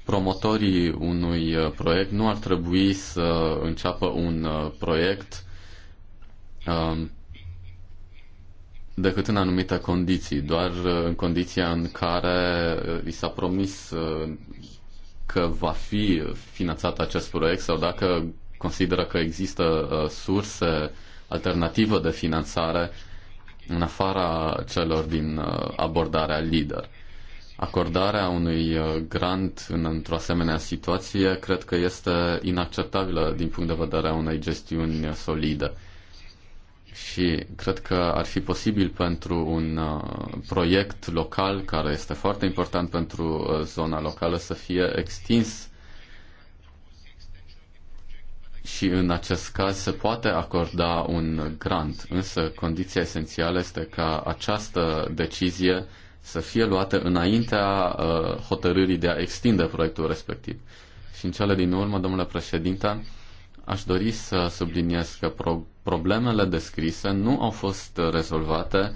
Promotorii unui proiect nu ar trebui să înceapă un proiect um, decât în anumite condiții, doar în condiția în care i s-a promis că va fi finanțat acest proiect sau dacă consideră că există uh, surse alternativă de finanțare în afara celor din uh, abordarea lider. Acordarea unui uh, grant în, într-o asemenea situație cred că este inacceptabilă din punct de vedere a unei gestiuni solide și cred că ar fi posibil pentru un uh, proiect local care este foarte important pentru uh, zona locală să fie extins și în acest caz se poate acorda un grant, însă condiția esențială este ca această decizie să fie luată înaintea uh, hotărârii de a extinde proiectul respectiv. Și în cele din urmă, domnule președinte, aș dori să subliniez că pro- problemele descrise nu au fost rezolvate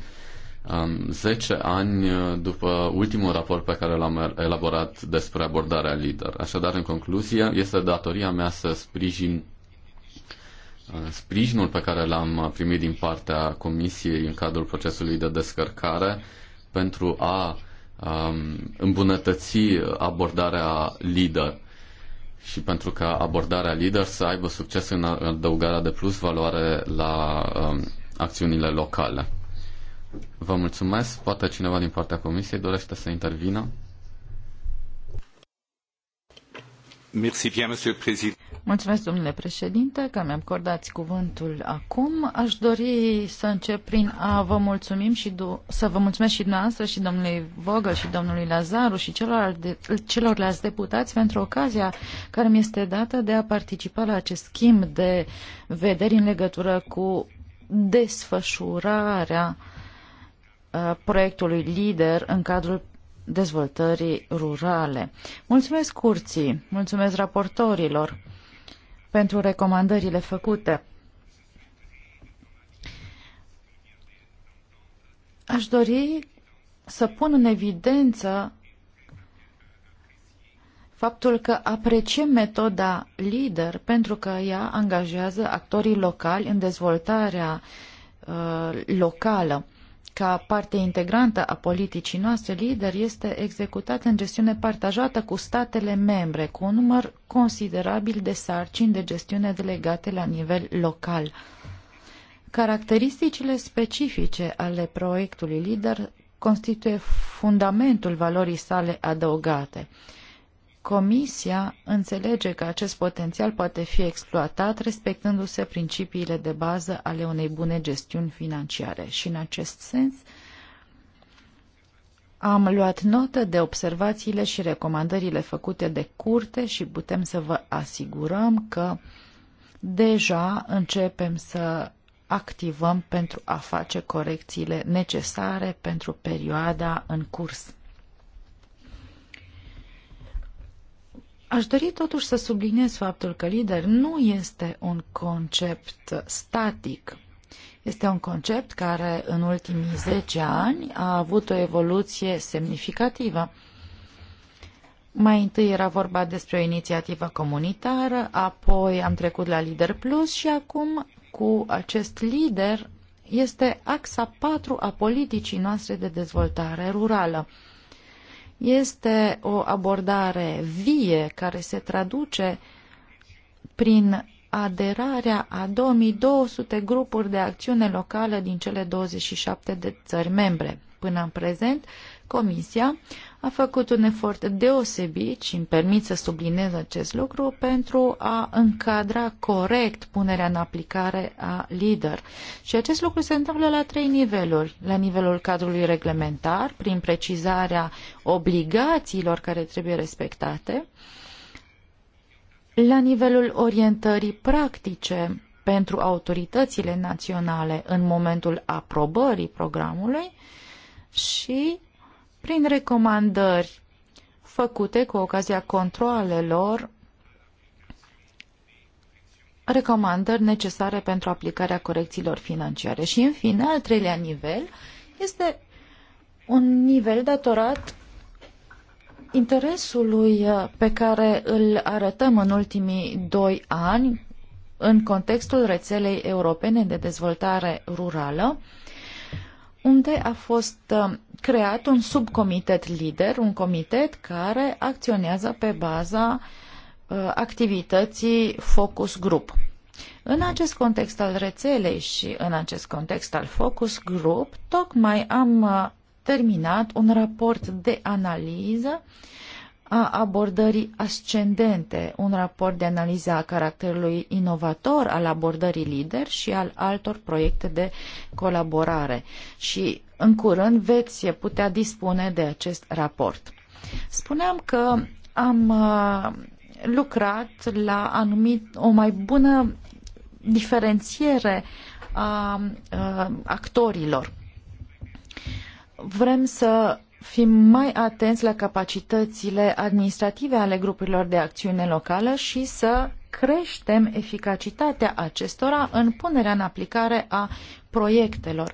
10 um, ani după ultimul raport pe care l-am elaborat despre abordarea lider. Așadar, în concluzie, este datoria mea să sprijin uh, sprijinul pe care l-am primit din partea Comisiei în cadrul procesului de descărcare pentru a um, îmbunătăți abordarea lider și pentru ca abordarea lider să aibă succes în adăugarea de plus valoare la um, acțiunile locale. Vă mulțumesc. Poate cineva din partea Comisiei dorește să intervină? Mulțumesc, domnule președinte, că mi-am acordat cuvântul acum. Aș dori să încep prin a vă mulțumim și să vă mulțumesc și dumneavoastră și domnului Vogel și domnului Lazaru și celor celorlalți deputați pentru ocazia care mi este dată de a participa la acest schimb de vederi în legătură cu desfășurarea uh, proiectului LIDER în cadrul dezvoltării rurale. Mulțumesc curții, mulțumesc raportorilor pentru recomandările făcute. Aș dori să pun în evidență faptul că apreciem metoda LIDER pentru că ea angajează actorii locali în dezvoltarea uh, locală ca parte integrantă a politicii noastre lider este executată în gestiune partajată cu statele membre, cu un număr considerabil de sarcini de gestiune delegate la nivel local. Caracteristicile specifice ale proiectului lider constituie fundamentul valorii sale adăugate. Comisia înțelege că acest potențial poate fi exploatat respectându-se principiile de bază ale unei bune gestiuni financiare și în acest sens am luat notă de observațiile și recomandările făcute de curte și putem să vă asigurăm că deja începem să activăm pentru a face corecțiile necesare pentru perioada în curs. Aș dori totuși să subliniez faptul că lider nu este un concept static. Este un concept care în ultimii 10 ani a avut o evoluție semnificativă. Mai întâi era vorba despre o inițiativă comunitară, apoi am trecut la Lider Plus și acum cu acest lider este axa 4 a politicii noastre de dezvoltare rurală. Este o abordare vie care se traduce prin aderarea a 2200 grupuri de acțiune locală din cele 27 de țări membre. Până în prezent, Comisia a făcut un efort deosebit și îmi permit să subliniez acest lucru pentru a încadra corect punerea în aplicare a LIDER. Și acest lucru se întâmplă la trei niveluri. La nivelul cadrului reglementar, prin precizarea obligațiilor care trebuie respectate, la nivelul orientării practice pentru autoritățile naționale în momentul aprobării programului și prin recomandări făcute cu ocazia controalelor, recomandări necesare pentru aplicarea corecțiilor financiare. Și, în fine, al treilea nivel este un nivel datorat interesului uh, pe care îl arătăm în ultimii doi ani în contextul rețelei europene de dezvoltare rurală, unde a fost uh, creat un subcomitet lider, un comitet care acționează pe baza uh, activității focus group. În acest context al rețelei și în acest context al focus group, tocmai am uh, terminat un raport de analiză uh, a abordării ascendente, un raport de analiză a caracterului inovator al abordării lider și al altor proiecte de colaborare. Și în curând veți putea dispune de acest raport. Spuneam că am uh, lucrat la anumit, o mai bună diferențiere a, a uh, actorilor. Vrem să fim mai atenți la capacitățile administrative ale grupurilor de acțiune locală și să creștem eficacitatea acestora în punerea în aplicare a proiectelor.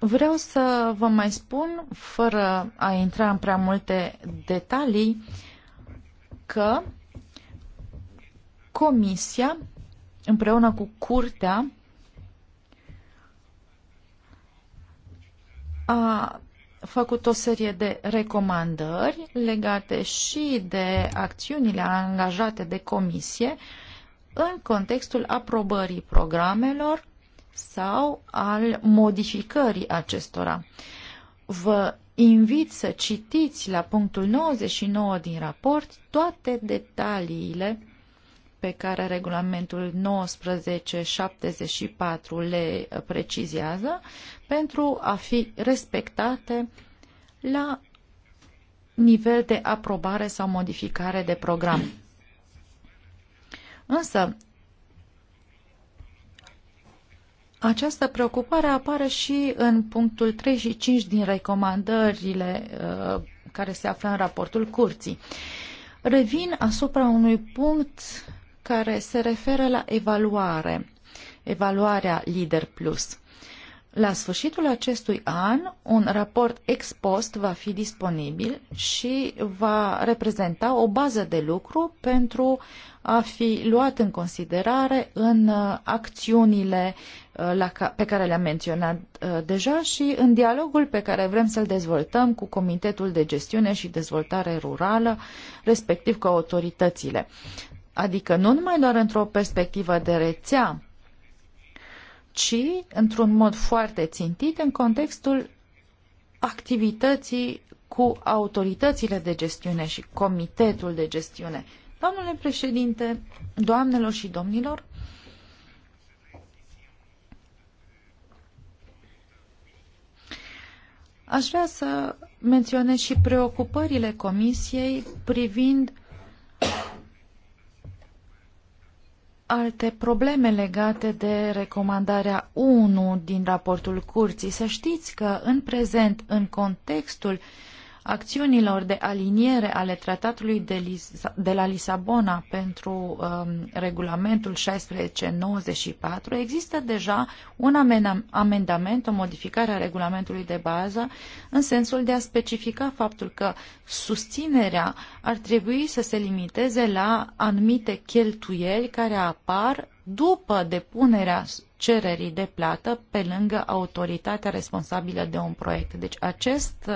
Vreau să vă mai spun, fără a intra în prea multe detalii, că Comisia, împreună cu Curtea, a făcut o serie de recomandări legate și de acțiunile angajate de comisie în contextul aprobării programelor sau al modificării acestora. Vă invit să citiți la punctul 99 din raport toate detaliile pe care regulamentul 1974 le uh, precizează pentru a fi respectate la nivel de aprobare sau modificare de program. Însă, această preocupare apare și în punctul 35 din recomandările uh, care se află în raportul curții. Revin asupra unui punct care se referă la evaluare, evaluarea Lider Plus. La sfârșitul acestui an, un raport ex post va fi disponibil și va reprezenta o bază de lucru pentru a fi luat în considerare în uh, acțiunile uh, pe care le-am menționat uh, deja și în dialogul pe care vrem să-l dezvoltăm cu Comitetul de Gestiune și Dezvoltare Rurală, respectiv cu autoritățile. Adică nu numai doar într-o perspectivă de rețea, ci într-un mod foarte țintit în contextul activității cu autoritățile de gestiune și comitetul de gestiune. Domnule președinte, doamnelor și domnilor, aș vrea să menționez și preocupările Comisiei privind alte probleme legate de recomandarea 1 din raportul curții. Să știți că în prezent, în contextul uh, acțiunilor de aliniere ale tratatului de, de la Lisabona pentru um, regulamentul 1694 există deja un amendament, o modificare a regulamentului de bază în sensul de a specifica faptul că susținerea ar trebui să se limiteze la anumite cheltuieli care apar după depunerea cererii de plată pe lângă autoritatea responsabilă de un proiect. Deci acest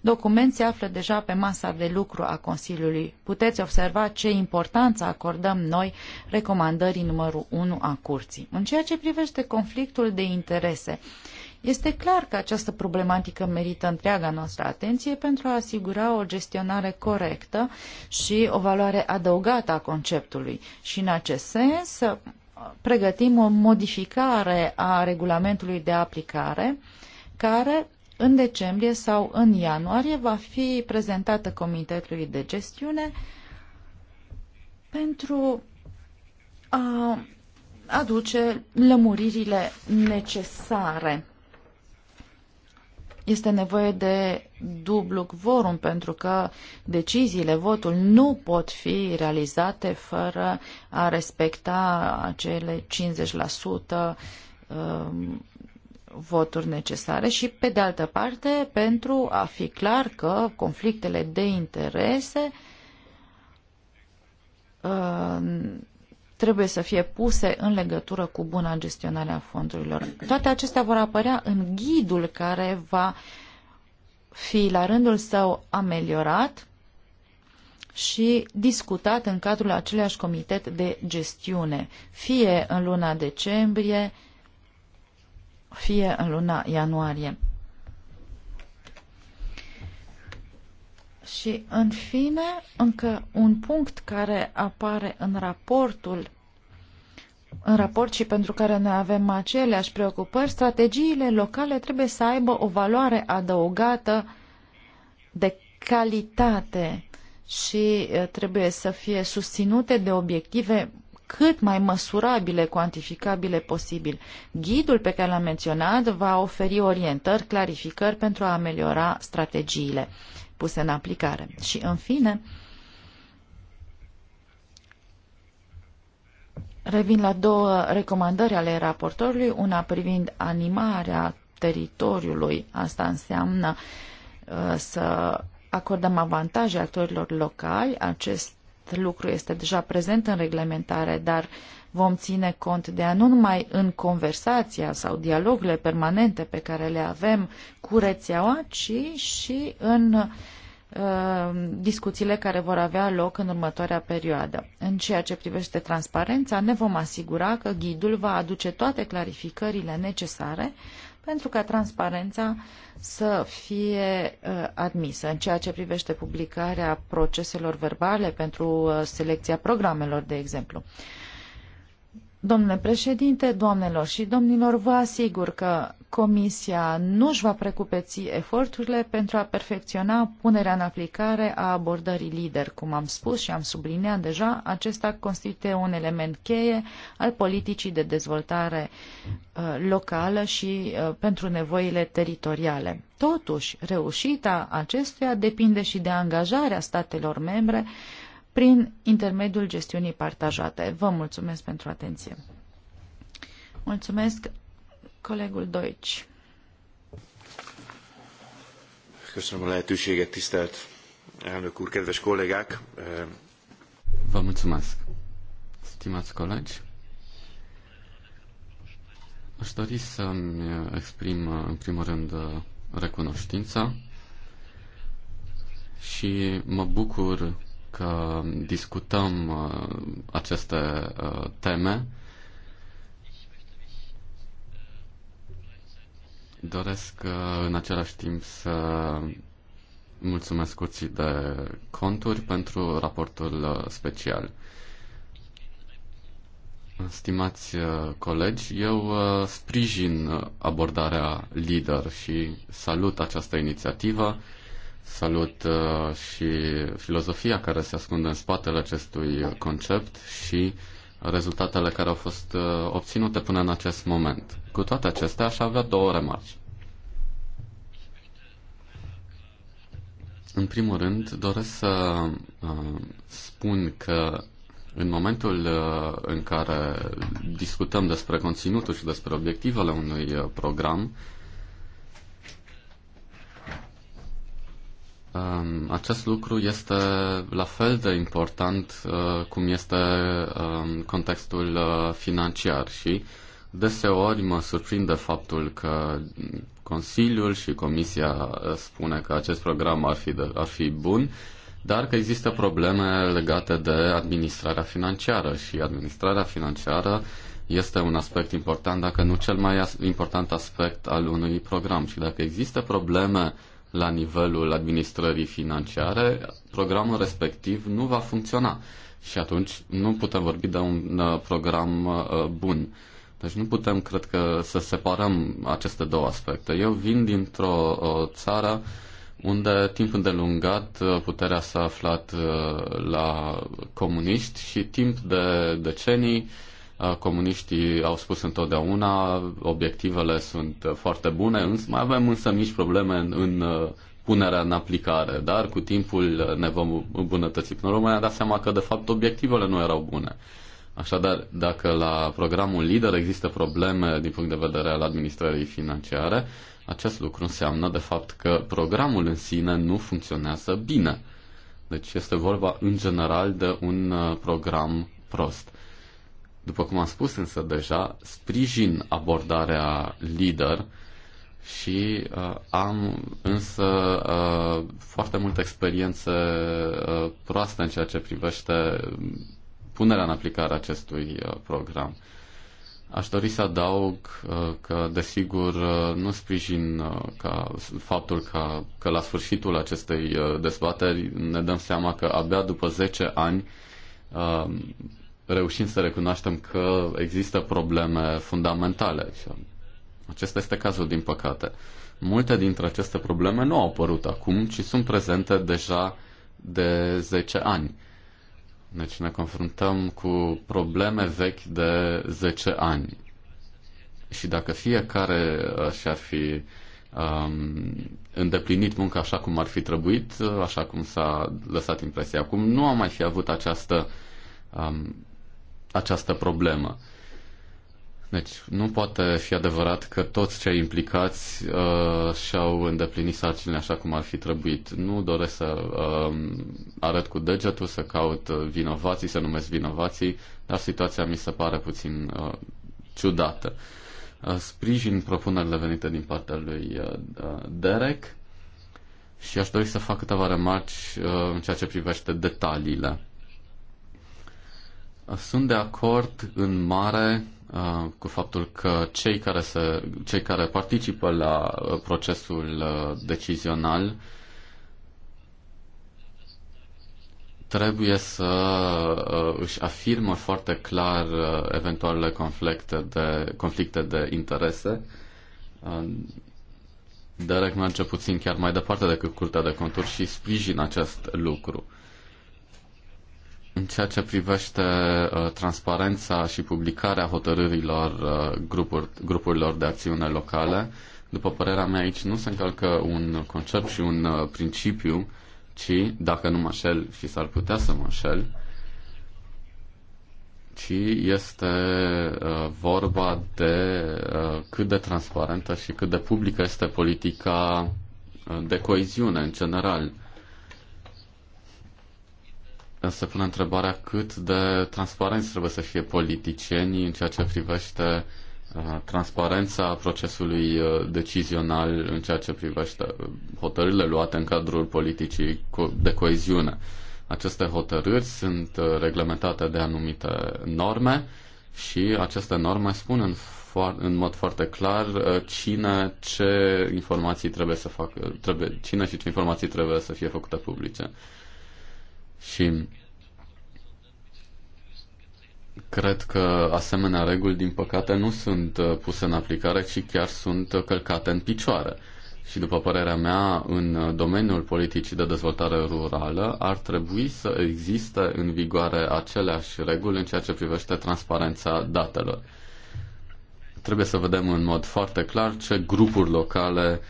document se află deja pe masa de lucru a Consiliului. Puteți observa ce importanță acordăm noi recomandării numărul 1 a curții. În ceea ce privește conflictul de interese, este clar că această problematică merită întreaga noastră atenție pentru a asigura o gestionare corectă și o valoare adăugată a conceptului. Și în acest sens, pregătim o modificare a regulamentului de aplicare care în decembrie sau în ianuarie va fi prezentată Comitetului de Gestiune pentru a aduce lămuririle necesare este nevoie de dublu quorum pentru că deciziile, votul nu pot fi realizate fără a respecta acele 50% um, voturi necesare și, pe de altă parte, pentru a fi clar că conflictele de interese uh, trebuie să fie puse în legătură cu buna gestionare a fondurilor. Toate acestea vor apărea în ghidul care va fi la rândul său ameliorat și discutat în cadrul aceleași comitet de gestiune, fie în luna decembrie, fie în luna ianuarie. Și, în fine, încă un punct care apare în raportul în raport și pentru care noi avem aceleași preocupări, strategiile locale trebuie să aibă o valoare adăugată de calitate și trebuie să fie susținute de obiective cât mai măsurabile, cuantificabile posibil. Ghidul pe care l-am menționat va oferi orientări, clarificări pentru a ameliora strategiile puse în aplicare. Și, în fine, Revin la două recomandări ale raportorului, una privind animarea teritoriului. Asta înseamnă uh, să acordăm avantaje actorilor locali. Acest lucru este deja prezent în reglementare, dar vom ține cont de a nu numai în conversația sau dialogurile permanente pe care le avem cu rețeaua, ci și în uh, Uh, discuțiile care vor avea loc în următoarea perioadă. În ceea ce privește transparența, ne vom asigura că ghidul va aduce toate clarificările necesare pentru ca transparența să fie uh, admisă. În ceea ce privește publicarea proceselor verbale pentru uh, selecția programelor, de exemplu. Domnule președinte, doamnelor și domnilor, vă asigur că Comisia nu își va precupeți eforturile pentru a perfecționa punerea în aplicare a abordării lider. Cum am spus și am subliniat deja, acesta constituie un element cheie al politicii de dezvoltare uh, locală și uh, pentru nevoile teritoriale. Totuși, reușita acestuia depinde și de angajarea statelor membre prin intermediul gestiunii partajate. Vă mulțumesc pentru atenție. Mulțumesc, colegul Deutsch. Köszönöm a lehetőséget, tisztelt elnök úr, kedves kollégák! Vă mulțumesc, stimați colegi! Aș dori să-mi exprim în primul rând recunoștința și mă bucur că discutăm uh, aceste uh, teme. Doresc uh, în același timp să mulțumesc curții de conturi pentru raportul special. Stimați colegi, eu sprijin abordarea lider și salut această inițiativă Salut uh, și filozofia care se ascunde în spatele acestui concept și rezultatele care au fost uh, obținute până în acest moment. Cu toate acestea, aș avea două remarci. În primul rând, doresc să uh, spun că în momentul uh, în care discutăm despre conținutul și despre obiectivele unui uh, program, Um, acest lucru este la fel de important uh, cum este um, contextul uh, financiar și deseori mă surprinde faptul că Consiliul și Comisia uh, spune că acest program ar fi, de, ar fi bun, dar că există probleme legate de administrarea financiară și administrarea financiară este un aspect important, dacă nu cel mai important aspect al unui program. Și dacă există probleme uh, la nivelul administrării financiare, programul respectiv nu va funcționa. Și atunci nu putem vorbi de un uh, program uh, bun. Deci nu putem, cred că, să separăm aceste două aspecte. Eu vin dintr-o țară unde timp îndelungat uh, puterea s-a aflat la comuniști și timp de decenii Uh, comuniștii au spus întotdeauna, obiectivele sunt uh, foarte bune, însă mai avem însă mici probleme în, în uh, punerea în aplicare, dar cu timpul ne vom îmbunătăți. Până la urmă ne dat seama că, de fapt, obiectivele nu erau bune. Așadar, dacă la programul LIDER există probleme din punct de vedere al administrării financiare, acest lucru înseamnă, de fapt, că programul în sine nu funcționează bine. Deci este vorba, în general, de un program prost. După cum am spus însă deja, sprijin abordarea lider și uh, am însă uh, foarte multă experiență uh, proastă în ceea ce privește punerea în aplicare acestui uh, program. Aș dori să adaug uh, că, desigur, uh, nu sprijin uh, ca faptul că, că la sfârșitul acestei uh, dezbateri ne dăm seama că abia după 10 ani uh, reușim să recunoaștem că există probleme fundamentale. acesta este cazul, din păcate. Multe dintre aceste probleme nu au apărut acum, ci sunt prezente deja de 10 ani. Deci ne confruntăm cu probleme vechi de 10 ani. Și dacă fiecare uh, și-ar fi um, îndeplinit munca așa cum ar fi trebuit, uh, așa cum s-a lăsat impresia acum, nu am mai fi avut această um, această problemă. Deci nu poate fi adevărat că toți cei implicați uh, și-au îndeplinit sarcinile așa cum ar fi trebuit. Nu doresc să uh, arăt cu degetul, să caut uh, vinovații, să numesc vinovații, dar situația mi se pare puțin uh, ciudată. Uh, sprijin propunerile venite din partea lui uh, Derek și aș dori să fac câteva remarci uh, în ceea ce privește detaliile. Sunt de acord în mare uh, cu faptul că cei care, se, cei care participă la uh, procesul uh, decizional trebuie să își afirmă foarte clar eventualele conflicte de, conflicte de interese. Derek merge puțin chiar mai departe decât Curtea de Conturi și sprijin acest lucru. În ceea ce privește uh, transparența și publicarea hotărârilor uh, grupurilor de acțiune locale, după părerea mea aici nu se încalcă un concept și un uh, principiu, ci, dacă nu mă șel și s-ar putea să mă șel, ci este uh, vorba de uh, cât de transparentă și cât de publică este politica uh, de coeziune în general. Uh, se pune întrebarea cât de transparenți trebuie să fie politicienii în ceea ce privește uh, transparența procesului uh, decizional în ceea ce privește uh, hotărârile luate în cadrul politicii de coeziune. Aceste hotărâri sunt reglementate de anumite norme și aceste norme spun în, fo- în mod foarte clar cine ce informații trebuie să facă, trebuie, cine și ce informații trebuie să fie făcute publice. Și cred că asemenea reguli, din păcate, nu sunt uh, puse în aplicare, ci chiar sunt uh, călcate în picioare. Și după părerea mea, în uh, domeniul politicii de dezvoltare rurală ar trebui să existe în vigoare aceleași reguli în ceea ce privește transparența datelor. Trebuie să vedem în mod foarte clar ce grupuri locale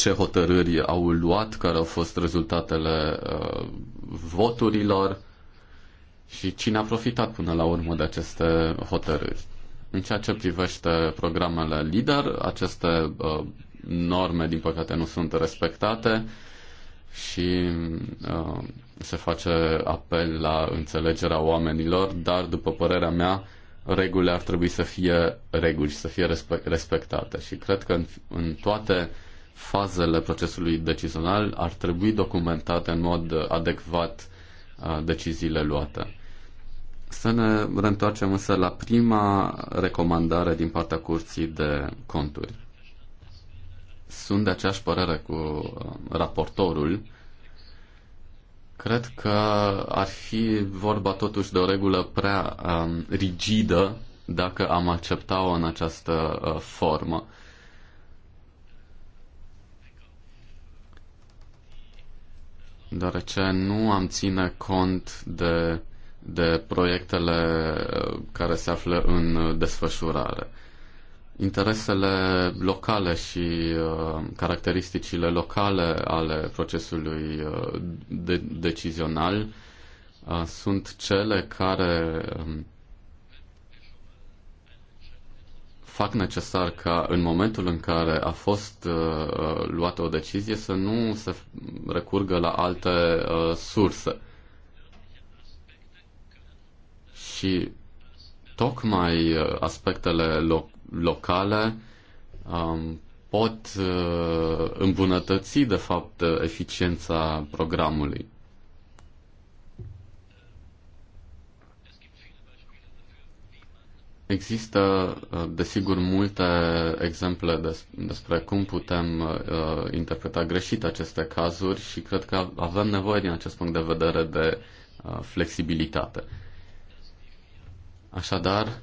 ce hotărâri au luat, care au fost rezultatele uh, voturilor și cine a profitat până la urmă de aceste hotărâri. În ceea ce privește programele LIDER, aceste uh, norme, din păcate, nu sunt respectate și uh, se face apel la înțelegerea oamenilor, dar, după părerea mea, regulile ar trebui să fie reguli și să fie respectate. Și cred că în, în toate uh, fazele procesului decizional ar trebui documentate în mod adecvat uh, deciziile luate. Să ne reîntoarcem însă la prima recomandare din partea Curții de Conturi. Sunt de aceeași părere cu uh, raportorul. Cred că ar fi vorba totuși de o regulă prea um, rigidă dacă am accepta-o în această uh, formă. deoarece nu am ține cont de, de proiectele uh, care se află în desfășurare. Interesele locale și uh, caracteristicile locale ale procesului uh, de- decizional uh, sunt cele care um, fac necesar ca în momentul în care a fost uh, uh, luată o decizie să nu se recurgă la alte uh, surse. Și tocmai uh, aspectele lo- locale um, pot uh, îmbunătăți, de fapt, eficiența programului. Există, uh, desigur, multe exemple despre cum putem uh, interpreta greșit aceste cazuri și cred că avem nevoie din acest punct de vedere de uh, flexibilitate. Așadar,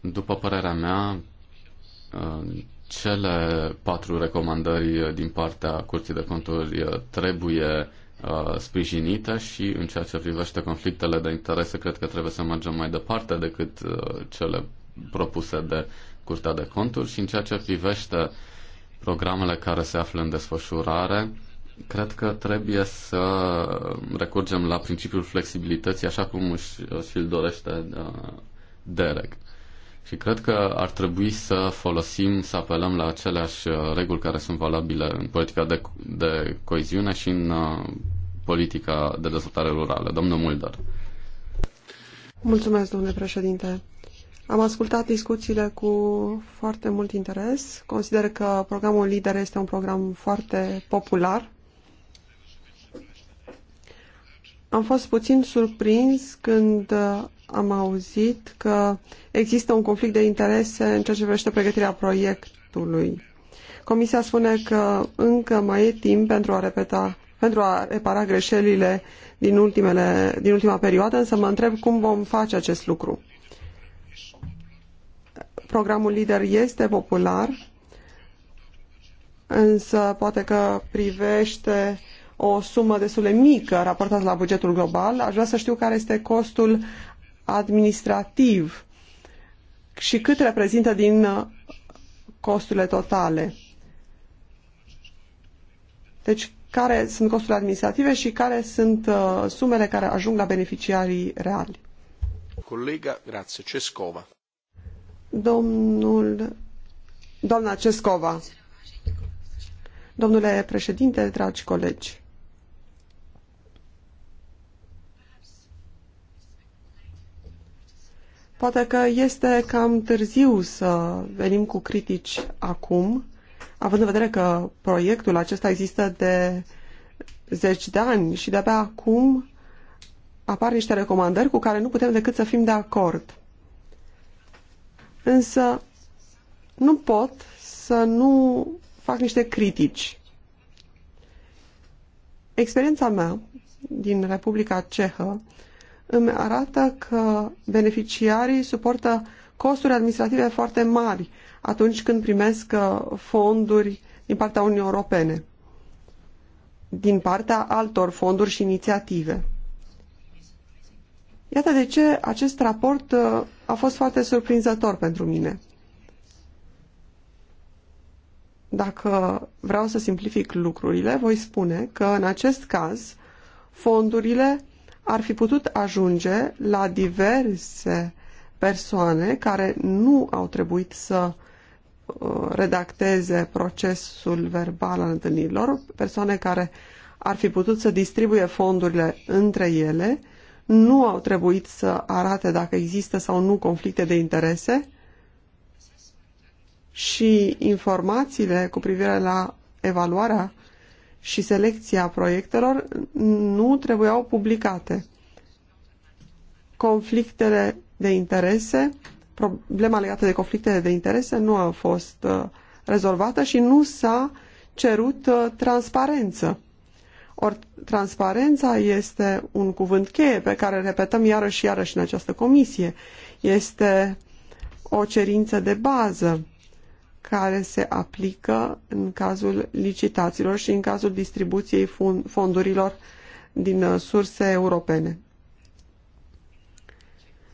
după părerea mea, cele patru recomandări din partea Curții de Conturi trebuie Uh, sprijinită și în ceea ce privește conflictele de interese, cred că trebuie să mergem mai departe decât uh, cele propuse de Curtea de Conturi și în ceea ce privește programele care se află în desfășurare, cred că trebuie să recurgem la principiul flexibilității așa cum își îl dorește uh, Derek. Și cred că ar trebui să folosim, să apelăm la aceleași uh, reguli care sunt valabile în politica de, de coeziune și în uh, politica de dezvoltare rurală. Domnul Mulder. Mulțumesc, domnule președinte. Am ascultat discuțiile cu foarte mult interes. Consider că programul LIDER este un program foarte popular. Am fost puțin surprins când uh, am auzit că există un conflict de interese în ceea ce privește pregătirea proiectului. Comisia spune că încă mai e timp pentru a repeta pentru a repara greșelile din, ultimele, din ultima perioadă, însă mă întreb cum vom face acest lucru. Programul LIDER este popular, însă poate că privește o sumă destul de mică raportată la bugetul global. Aș vrea să știu care este costul administrativ și cât reprezintă din uh, costurile totale. Deci, care sunt costurile administrative și care sunt uh, sumele care ajung la beneficiarii reali. Colega, grazie, Cescova. Domnul, doamna Cescova. Domnule președinte, dragi colegi. Poate că este cam târziu să venim cu critici acum, având în vedere că proiectul acesta există de zeci de ani și de-abia acum apar niște recomandări cu care nu putem decât să fim de acord. Însă nu pot să nu fac niște critici. Experiența mea din Republica Cehă îmi arată că beneficiarii suportă costuri administrative foarte mari atunci când primesc uh, fonduri din partea Uniunii Europene, din partea altor fonduri și inițiative. Iată de ce acest raport uh, a fost foarte surprinzător pentru mine. Dacă vreau să simplific lucrurile, voi spune că în acest caz fondurile ar fi putut ajunge la diverse persoane care nu au trebuit să uh, redacteze procesul verbal al întâlnirilor, persoane care ar fi putut să distribuie fondurile între ele, nu au trebuit să arate dacă există sau nu conflicte de interese și informațiile cu privire la evaluarea și selecția proiectelor nu trebuiau publicate. Conflictele de interese, problema legată de conflictele de interese nu a fost uh, rezolvată și nu s-a cerut uh, transparență. Ori transparența este un cuvânt cheie pe care repetăm iarăși și iarăși în această comisie. Este o cerință de bază care se aplică în cazul licitațiilor și în cazul distribuției fondurilor din uh, surse europene.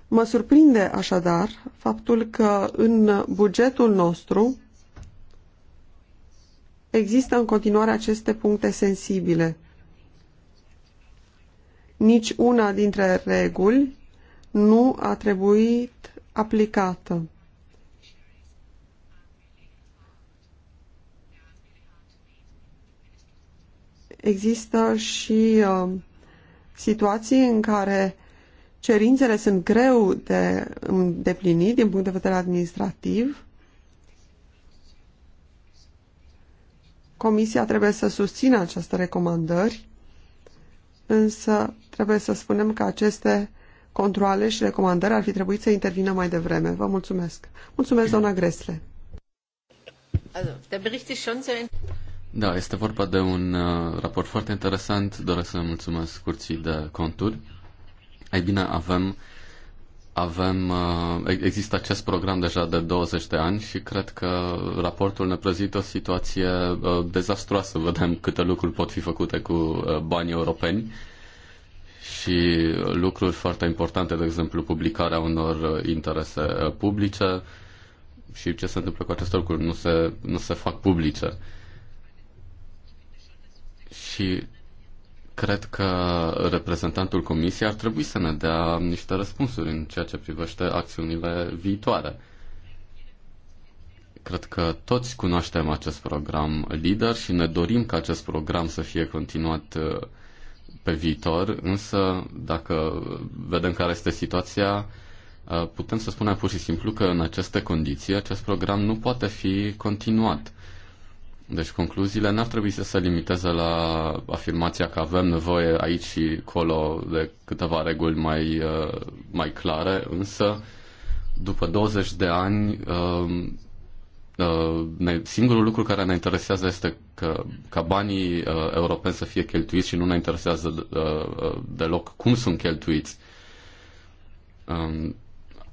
Mă surprinde așadar faptul că în bugetul nostru există în continuare aceste puncte sensibile. Nici una dintre reguli nu a trebuit aplicată. există și um, situații în care cerințele sunt greu de îndeplinit din punct de vedere administrativ. Comisia trebuie să susțină aceste recomandări, însă trebuie să spunem că aceste controle și recomandări ar fi trebuit să intervină mai devreme. Vă mulțumesc. Mulțumesc, doamna Gresle. Da, este vorba de un uh, raport foarte interesant. Doresc să mulțumesc curții de conturi. Ei bine, avem, avem uh, există acest program deja de 20 de ani și cred că raportul ne prezintă o situație uh, dezastroasă. Vedem câte lucruri pot fi făcute cu uh, banii europeni și lucruri foarte importante, de exemplu, publicarea unor uh, interese uh, publice și ce se întâmplă cu aceste lucruri nu se, nu se fac publice. Uh, și cred că reprezentantul Comisiei ar trebui să ne dea niște răspunsuri în ceea ce privește acțiunile viitoare. Cred că toți cunoaștem acest program LIDER și ne dorim ca acest program să fie continuat uh, pe viitor, însă dacă vedem care este situația, uh, putem să spunem pur și simplu că în aceste condiții acest program nu poate fi continuat deci concluziile n-ar trebui să se limiteze la afirmația că avem nevoie aici și acolo de câteva reguli mai, uh, mai clare, însă după 20 de ani um, uh, singurul lucru care ne interesează este că, ca banii uh, europeni să fie cheltuiți și nu ne interesează deloc cum sunt cheltuiți. Um,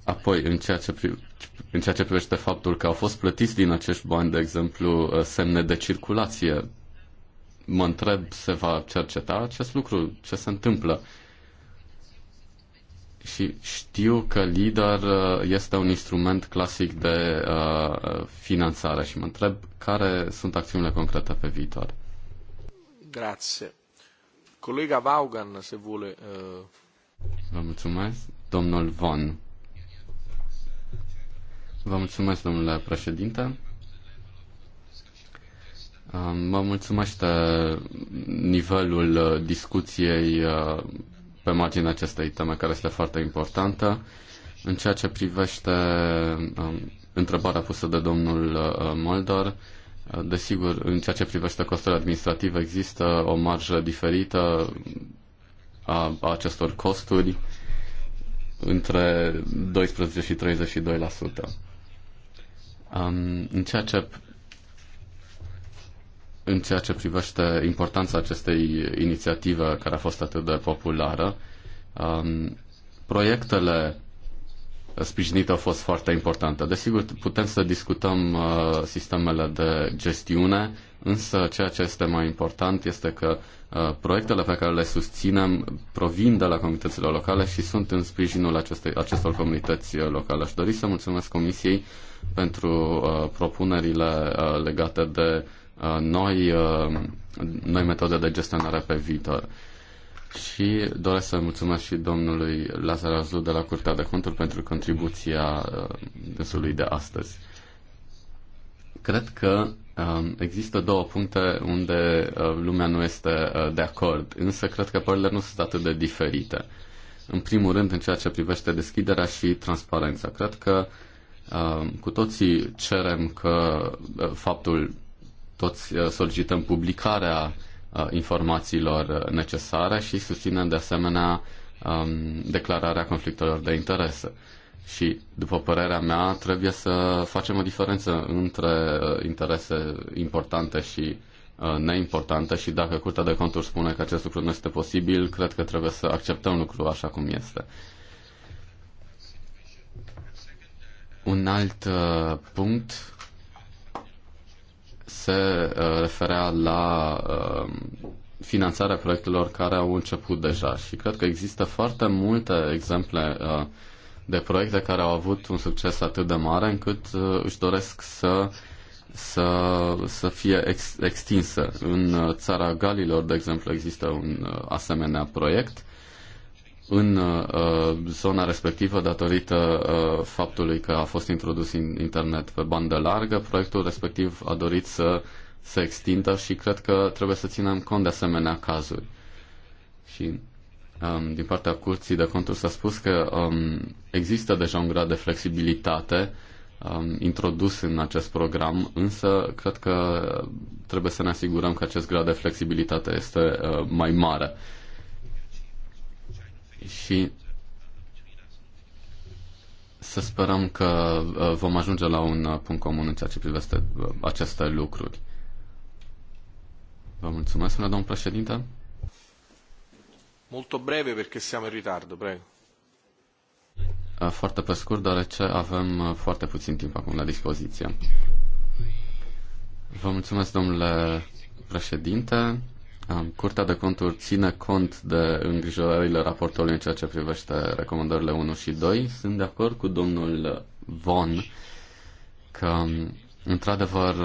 Apoi, în ceea, ce pri- în ceea ce privește faptul că au fost plătiți din acești bani, de exemplu, uh, semne de circulație, mă întreb, se va cerceta acest lucru? Ce se întâmplă? Și știu că LIDER uh, este un instrument clasic de uh, finanțare și mă întreb care sunt acțiunile concrete pe viitor. Grazie. Colega Vaughan, se vuole... Uh... Vă mulțumesc. Domnul Von. Vă mulțumesc, domnule președinte. Mă mulțumește nivelul uh, discuției uh, pe marginea acestei teme, care este foarte importantă. În ceea ce privește um, întrebarea pusă de domnul uh, Moldor, desigur, în ceea ce privește costurile administrative, există o marjă diferită a acestor costuri între 12 și 32%. Um, în ceea ce în ceea ce privește importanța acestei inițiative care a fost atât de populară, um, proiectele sprijinite a fost foarte importantă. Desigur, putem să discutăm uh, sistemele de gestiune, însă ceea ce este mai important este că uh, proiectele pe care le susținem provin de la comunitățile locale și sunt în sprijinul acestei, acestor comunități uh, locale. Aș dori să mulțumesc Comisiei pentru uh, propunerile uh, legate de uh, noi, uh, noi metode de gestionare pe viitor. Și doresc să mulțumesc și domnului Lazar Azul de la Curtea de Conturi pentru contribuția uh, dânsului de astăzi. Cred că Um, există două puncte unde uh, lumea nu este uh, de acord, însă cred că părerile nu sunt atât de diferite. În primul rând, în ceea ce privește deschiderea și transparența. Cred că um, cu toții cerem că uh, faptul, toți solicităm publicarea informațiilor necesare și susținem de asemenea um, declararea conflictelor de interese. Și, după părerea mea, trebuie să facem o diferență între uh, interese importante și uh, neimportante și dacă Curtea de Conturi spune că acest lucru nu este posibil, cred că trebuie să acceptăm lucrul așa cum este. Un alt uh, punct se referea la finanțarea proiectelor care au început deja și cred că există foarte multe exemple de proiecte care au avut un succes atât de mare încât uh, își doresc să să, să fie ex, extinsă. În uh, țara Galilor, de exemplu, există un uh, asemenea proiect în uh, zona respectivă datorită uh, faptului că a fost introdus în internet pe bandă largă. Proiectul respectiv a dorit să se extindă și cred că trebuie să ținem cont de asemenea cazuri. Și um, din partea Curții de Conturi s-a spus că um, există deja un grad de flexibilitate um, introdus în acest program, însă cred că trebuie să ne asigurăm că acest grad de flexibilitate este uh, mai mare. Și să sperăm că uh, vom ajunge la un uh, punct comun în ceea ce privește uh, aceste lucruri. Vă mulțumesc, domnul președinte. Molto breve perché siamo in ritardo, prego. Eh, foarte pe scurt, deoarece avem eh, foarte puțin timp acum la dispoziție. Vă mulțumesc, domnule președinte. Eh, Curtea de conturi ține cont de îngrijorările raportului în ceea ce privește recomandările 1 și 2. Sunt de acord cu domnul Von că, într-adevăr,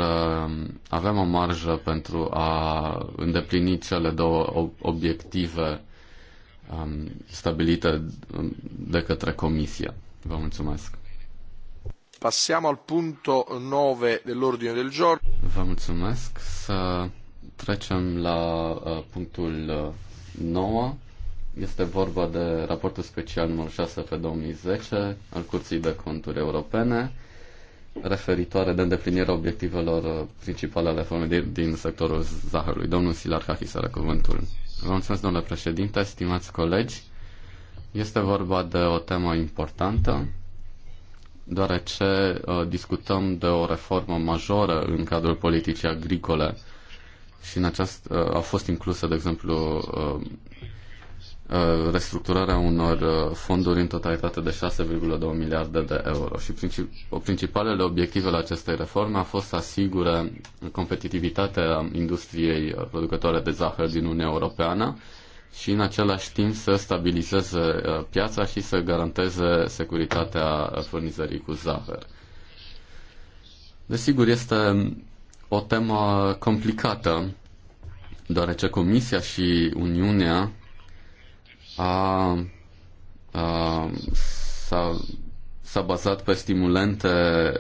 avem o marjă pentru a îndeplini cele două obiective um, stabilite um, de către Comisie. Vă mulțumesc. Passiamo al punto 9 dell'ordine del giorno. Vă mulțumesc. Să trecem la uh, punctul 9. Uh, este vorba de raportul special numărul 6 pe 2010 al Curții de Conturi Europene referitoare de îndeplinirea obiectivelor uh, principale ale reformei din, din sectorul zahărului. Domnul Silar Hachis are cuvântul. Vă mulțumesc, domnule președinte, stimați colegi. Este vorba de o temă importantă, deoarece uh, discutăm de o reformă majoră în cadrul politicii agricole și în aceast, uh, a fost inclusă de exemplu, uh, Uh, restructurarea unor uh, fonduri în totalitate de 6,2 miliarde de euro și principalele obiective ale acestei reforme a fost să asigure competitivitatea industriei uh, producătoare de zahăr din Uniunea Europeană și în același timp să stabilizeze piața și să garanteze securitatea furnizării cu zahăr. Desigur, este o temă complicată, deoarece Comisia și Uniunea a, a s-a, s-a bazat pe stimulente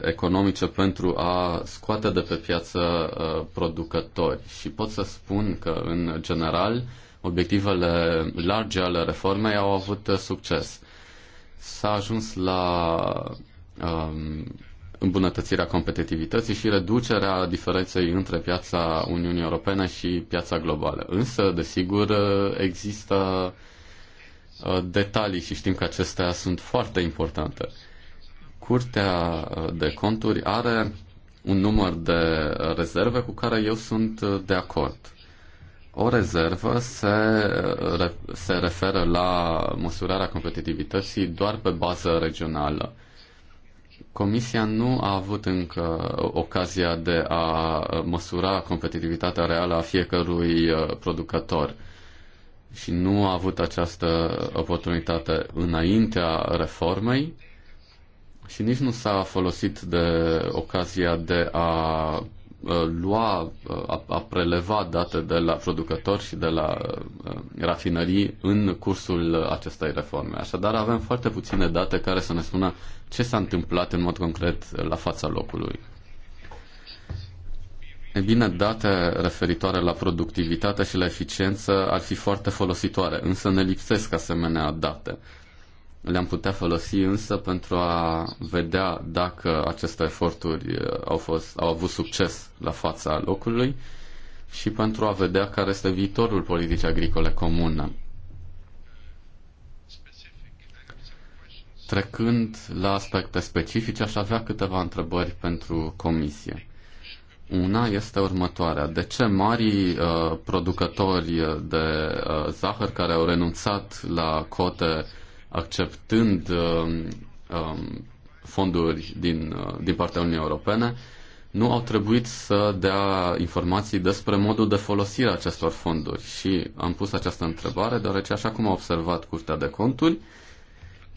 economice pentru a scoate de pe piață producători. Și pot să spun că, în general, obiectivele largi ale reformei au avut succes. S-a ajuns la a, îmbunătățirea competitivității și reducerea diferenței între piața Uniunii Europene și piața globală. Însă, desigur, există Uh, detalii și știm că acestea sunt foarte importante. Curtea uh, de conturi are un număr de uh, rezerve cu care eu sunt de acord. O rezervă se, se referă la măsurarea competitivității doar pe bază regională. Comisia nu a avut încă ocazia de a măsura competitivitatea reală a fiecărui producător și nu a avut această oportunitate înaintea reformei și nici nu s-a folosit de ocazia de a lua, a, a preleva date de la producători și de la rafinării în cursul acestei reforme. Așadar, avem foarte puține date care să ne spună ce s-a întâmplat în mod concret la fața locului. E bine, date referitoare la productivitate și la eficiență ar fi foarte folositoare, însă ne lipsesc asemenea date. Le-am putea folosi însă pentru a vedea dacă aceste eforturi uh, au, fost, au avut succes la fața locului și pentru a vedea care este viitorul politicii agricole comune. Trecând la aspecte specifice, aș avea câteva întrebări pentru comisie. Una este următoarea. De ce marii uh, producători de uh, zahăr care au renunțat la cote acceptând uh, um, fonduri din, uh, din partea Uniunii Europene nu au trebuit să dea informații despre modul de folosire a acestor fonduri? Și am pus această întrebare deoarece, așa cum a observat Curtea de Conturi, uh,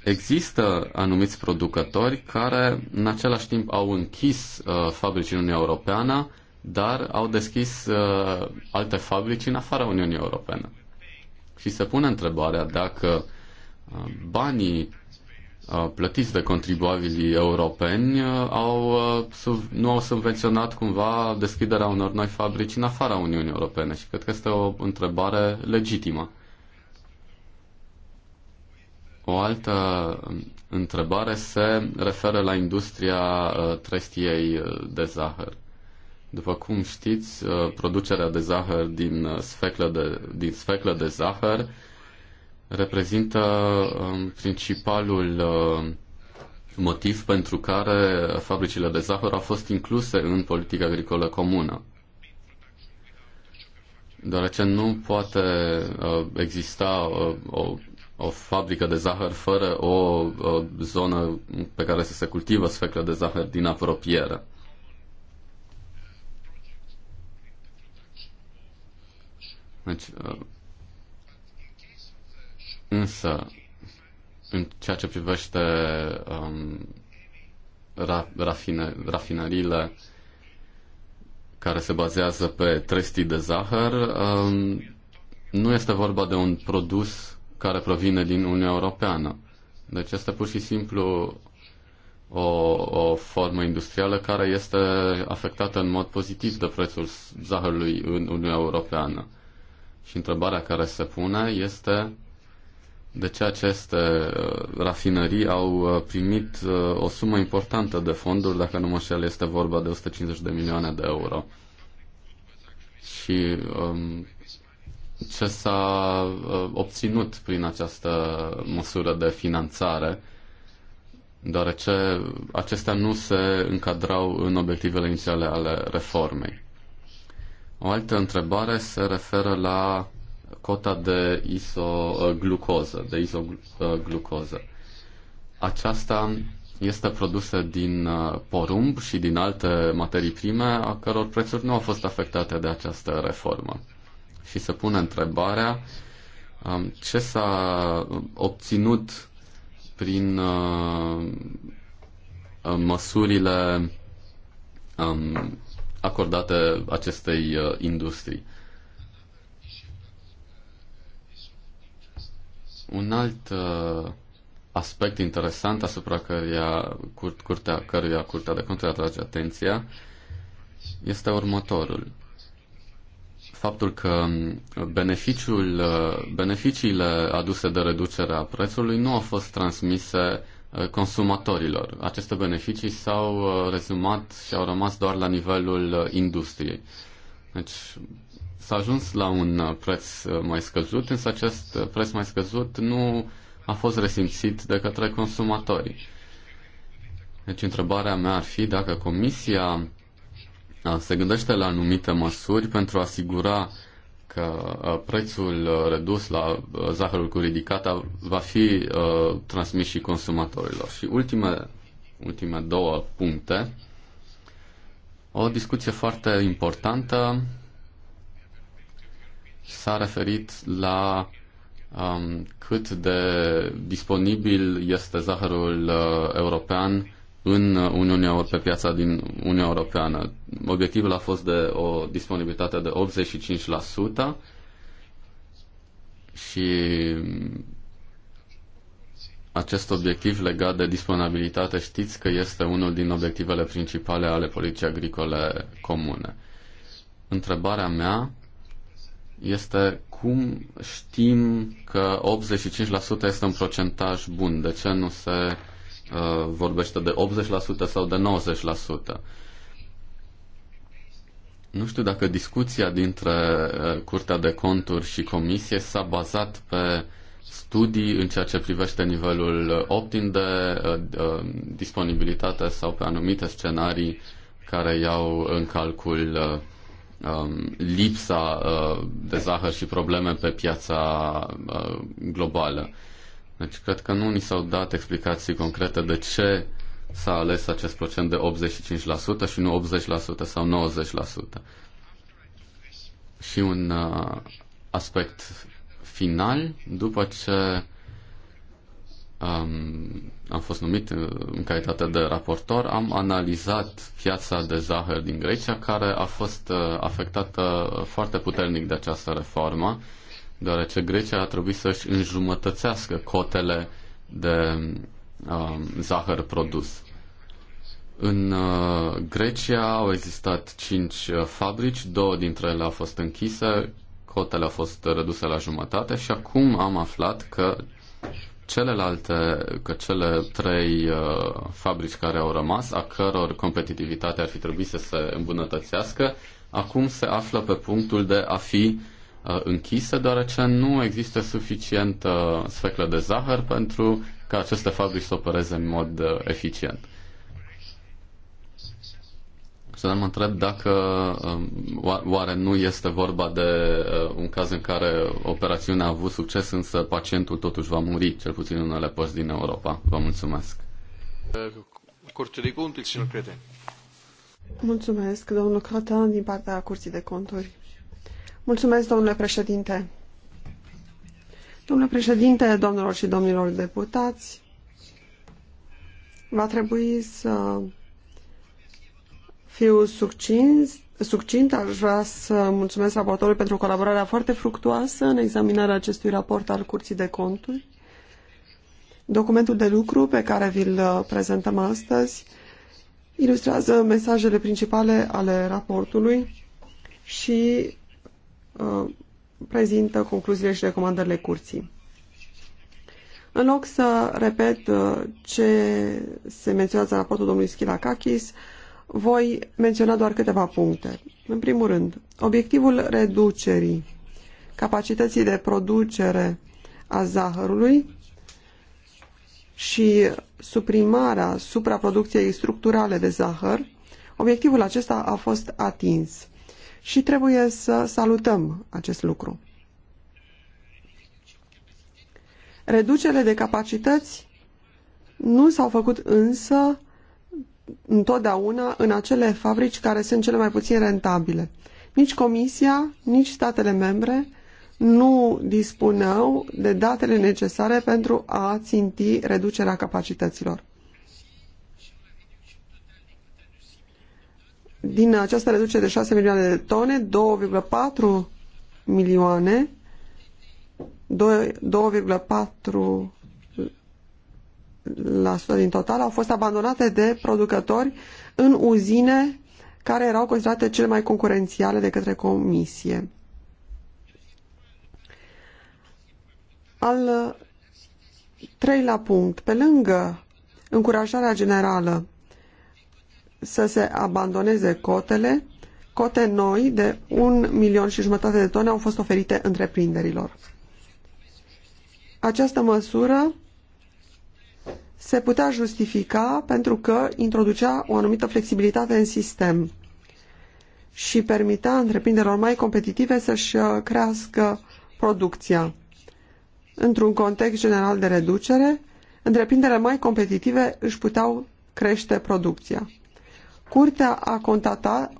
Există anumiți producători care în același timp au închis uh, fabrici în Uniunea Europeană, dar au deschis uh, alte fabrici în afara Uniunii Europene. Și se pune întrebarea dacă uh, banii uh, plătiți de contribuabilii europeni uh, au, uh, sub, nu au subvenționat cumva deschiderea unor noi fabrici în afara Uniunii Europene și cred că este o întrebare legitimă. O altă um, întrebare se referă la industria uh, trestiei uh, de zahăr. După cum știți, uh, producerea de zahăr din sfeclă de, din sfeclă de zahăr reprezintă um, principalul motiv pentru care fabricile de zahăr au fost incluse în politica agricolă comună. Deoarece nu poate exista o o fabrică de zahăr fără o, o zonă pe care să se cultivă sfeclă de zahăr din apropiere. Deci, uh, însă, în ceea ce privește um, ra, rafine, rafinările care se bazează pe trestii de zahăr, um, nu este vorba de un produs care provine din Uniunea Europeană. Deci este pur și simplu o, o formă industrială care este afectată în mod pozitiv de prețul zahărului în Uniunea Europeană. Și întrebarea care se pune este de ce aceste uh, rafinării au uh, primit uh, o sumă importantă de fonduri, dacă nu mă șel, este vorba de 150 de milioane de euro. Și um, ce s-a uh, obținut prin această măsură de finanțare, deoarece acestea nu se încadrau în obiectivele inițiale ale reformei. O altă întrebare se referă la cota de isoglucoză, de isoglucoză. Aceasta este produsă din uh, porumb și din alte materii prime, a căror prețuri nu au fost afectate de această reformă și se pune întrebarea um, ce s-a obținut prin uh, uh, măsurile um, acordate acestei uh, industrii. Un alt aspect interesant asupra căruia, curtea, căruia Curtea de Conturi atrage atenția este următorul faptul că uh, beneficiul, uh, beneficiile aduse de reducerea prețului nu au fost transmise uh, consumatorilor. Aceste beneficii s-au rezumat și au rămas doar la nivelul industriei. Deci s-a ajuns la un preț mai scăzut, însă acest preț mai scăzut nu a fost resimțit de către consumatori. Deci întrebarea mea ar fi dacă Comisia da, se gândește la anumite măsuri pentru a asigura că uh, prețul uh, redus la uh, zahărul cu ridicata va fi transmis și consumatorilor. Și ultime, ultime două puncte. O discuție foarte importantă s-a referit la um, cât de disponibil este zahărul uh, european în Uniunea, pe piața din Uniunea Europeană. Obiectivul a fost de o disponibilitate de 85% și acest obiectiv legat de disponibilitate știți că este unul din obiectivele principale ale politicii agricole comune. Întrebarea mea este cum știm că 85% este un procentaj bun? De ce nu se Uh, vorbește de 80% sau de 90%. Nu știu dacă discuția dintre uh, Curtea de Conturi și Comisie s-a bazat pe studii în ceea ce privește nivelul optim de uh, disponibilitate sau pe anumite scenarii care iau în calcul um, lipsa de zahăr și probleme pe piața globală. Deci cred că nu ni s-au dat explicații concrete de ce s-a ales acest procent de 85% și nu 80% sau 90%. Și un uh, aspect final, după ce um, am fost numit uh, în calitate de raportor, am analizat piața de zahăr din Grecia, care a fost uh, afectată foarte puternic de această reformă. Uh, deoarece Grecia a trebuit să-și înjumătățească cotele de uh, zahăr produs. În uh, Grecia au existat cinci uh, fabrici, două dintre ele au fost închise, cotele au fost reduse la jumătate și acum am aflat că celelalte, că cele trei uh, fabrici care au rămas, a căror competitivitate ar fi trebuit să se îmbunătățească, acum se află pe punctul de a fi uh, Uh, închisă, deoarece nu există suficientă sfeclă de zahăr pentru ca aceste fabrici să opereze în mod uh, eficient. Să mă întreb dacă um, oare nu este vorba de uh, un caz în care operațiunea a avut succes, însă pacientul totuși va muri, cel puțin în unele părți din Europa. Vă mulțumesc. Curte de Conturi, Mulțumesc, domnul Crotan, din partea Curții de Conturi. Mulțumesc, domnule președinte. Domnule președinte, domnilor și domnilor deputați, va trebui să fiu succint, succint. Aș vrea să mulțumesc raportorului pentru colaborarea foarte fructuoasă în examinarea acestui raport al Curții de Conturi. Documentul de lucru pe care vi-l uh, prezentăm astăzi ilustrează mesajele principale ale raportului și Uh, prezintă concluziile și recomandările curții. În loc să repet uh, ce se menționează în raportul domnului Schilakakis, voi menționa doar câteva puncte. În primul rând, obiectivul reducerii capacității de producere a zahărului și suprimarea supraproducției structurale de zahăr, obiectivul acesta a fost atins și trebuie să salutăm acest lucru. Reducerile de capacități nu s-au făcut însă întotdeauna în acele fabrici care sunt cele mai puțin rentabile. Nici Comisia, nici statele membre nu dispuneau de datele necesare pentru a ținti reducerea capacităților. din această reducere de 6 milioane de tone, 2,4 milioane 2,4 din total au fost abandonate de producători în uzine care erau considerate cele mai concurențiale de către comisie. Al treilea punct, pe lângă încurajarea generală să se abandoneze cotele. Cote noi de un milion și jumătate de tone au fost oferite întreprinderilor. Această măsură se putea justifica pentru că introducea o anumită flexibilitate în sistem și permitea întreprinderilor mai competitive să-și uh, crească producția. Într-un context general de reducere, întreprinderile mai competitive își puteau crește producția. Curtea a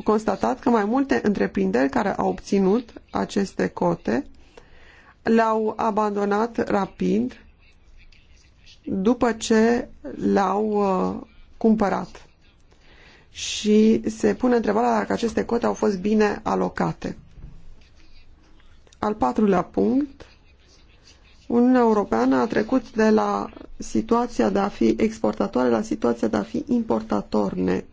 constatat, că mai multe întreprinderi care au obținut aceste cote le-au abandonat rapid după ce le-au uh, cumpărat. Și se pune întrebarea dacă aceste cote au fost bine alocate. Al patrulea punct, Uniunea Europeană a trecut de la situația de a fi exportatoare la situația de a fi importator net.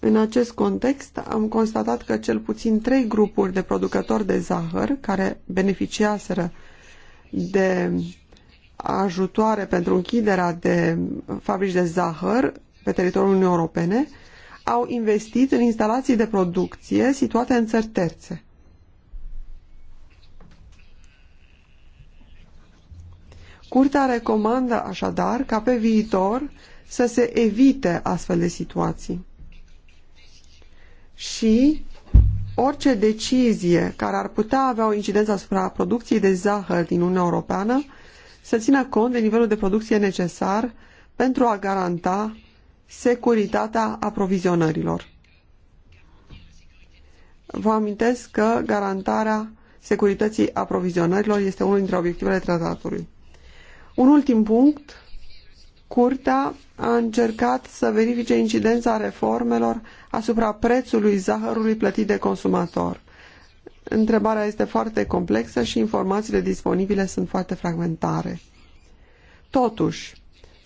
În acest context, am constatat că cel puțin trei grupuri de producători de zahăr care beneficiaseră de ajutoare pentru închiderea de fabrici de zahăr pe teritoriul Uniunii Europene au investit în instalații de producție situate în țări terțe. Curtea recomandă așadar ca pe viitor să se evite astfel de situații și orice decizie care ar putea avea o incidență asupra producției de zahăr din Uniunea Europeană să țină cont de nivelul de producție necesar pentru a garanta securitatea aprovizionărilor. Vă amintesc că garantarea securității aprovizionărilor este unul dintre obiectivele tratatului. Un ultim punct Curtea a încercat să verifice incidența reformelor asupra prețului zahărului plătit de consumator. Întrebarea este foarte complexă și informațiile disponibile sunt foarte fragmentare. Totuși,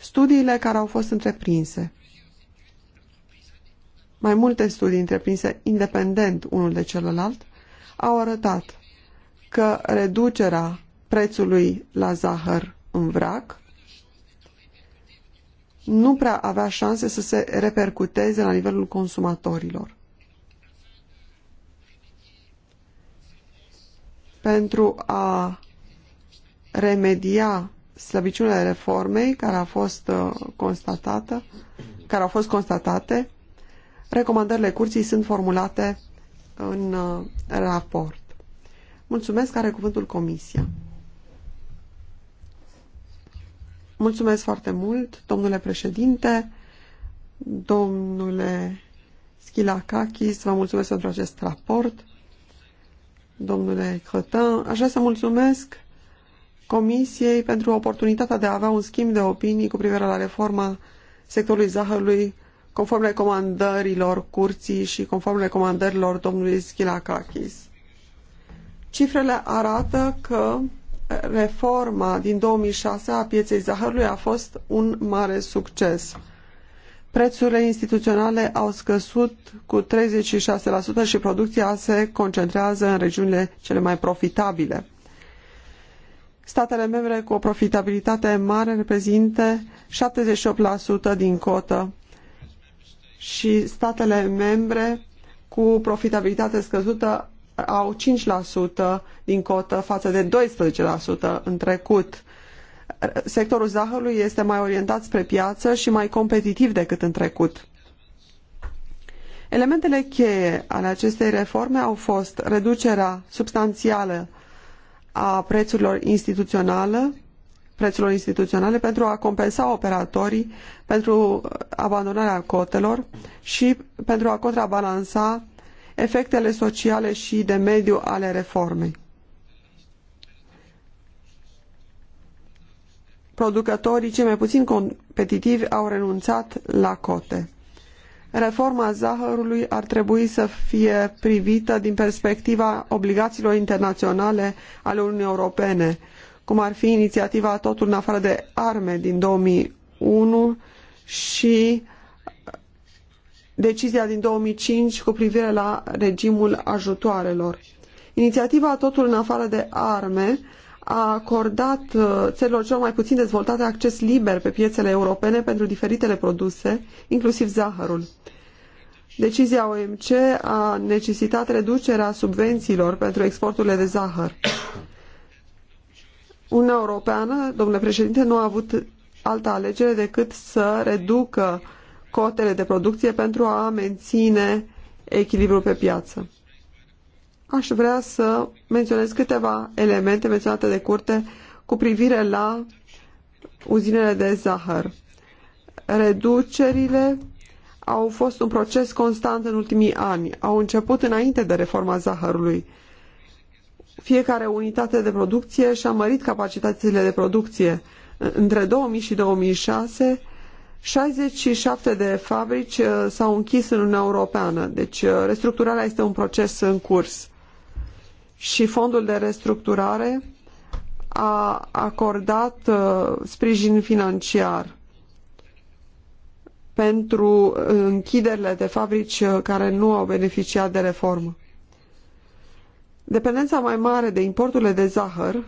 studiile care au fost întreprinse, mai multe studii întreprinse independent unul de celălalt, au arătat că reducerea prețului la zahăr în vrac nu prea avea șanse să se repercuteze la nivelul consumatorilor. Pentru a remedia slăbiciunile reformei care a fost uh, constatată, care au fost constatate, recomandările curții sunt formulate în uh, raport. Mulțumesc, are cuvântul Comisia. Mulțumesc foarte mult, domnule președinte, domnule Schilakakis, vă mulțumesc pentru acest raport. Domnule Cretin, aș vrea să mulțumesc Comisiei pentru oportunitatea de a avea un schimb de opinii cu privire la reforma sectorului zahărului conform recomandărilor curții și conform recomandărilor domnului Schilakakis. Cifrele arată că reforma din 2006 a pieței zahărului a fost un mare succes. Prețurile instituționale au scăzut cu 36% și producția se concentrează în regiunile cele mai profitabile. Statele membre cu o profitabilitate mare reprezintă 78% din cotă și statele membre cu profitabilitate scăzută au 5% din cotă față de 12% în trecut. Sectorul zahărului este mai orientat spre piață și mai competitiv decât în trecut. Elementele cheie ale acestei reforme au fost reducerea substanțială a prețurilor instituționale, prețurilor instituționale pentru a compensa operatorii pentru abandonarea cotelor și pentru a contrabalansa efectele sociale și de mediu ale reformei. Producătorii cei mai puțin competitivi au renunțat la cote. Reforma zahărului ar trebui să fie privită din perspectiva obligațiilor internaționale ale Uniunii Europene, cum ar fi inițiativa Totul în afară de arme din 2001 și decizia din 2005 cu privire la regimul ajutoarelor. Inițiativa Totul în afară de arme a acordat uh, țărilor celor mai puțin dezvoltate acces liber pe piețele europene pentru diferitele produse, inclusiv zahărul. Decizia OMC a necesitat reducerea subvențiilor pentru exporturile de zahăr. Uniunea Europeană, domnule președinte, nu a avut altă alegere decât să reducă uh, cotele de producție pentru a menține echilibrul pe piață. Aș vrea să menționez câteva elemente menționate de curte cu privire la uzinele de zahăr. Reducerile au fost un proces constant în ultimii ani. Au început înainte de reforma zahărului. Fiecare unitate de producție și-a mărit capacitățile de producție. Între 2000 și 2006 67 de fabrici uh, s-au închis în Uniunea Europeană, deci uh, restructurarea este un proces în curs. Și fondul de restructurare a acordat uh, sprijin financiar pentru închiderile de fabrici care nu au beneficiat de reformă. Dependența mai mare de importurile de zahăr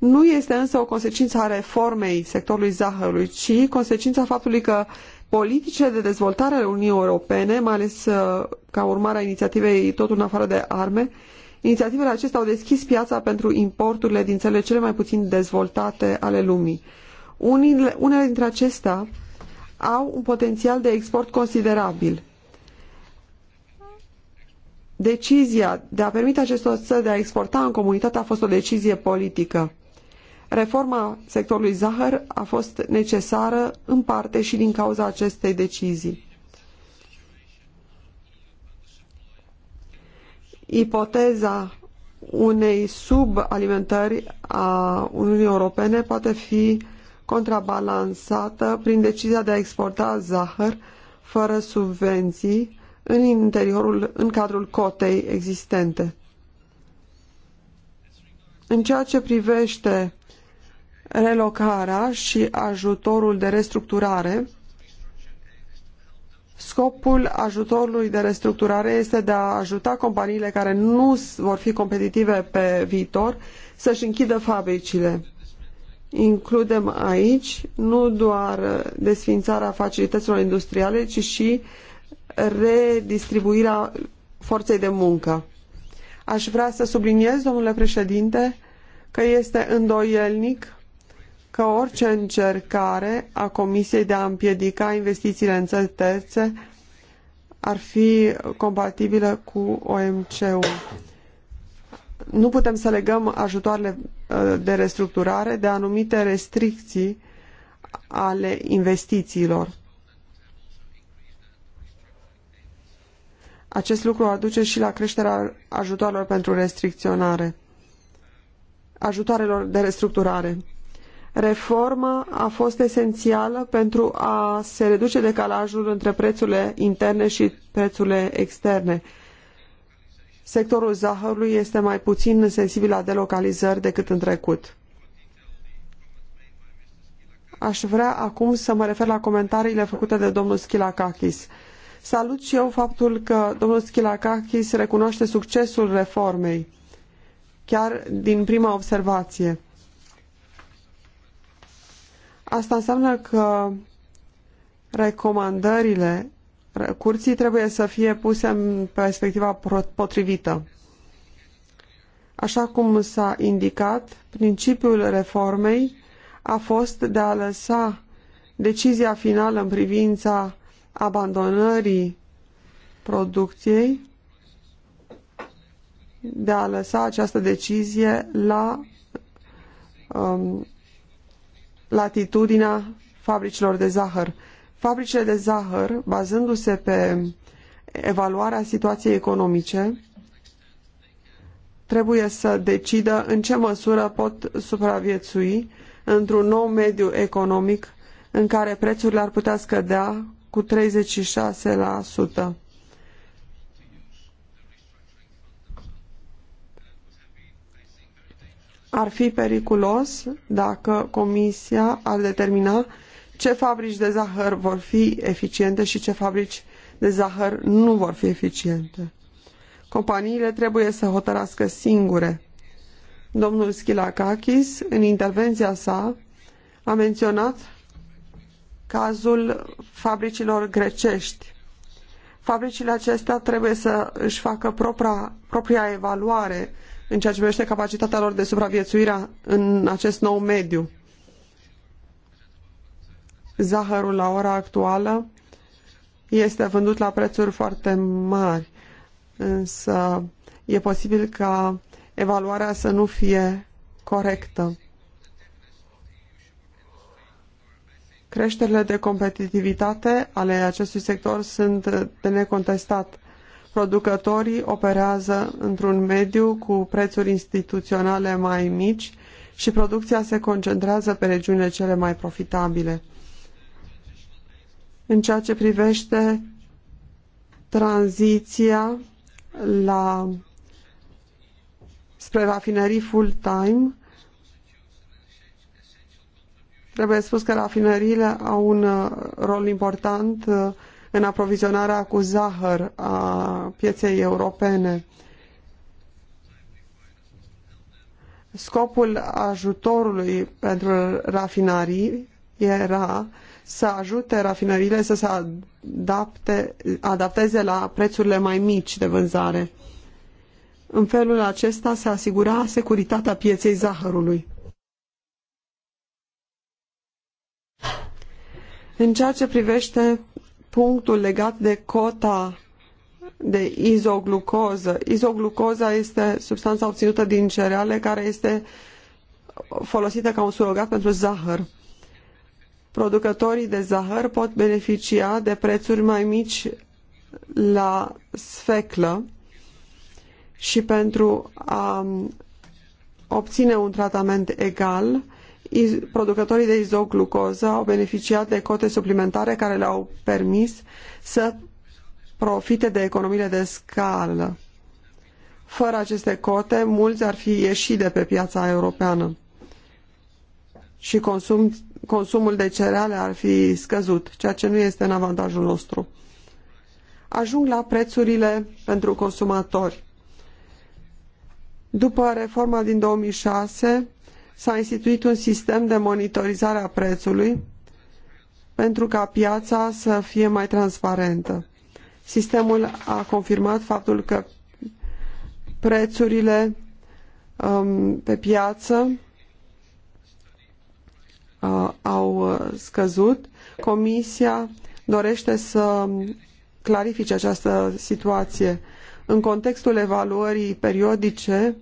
nu este însă o consecință a reformei sectorului zahărului, ci consecința faptului că politicile de dezvoltare ale Uniunii Europene, mai ales uh, ca urmare a inițiativei Totul în afară de arme, inițiativele acestea au deschis piața pentru importurile din țările cele mai puțin dezvoltate ale lumii. Unile, unele dintre acestea au un potențial de export considerabil. Decizia de a permite acestor țări de a exporta în comunitate a fost o decizie politică. Reforma sectorului zahăr a fost necesară în parte și din cauza acestei decizii. Ipoteza unei subalimentări a Uniunii Europene poate fi contrabalansată prin decizia de a exporta zahăr fără subvenții în interiorul, în cadrul cotei existente. În ceea ce privește relocarea și ajutorul de restructurare. Scopul ajutorului de restructurare este de a ajuta companiile care nu vor fi competitive pe viitor să-și închidă fabricile. Includem aici nu doar desfințarea facilităților industriale, ci și redistribuirea forței de muncă. Aș vrea să subliniez, domnule președinte, că este îndoielnic că orice încercare a Comisiei de a împiedica investițiile în țări terțe ar fi compatibilă cu OMC-ul. Nu putem să legăm ajutoarele uh, de restructurare de anumite restricții ale investițiilor. Acest lucru aduce și la creșterea ajutoarelor pentru restricționare, ajutoarelor de restructurare. Reforma a fost esențială pentru a se reduce decalajul între prețurile interne și prețurile externe. Sectorul zahărului este mai puțin sensibil la delocalizări decât în trecut. Aș vrea acum să mă refer la comentariile făcute de domnul Schilakakis. Salut și eu faptul că domnul Schilakakis recunoaște succesul reformei, chiar din prima observație. Asta înseamnă că recomandările curții trebuie să fie puse în perspectiva potrivită. Așa cum s-a indicat, principiul reformei a fost de a lăsa decizia finală în privința abandonării producției, de a lăsa această decizie la um, latitudinea fabricilor de zahăr. Fabricile de zahăr, bazându-se pe evaluarea situației economice, trebuie să decidă în ce măsură pot supraviețui într-un nou mediu economic în care prețurile ar putea scădea cu 36%. ar fi periculos dacă Comisia ar determina ce fabrici de zahăr vor fi eficiente și ce fabrici de zahăr nu vor fi eficiente. Companiile trebuie să hotărască singure. Domnul Schilakakis, în intervenția sa, a menționat cazul fabricilor grecești. Fabricile acestea trebuie să își facă propria, propria evaluare în ceea ce privește capacitatea lor de supraviețuire în acest nou mediu. Zahărul la ora actuală este vândut la prețuri foarte mari, însă e posibil ca evaluarea să nu fie corectă. Creșterile de competitivitate ale acestui sector sunt de necontestat producătorii operează într-un mediu cu prețuri instituționale mai mici și producția se concentrează pe regiunile cele mai profitabile. În ceea ce privește tranziția la spre rafinării full-time, trebuie spus că rafinările au un uh, rol important uh, în aprovizionarea cu zahăr a pieței europene. Scopul ajutorului pentru rafinarii era să ajute rafinările să se adapte, adapteze la prețurile mai mici de vânzare. În felul acesta se asigura securitatea pieței zahărului. În ceea ce privește punctul legat de cota de izoglucoză. Izoglucoza este substanța obținută din cereale care este folosită ca un surogat pentru zahăr. Producătorii de zahăr pot beneficia de prețuri mai mici la sfeclă și pentru a obține un tratament egal, producătorii de izoglucoză au beneficiat de cote suplimentare care le-au permis să profite de economiile de scală. Fără aceste cote, mulți ar fi ieșit de pe piața europeană și consum, consumul de cereale ar fi scăzut, ceea ce nu este în avantajul nostru. Ajung la prețurile pentru consumatori. După reforma din 2006, s-a instituit un sistem de monitorizare a prețului pentru ca piața să fie mai transparentă. Sistemul a confirmat faptul că prețurile um, pe piață uh, au uh, scăzut. Comisia dorește să clarifice această situație. În contextul evaluării periodice,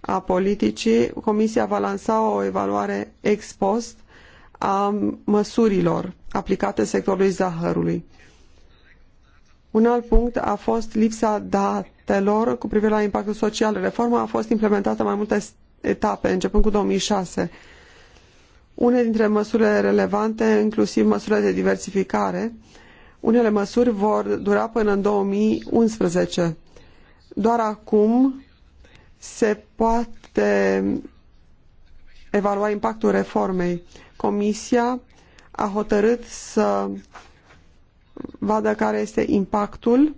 a politicii, Comisia va lansa o evaluare ex post a măsurilor aplicate sectorului zahărului. Un alt punct a fost lipsa datelor cu privire la impactul social. Reforma a fost implementată în mai multe etape, începând cu 2006. Unele dintre măsurile relevante, inclusiv măsurile de diversificare, unele măsuri vor dura până în 2011. Doar acum se poate evalua impactul reformei. Comisia a hotărât să vadă care este impactul,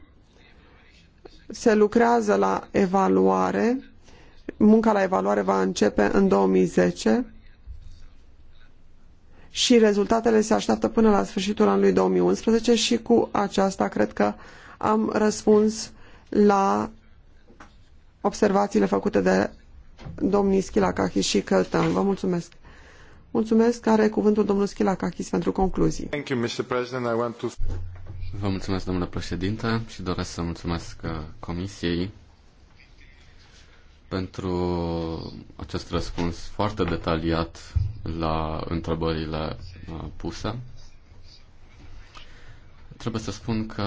se lucrează la evaluare, munca la evaluare va începe în 2010 și rezultatele se așteaptă până la sfârșitul anului 2011 și cu aceasta cred că am răspuns la observațiile făcute de domnii Schilacachis și Căltăn. Vă mulțumesc. Mulțumesc. Are cuvântul domnul Schilacachis pentru concluzii. Thank you, Mr. President. I want to... Vă mulțumesc, domnule președinte, și doresc să mulțumesc uh, Comisiei pentru acest răspuns foarte detaliat la întrebările uh, puse. Trebuie să spun că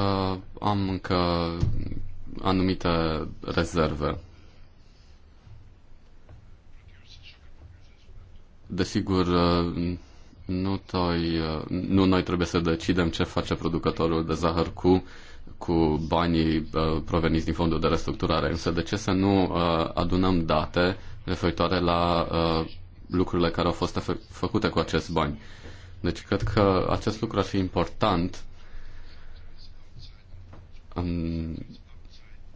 am încă anumite rezerve Desigur, uh, nu, toi, uh, nu noi trebuie să decidem ce face producătorul de zahăr cu, cu banii uh, proveniți din fondul de restructurare, însă de ce să nu adunăm date referitoare la lucrurile care au fost făcute cu acest bani? Deci cred că acest lucru ar fi important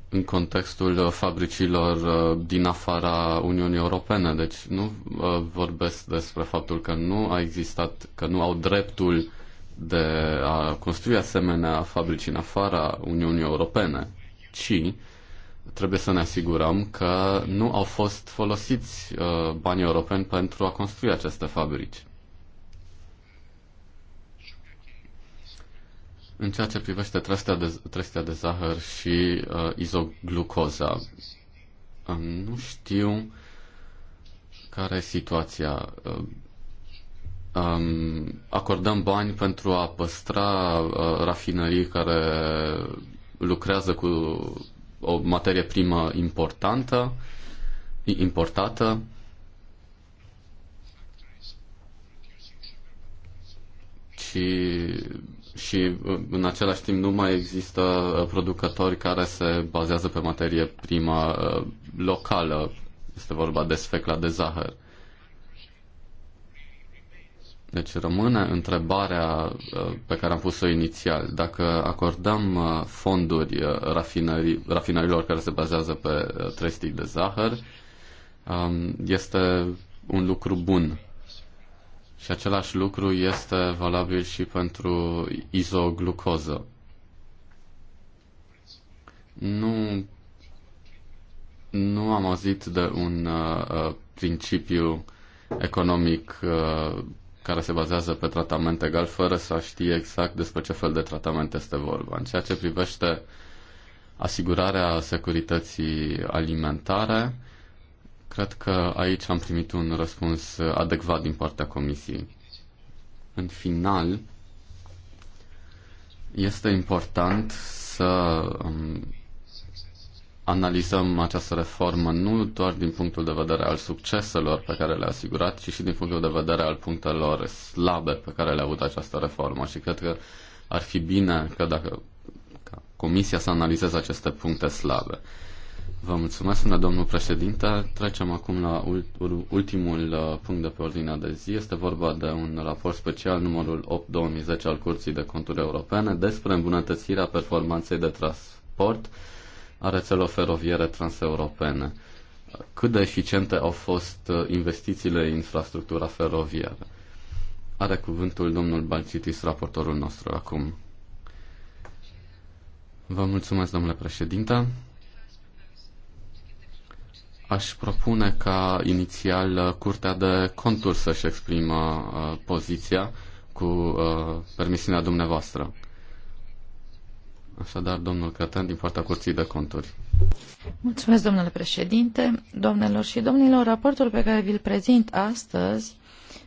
în contextul uh, fabricilor uh, din afara Uniunii Europene. Deci nu uh, vorbesc despre faptul că nu a existat, că nu au dreptul de a construi asemenea fabrici în afara Uniunii Europene, ci trebuie să ne asigurăm că nu au fost folosiți banii europeni pentru a construi aceste fabrici. În ceea ce privește trestea de, trestea de zahăr și uh, izoglucoza, nu știu care e situația. Um, acordăm bani pentru a păstra uh, rafinării care lucrează cu o materie primă importantă, importată. Și și uh, în același timp nu mai există uh, producători care se bazează pe materie primă uh, locală. Este vorba de sfecla de zahăr. Deci rămâne întrebarea pe care am pus-o inițial. Dacă acordăm fonduri rafinărilor care se bazează pe trestii de zahăr, um, este un lucru bun și același lucru este valabil și pentru izoglucoză. Nu, nu am auzit de un uh, uh, principiu economic uh, care se bazează pe tratament egal fără să știe exact despre ce fel de tratament este vorba. În ceea ce privește asigurarea securității alimentare, Cred că aici am primit un răspuns adecvat din partea Comisiei. În final, este important să um, analizăm această reformă nu doar din punctul de vedere al succeselor pe care le-a asigurat, ci și din punctul de vedere al punctelor slabe pe care le-a avut această reformă. Și cred că ar fi bine că dacă ca Comisia să analizeze aceste puncte slabe. Vă mulțumesc, până, domnul președinte. Trecem acum la ultimul uh, punct de pe ordinea de zi. Este vorba de un raport special numărul 8-2010 al Curții de Conturi Europene despre îmbunătățirea performanței de transport a rețelor feroviere transeuropene. Cât de eficiente au fost uh, investițiile în infrastructura feroviară? Are cuvântul domnul Balcitis, raportorul nostru acum. Vă mulțumesc, domnule președinte. Aș propune ca inițial uh, Curtea de Conturi să-și exprimă uh, poziția cu uh, permisiunea dumneavoastră. Așadar, domnul Cretan, din partea Curții de Conturi. Mulțumesc, domnule președinte, domnilor și domnilor. Raportul pe care vi-l prezint astăzi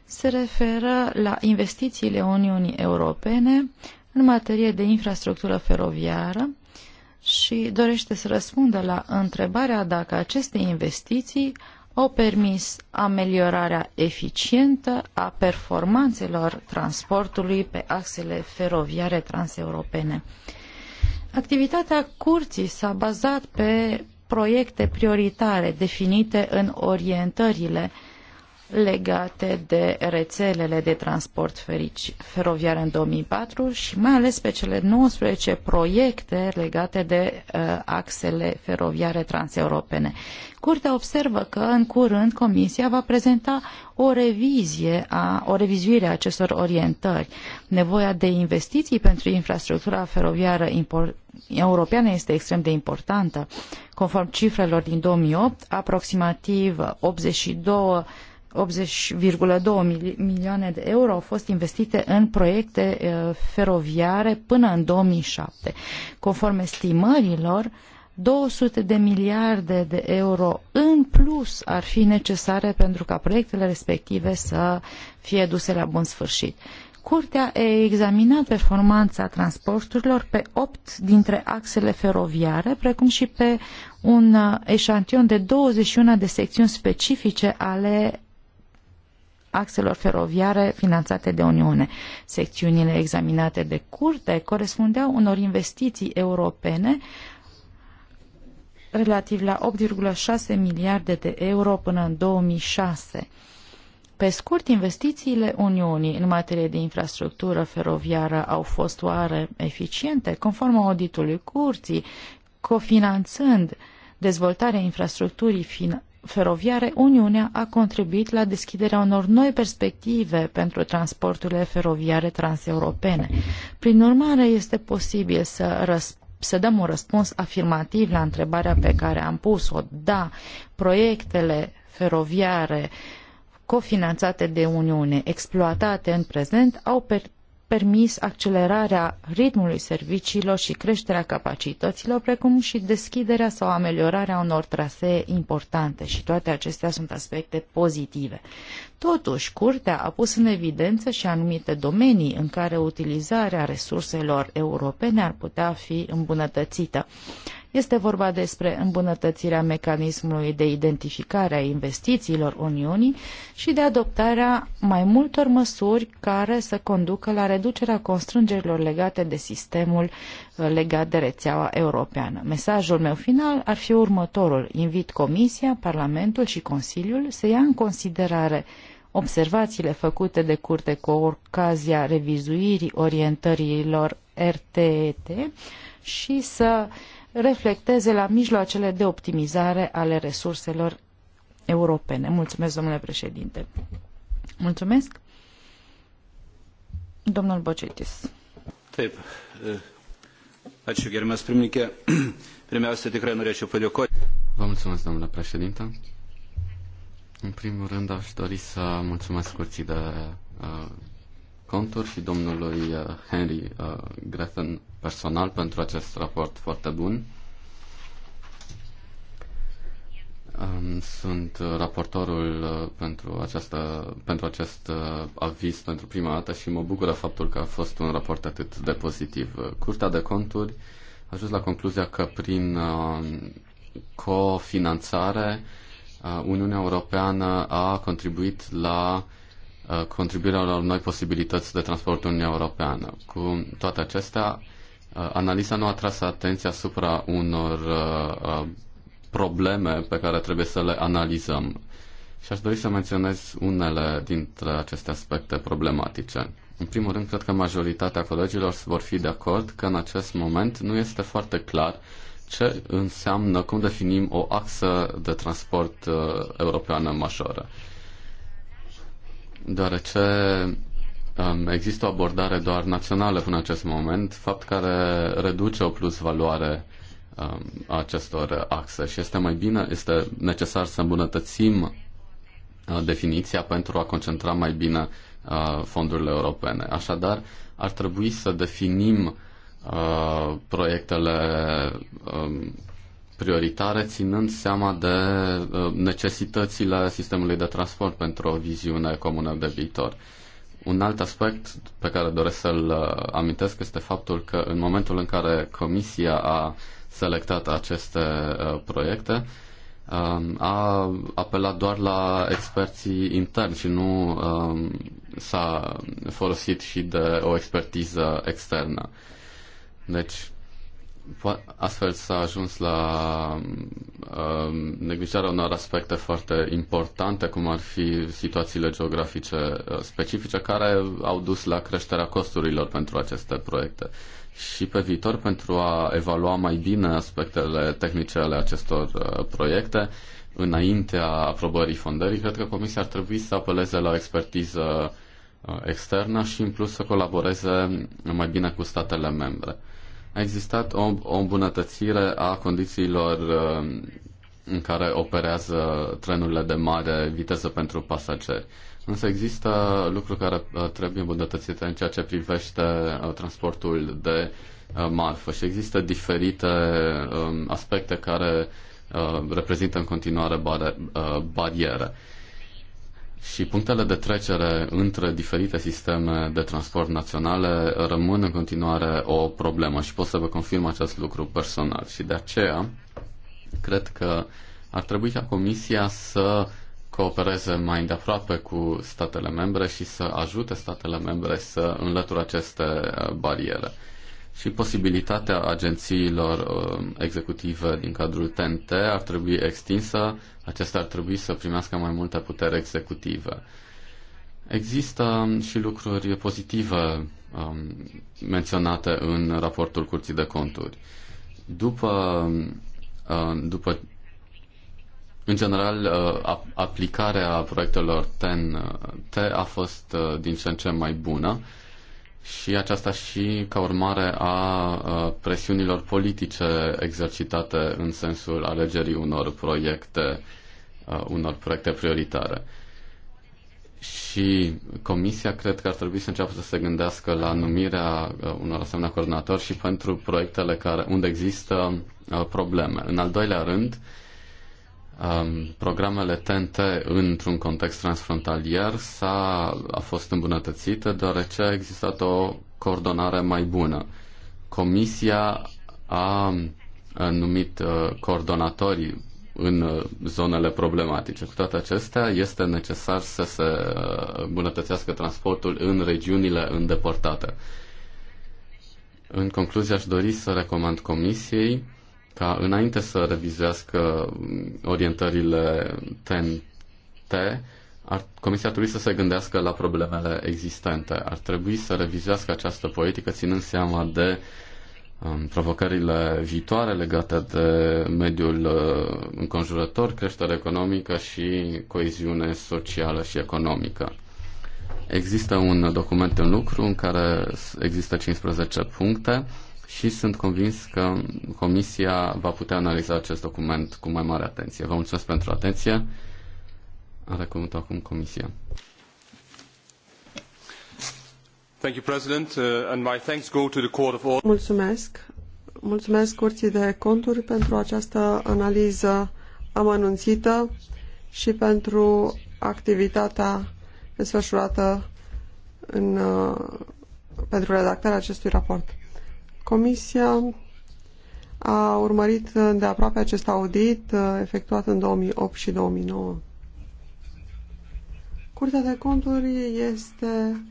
se referă la investițiile Uniunii Europene în materie de infrastructură feroviară și dorește să răspundă la întrebarea dacă aceste investiții au permis ameliorarea eficientă a performanțelor transportului pe axele feroviare transeuropene. Activitatea curții s-a bazat pe proiecte prioritare definite în orientările uh, legate de rețelele de transport feroviar în 2004 și mai ales pe cele 19 proiecte legate de uh, axele feroviare transeuropene. Curtea observă că în curând Comisia va prezenta o revizie a, o revizuire a acestor orientări. Nevoia de investiții pentru infrastructura feroviară europeană este extrem de importantă. Conform cifrelor din 2008, aproximativ 82 80,2 milioane de euro au fost investite în proiecte uh, feroviare până în 2007. Conform estimărilor, 200 de miliarde de euro în plus ar fi necesare pentru ca proiectele respective să fie duse la bun sfârșit. Curtea a examinat performanța transporturilor pe opt dintre axele feroviare, precum și pe un uh, eșantion de 21 de secțiuni specifice ale axelor feroviare finanțate de Uniune. Secțiunile examinate de curte corespundeau unor investiții europene relativ la 8,6 miliarde de euro până în 2006. Pe scurt, investițiile Uniunii în materie de infrastructură feroviară au fost oare eficiente, conform auditului curții, cofinanțând dezvoltarea infrastructurii fin- feroviare, Uniunea a contribuit la deschiderea unor noi perspective pentru transporturile feroviare transeuropene. Prin urmare, este posibil să răspundem să dăm un răspuns afirmativ la întrebarea pe care am pus-o. Da, proiectele feroviare cofinanțate de Uniune, exploatate în prezent, au permis accelerarea ritmului serviciilor și creșterea capacităților, precum și deschiderea sau ameliorarea unor trasee importante și toate acestea sunt aspecte pozitive. Totuși, Curtea a pus în evidență și anumite domenii în care utilizarea resurselor europene ar putea fi îmbunătățită. Este vorba despre îmbunătățirea mecanismului de identificare a investițiilor Uniunii și de adoptarea mai multor măsuri care să conducă la reducerea constrângerilor legate de sistemul uh, legat de rețeaua europeană. Mesajul meu final ar fi următorul. Invit Comisia, Parlamentul și Consiliul să ia în considerare observațiile făcute de curte cu ocazia revizuirii orientărilor RTET și să uh, reflecteze la mijloacele de optimizare ale resurselor europene. Mulțumesc, domnule președinte. Mulțumesc. Domnul Bocetis. Taip. Ačiū, gerbiamas pirmininkė. Pirmiausia, tikrai norėčiau padėkoti. Vă mulțumesc, domnule președinte. În primul rând, aș dori să mulțumesc curții de uh, conturi și domnului uh, Henry uh, Grethen personal pentru acest raport foarte bun. Sunt raportorul uh, pentru, această, pentru acest uh, aviz pentru prima dată și mă bucură faptul că a fost un raport atât de pozitiv. Curtea de conturi a ajuns la concluzia că prin uh, cofinanțare Uniunea Europeană a contribuit la contribuirea la noi posibilități de transport în Uniunea Europeană. Cu toate acestea, Uh, analiza nu a tras atenția asupra unor uh, uh, probleme pe care trebuie să le analizăm. Și aș dori să menționez unele dintre aceste aspecte problematice. În primul rând, cred că majoritatea colegilor vor fi de acord că în acest moment nu este foarte clar ce înseamnă, cum definim o axă de transport uh, europeană majoră. Deoarece Um, există o abordare doar națională până acest moment, fapt care reduce o plus valoare um, a acestor axe și este mai bine, este necesar să îmbunătățim uh, definiția pentru a concentra mai bine uh, fondurile europene. Așadar, ar trebui să definim uh, proiectele um, prioritare, ținând seama de necesitățile sistemului de transport pentru o viziune comună de viitor. Un alt aspect pe care doresc să-l uh, amintesc este faptul că în momentul în care Comisia a selectat aceste uh, proiecte, um, a apelat doar la experții interni și nu um, s-a folosit și de o expertiză externă. Deci, Astfel s-a ajuns la uh, neglijarea unor aspecte foarte importante, cum ar fi situațiile geografice uh, specifice, care au dus la creșterea costurilor pentru aceste proiecte. Și pe viitor, pentru a evalua mai bine aspectele tehnice ale acestor uh, proiecte, înaintea aprobării fondării, cred că Comisia ar trebui să apeleze la expertiză uh, externă și, în plus, să colaboreze mai bine cu statele membre. A existat o, o îmbunătățire a condițiilor um, în care operează trenurile de mare viteză pentru pasageri. Însă există lucruri care uh, trebuie îmbunătățite în ceea ce privește uh, transportul de uh, marfă și există diferite um, aspecte care reprezintă în continuare bariere și punctele de trecere între diferite sisteme de transport naționale rămân în continuare o problemă și pot să vă confirm acest lucru personal. Și de aceea, cred că ar trebui ca Comisia să coopereze mai îndeaproape cu statele membre și să ajute statele membre să înlăture aceste bariere și posibilitatea agențiilor um, executive din cadrul TNT ar trebui extinsă, acestea ar trebui să primească mai multe putere executive. Există și lucruri pozitive um, menționate în raportul Curții de Conturi. După, uh, după în general, uh, aplicarea proiectelor TEN-T a fost uh, din ce în ce mai bună. Uh, și aceasta și ca urmare a presiunilor politice exercitate în sensul alegerii unor proiecte, unor proiecte prioritare. Și Comisia cred că ar trebui să înceapă să se gândească la numirea unor asemenea coordonatori și pentru proiectele care, unde există probleme. În al doilea rând, uh, um, programele TNT într-un context transfrontalier s-a, a fost îmbunătățită deoarece a existat o coordonare mai bună. Comisia a numit uh, coordonatorii în uh, zonele problematice. Cu toate acestea, este necesar să se uh, îmbunătățească transportul în regiunile îndepărtate. În concluzie, aș dori să recomand Comisiei ca înainte să revizească orientările TNT, ar, Comisia ar trebui să se gândească la problemele existente. Ar trebui să revizească această politică ținând seama de um, provocările viitoare legate de mediul uh, înconjurător, creștere economică și coeziune socială și economică. Există un document în lucru în care există 15 puncte și sunt convins că Comisia va putea analiza acest document cu mai mare atenție. Vă mulțumesc pentru atenție. Are cuvântul acum Comisia. Thank you, President, uh, and my thanks go to the Court of Audit. Mulțumesc. Mulțumesc Curții de Conturi pentru această analiză amănunțită și pentru activitatea desfășurată în, uh, pentru redactarea acestui raport. Comisia a urmărit de aproape acest audit uh, efectuat în 2008 și 2009. Curtea de conturi este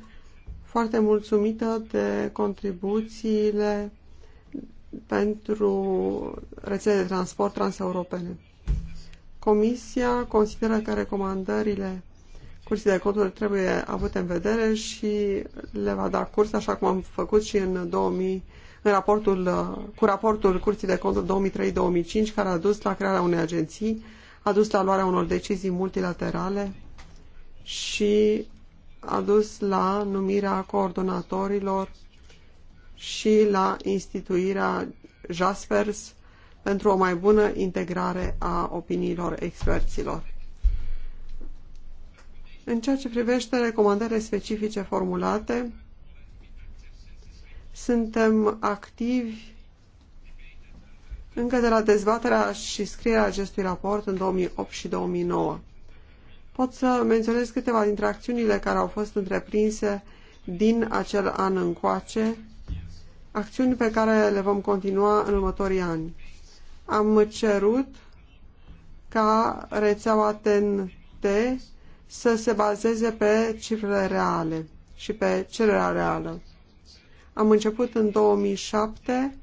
foarte mulțumită de contribuțiile pentru rețele de transport transeuropene. Comisia consideră că recomandările Curții de conturi trebuie avute în vedere și le va da curs, așa cum am făcut și în 2000 în raportul, uh, cu raportul Curții de Conturi 2003-2005, care a dus la crearea unei agenții, a dus la luarea unor decizii multilaterale și a dus la numirea coordonatorilor și la instituirea JASPERS pentru o mai bună integrare a opiniilor experților. În ceea ce privește recomandările specifice formulate, suntem activi încă de la dezbaterea și scrierea acestui raport în 2008 și 2009. Pot să menționez câteva dintre acțiunile care au fost întreprinse din acel an încoace, acțiuni pe care le vom continua în următorii ani. Am cerut ca rețeaua TNT să se bazeze pe cifrele reale și pe cererea reală. Am început în 2007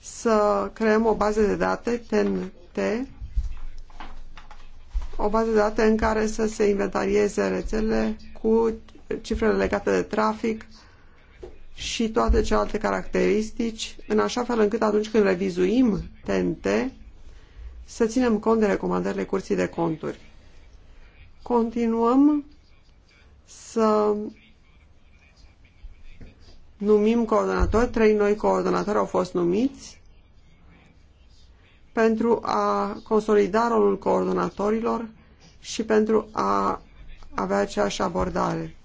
să creăm o bază de date TNT, o bază de date în care să se inventarieze rețele cu cifrele legate de trafic și toate celelalte caracteristici, în așa fel încât atunci când revizuim TNT, să ținem cont de recomandările Curții de Conturi. Continuăm să numim coordonatori, trei noi coordonatori au fost numiți pentru a consolida rolul coordonatorilor și pentru a avea aceeași abordare.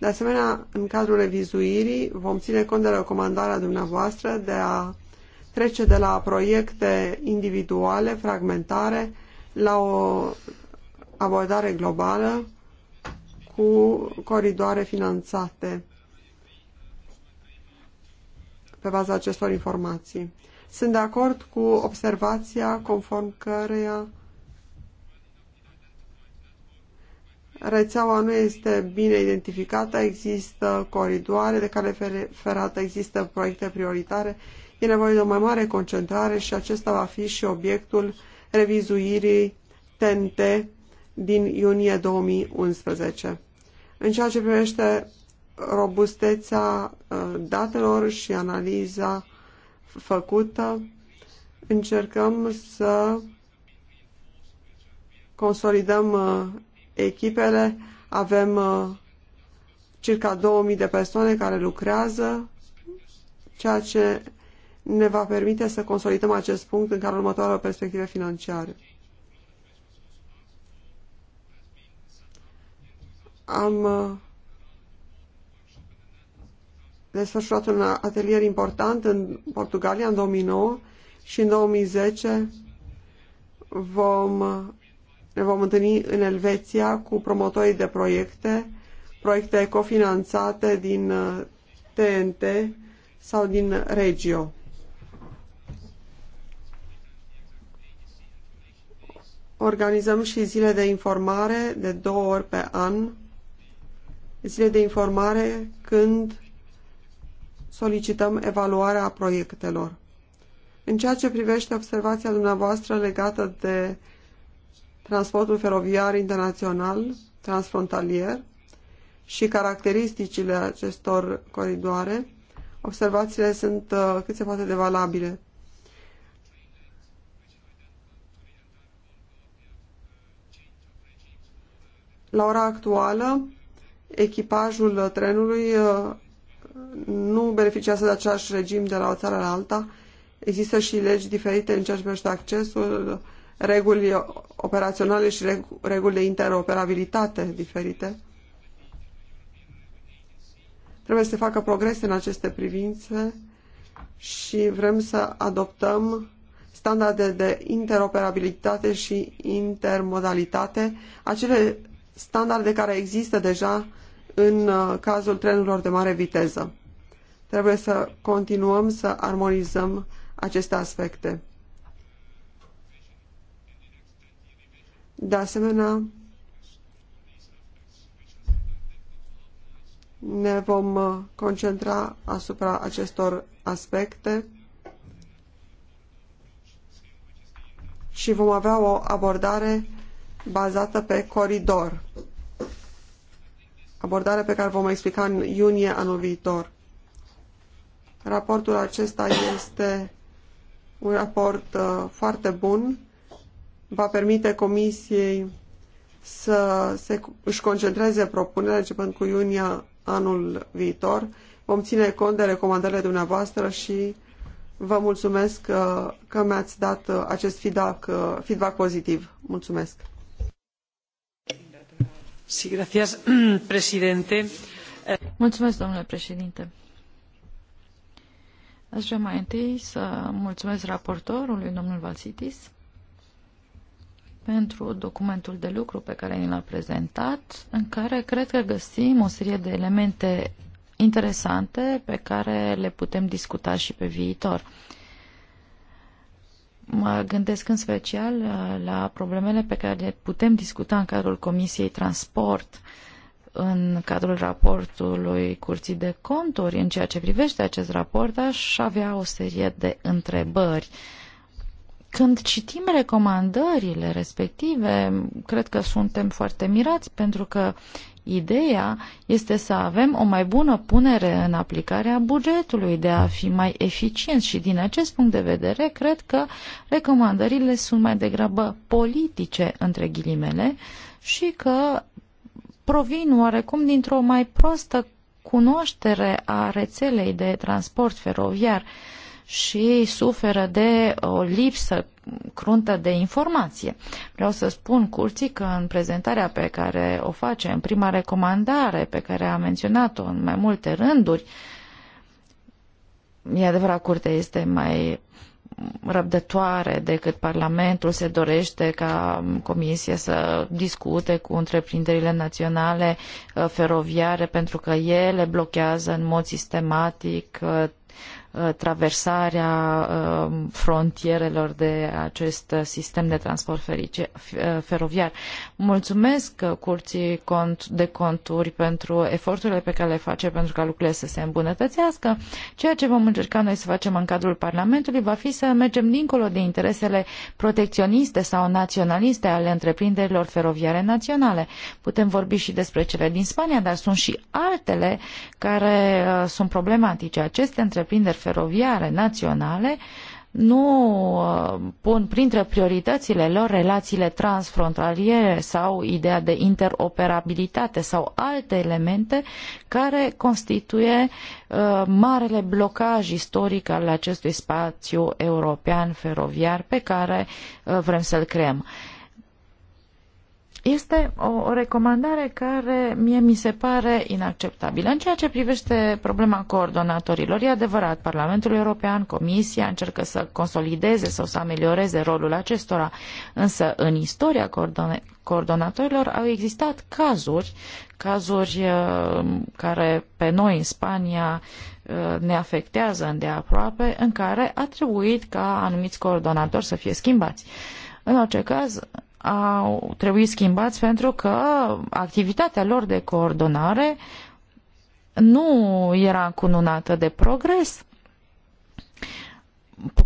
De asemenea, în cadrul revizuirii vom ține cont de recomandarea dumneavoastră de a trece de la proiecte individuale, fragmentare, la o abordare globală cu coridoare finanțate pe baza acestor informații. Sunt de acord cu observația conform căreia rețeaua nu este bine identificată, există coridoare de care ferată, există proiecte prioritare, e nevoie de o mai mare concentrare și acesta va fi și obiectul revizuirii TNT din iunie 2011. În ceea ce privește robustețea uh, datelor și analiza făcută, încercăm să consolidăm uh, echipele. Avem uh, circa 2000 de persoane care lucrează, ceea ce ne va permite să consolidăm acest punct în care următoarele perspective financiare. Am desfășurat un atelier important în Portugalia în 2009 și în 2010 vom, ne vom întâlni în Elveția cu promotorii de proiecte, proiecte cofinanțate din TNT uh, sau din Regio. Organizăm și zile de informare de două ori pe an, zile de informare când solicităm evaluarea proiectelor. În ceea ce privește observația dumneavoastră legată de transportul feroviar internațional, transfrontalier și caracteristicile acestor coridoare, observațiile sunt uh, cât se poate de valabile. La ora actuală, echipajul trenului uh, nu beneficiază de același regim de la o țară la alta. Există și legi diferite în ceea ce privește accesul, reguli operaționale și reguli de interoperabilitate diferite. Trebuie să se facă progrese în aceste privințe și vrem să adoptăm standarde de interoperabilitate și intermodalitate, acele standarde care există deja în uh, cazul trenurilor de mare viteză. Trebuie să continuăm să armonizăm aceste aspecte. De asemenea, ne vom uh, concentra asupra acestor aspecte și vom avea o abordare bazată pe coridor abordare pe care vom explica în iunie anul viitor. Raportul acesta este un raport uh, foarte bun, va permite Comisiei să se, își concentreze propunerea începând cu iunie anul viitor. Vom ține cont de recomandările dumneavoastră și vă mulțumesc că, uh, că mi-ați dat uh, acest feedback, feedback pozitiv. Mulțumesc! Sí, *clears throat* domnule președinte. Aș vrea mai întâi să mulțumesc raportorului, domnul Valsitis, pentru documentul de lucru pe care ni l-a prezentat, în care cred că găsim o serie de elemente interesante pe care le putem discuta și pe viitor. Mă gândesc în special uh, la problemele pe care le putem discuta în cadrul Comisiei Transport, în cadrul raportului Curții de Conturi. În ceea ce privește acest raport, aș avea o serie de întrebări. Când citim recomandările respective, cred că suntem foarte mirați pentru că Ideea este să avem o mai bună punere în aplicare a bugetului, de a fi mai eficient și din acest punct de vedere cred că recomandările sunt mai degrabă politice, între ghilimele, și că provin oarecum dintr-o mai proastă cunoaștere a rețelei de transport feroviar. Uh, și suferă de o lipsă cruntă de informație. Vreau să spun curții că în prezentarea pe care o face, în prima recomandare pe care a menționat-o în mai multe rânduri, e adevărat, curtea este mai răbdătoare decât Parlamentul se dorește ca Comisia să discute cu întreprinderile naționale uh, feroviare pentru că ele blochează în mod sistematic uh, Uh, traversarea uh, frontierelor de acest sistem de transport uh, feroviar. Mulțumesc Curții de Conturi pentru eforturile pe care le face pentru ca lucrurile să se îmbunătățească. Ceea ce vom încerca noi să facem în cadrul Parlamentului va fi să mergem dincolo de interesele protecționiste sau naționaliste ale întreprinderilor feroviare naționale. Putem vorbi și despre cele din Spania, dar sunt și altele care sunt problematice. Aceste întreprinderi feroviare naționale nu uh, pun printre prioritățile lor relațiile transfrontaliere sau ideea de interoperabilitate sau alte elemente care constituie uh, marele blocaj istoric al acestui spațiu european feroviar pe care uh, vrem să-l creăm. Este o, o recomandare care mie mi se pare inacceptabilă. În ceea ce privește problema coordonatorilor, e adevărat, Parlamentul European, Comisia încercă să consolideze sau să amelioreze rolul acestora, însă în istoria coordone- coordonatorilor au existat cazuri, cazuri uh, care pe noi în Spania uh, ne afectează îndeaproape, în care a trebuit ca anumiți coordonatori să fie schimbați. În orice caz, au trebuit schimbați pentru că activitatea lor de coordonare nu era încununată de progres.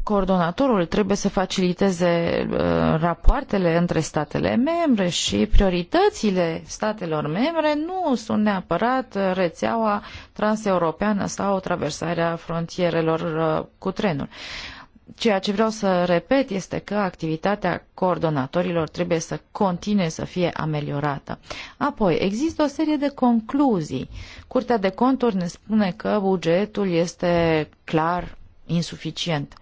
Coordonatorul trebuie să faciliteze uh, rapoartele între statele membre și prioritățile statelor membre nu sunt neapărat rețeaua transeuropeană sau traversarea frontierelor uh, cu trenul. Ceea ce vreau să repet este că activitatea coordonatorilor trebuie să continue să fie ameliorată. Apoi, există o serie de concluzii. Curtea de conturi ne spune că bugetul este clar insuficient.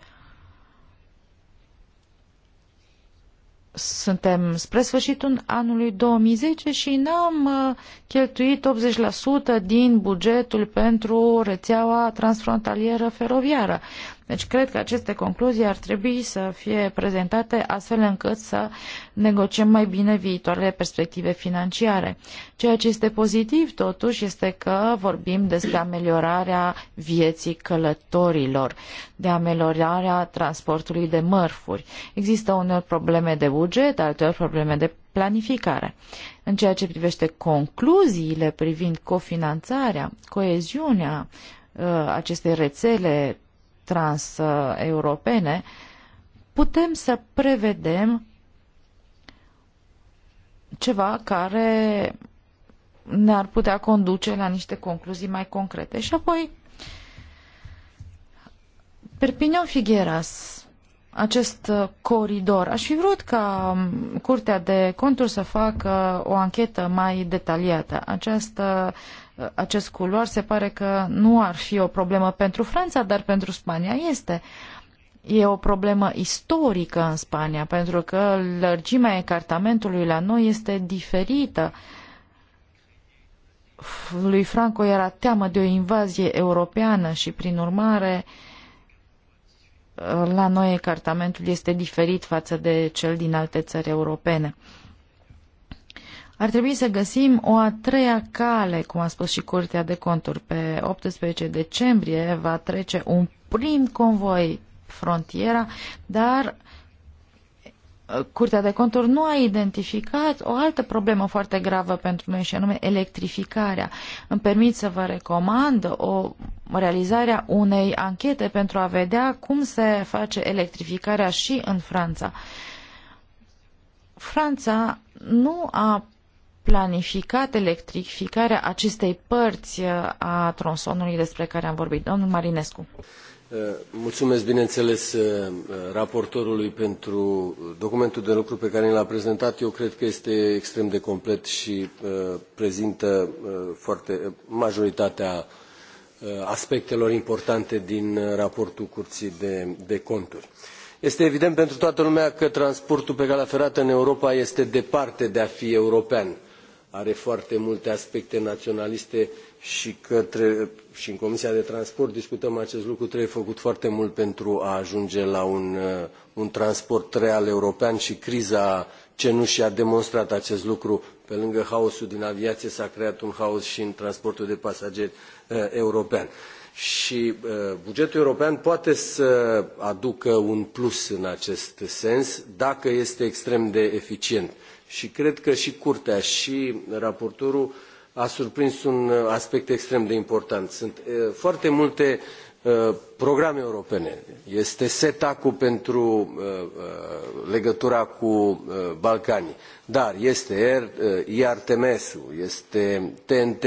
Suntem spre sfârșitul anului 2010 și n-am uh, cheltuit 80% din bugetul pentru rețeaua transfrontalieră feroviară. Deci cred că aceste concluzii ar trebui să fie prezentate astfel încât să negociem mai bine viitoarele perspective financiare. Ceea ce este pozitiv totuși este că vorbim despre ameliorarea vieții călătorilor, de ameliorarea transportului de mărfuri. Există uneori probleme de buget, alteori probleme de planificare. În ceea ce privește concluziile privind cofinanțarea, coeziunea ă, acestei rețele transeuropene, putem să prevedem ceva care ne-ar putea conduce la niște concluzii mai concrete. Și apoi, Perpignan Figueras, acest uh, coridor. Aș fi vrut ca um, Curtea de Conturi să facă o anchetă mai detaliată. Această Uh, acest culoar se pare că nu ar fi o problemă pentru Franța, dar pentru Spania este. E o problemă istorică în Spania, pentru că lărgimea ecartamentului la noi este diferită. Lui Franco era teamă de o invazie europeană și, prin urmare, uh, la noi ecartamentul este diferit față de cel din alte țări europene. Ar trebui să găsim o a treia cale, cum a spus și Curtea de Conturi. Pe 18 decembrie va trece un prim convoi frontiera, dar uh, Curtea de Conturi nu a identificat o altă problemă foarte gravă pentru noi și anume electrificarea. Îmi permit să vă recomand o realizarea unei anchete pentru a vedea cum se face electrificarea și în Franța. Franța nu a planificat electrificarea acestei părți uh, a tronsonului despre care am vorbit. Domnul Marinescu. Uh, mulțumesc, bineînțeles, uh, raportorului pentru documentul de lucru pe care l-a prezentat. Eu cred că este extrem de complet și prezintă foarte, majoritatea aspectelor importante din raportul Curții de, de Conturi este evident pentru toată lumea că transportul pe calea ferată în europa este departe de a fi european are foarte multe aspecte naționaliste și, că și în Comisia de Transport discutăm acest lucru, trebuie făcut foarte mult pentru a ajunge la un, uh, un transport real european și criza cenușii a demonstrat acest lucru. Pe lângă haosul din aviație s-a creat un haos și în transportul de pasageri uh, european. Și uh, bugetul european poate să aducă un plus în acest sens dacă este extrem de eficient. Uh, și cred că și Curtea și raportorul a surprins un aspect extrem de important. Sunt foarte multe programe europene. Este setac pentru legătura cu Balcanii, dar este IRTMS-ul, este TNT,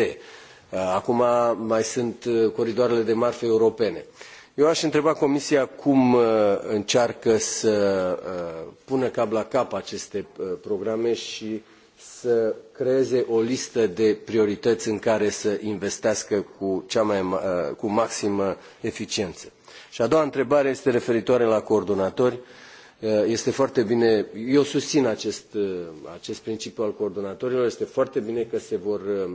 acum mai sunt coridoarele de marfă europene. Uh, eu aș întreba Comisia cum uh, încearcă să uh, pună cap la cap aceste uh, programe și să creeze o listă de priorități în care să investească cu, cea mai, cu maximă eficiență. Și a doua întrebare este referitoare la coordonatori. Uh, este foarte bine, eu susțin acest, uh, acest principiu al coordonatorilor, este foarte bine că se vor uh,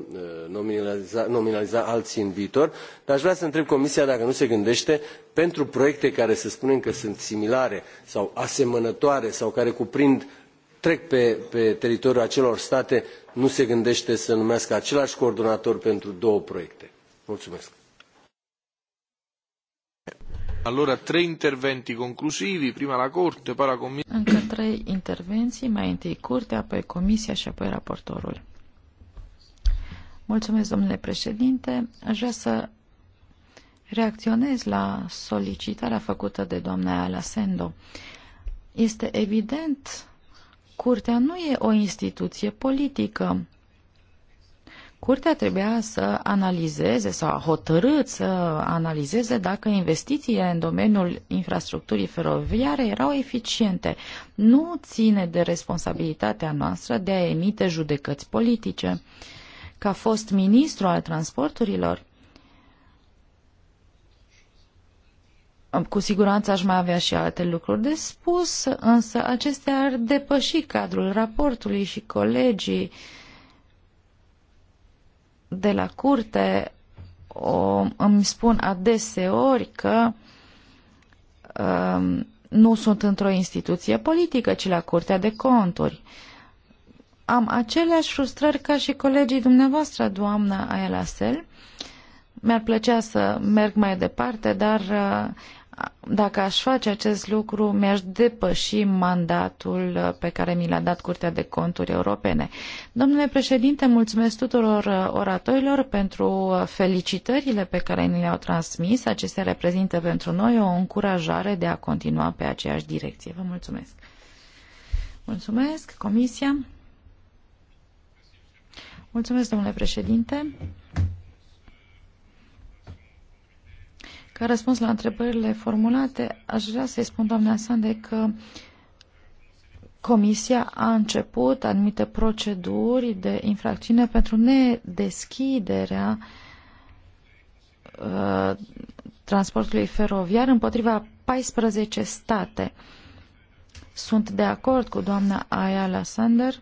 nominaliza, nominaliza alții în viitor, dar aș vrea să întreb Comisia dacă nu se gândește pentru proiecte care să spunem că sunt similare sau asemănătoare sau care cuprind trec pe, pe teritoriul acelor state, nu se gândește să numească același coordonator pentru două proiecte. Mulțumesc. Allora tre interventi conclusivi, prima la Corte, poi la Commissione. Încă trei intervenții, mai întâi Curtea, apoi Comisia și apoi raportorul. Mulțumesc, domnule președinte. Aș vrea să reacționez la solicitarea făcută de doamna Alasendo. Este evident, Curtea nu e o instituție politică. Curtea trebuia să analizeze sau a hotărât să analizeze dacă investițiile în domeniul infrastructurii feroviare erau eficiente. Nu ține de responsabilitatea noastră de a emite judecăți politice. Ca fost ministru al transporturilor, Cu siguranță aș mai avea și alte lucruri de spus, însă acestea ar depăși cadrul raportului și colegii uh, de la curte o, îmi spun adeseori că um, nu sunt într-o instituție politică, ci la Curtea de Conturi. Am aceleași frustrări ca și colegii dumneavoastră, doamna Ayala Sel. Mi-ar plăcea să merg mai departe, dar uh, dacă aș face acest lucru, mi-aș depăși mandatul uh, pe care mi l-a dat Curtea de Conturi Europene. Domnule președinte, mulțumesc tuturor uh, oratorilor pentru uh, felicitările pe care ni le-au transmis. Acestea reprezintă pentru noi o încurajare de a continua pe aceeași direcție. Vă mulțumesc. Mulțumesc, Comisia. Mulțumesc, domnule președinte. Ca răspuns la întrebările formulate, aș vrea să-i spun doamna Sande că Comisia a început anumite proceduri de infracțiune pentru nedeschiderea uh, transportului feroviar împotriva 14 state. Sunt de acord cu doamna Ayala Sander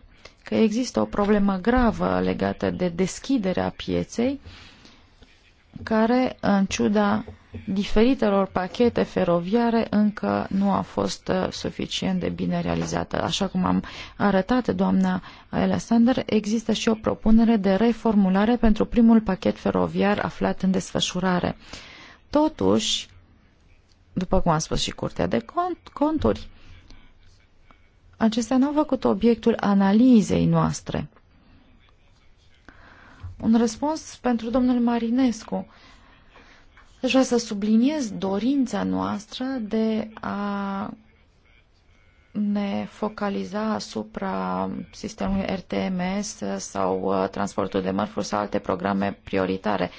că există o problemă gravă legată de deschiderea pieței uh, care, în ciuda diferitelor pachete feroviare, încă nu a fost uh, suficient de bine realizată. Așa cum am arătat, doamna Alexander, există și o propunere de reformulare pentru primul pachet feroviar aflat în desfășurare. Totuși, după cum am spus și Curtea de cont, Conturi, acestea nu au făcut obiectul analizei noastre. Un răspuns pentru domnul Marinescu. Deci vreau să subliniez dorința noastră de a ne focaliza asupra sistemului RTMS sau uh, transportul de mărfuri sau alte programe prioritare.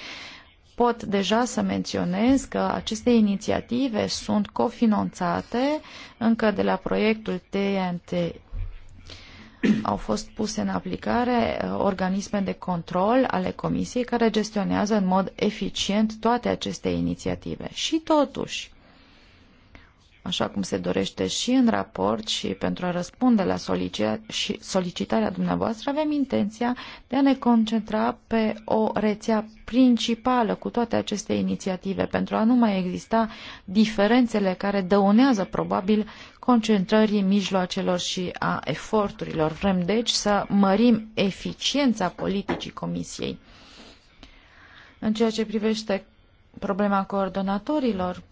Pot deja să menționez că aceste inițiative sunt cofinanțate încă de la proiectul TNT au fost puse în aplicare uh, organisme de control ale Comisiei care gestionează în mod eficient toate aceste inițiative. Și totuși, așa cum se dorește și în raport și pentru a răspunde la solicitarea dumneavoastră, avem intenția de a ne concentra pe o rețea principală cu toate aceste inițiative, pentru a nu mai exista diferențele care dăunează probabil concentrării mijloacelor și a eforturilor. Vrem deci să mărim eficiența politicii Comisiei. În ceea ce privește problema coordonatorilor,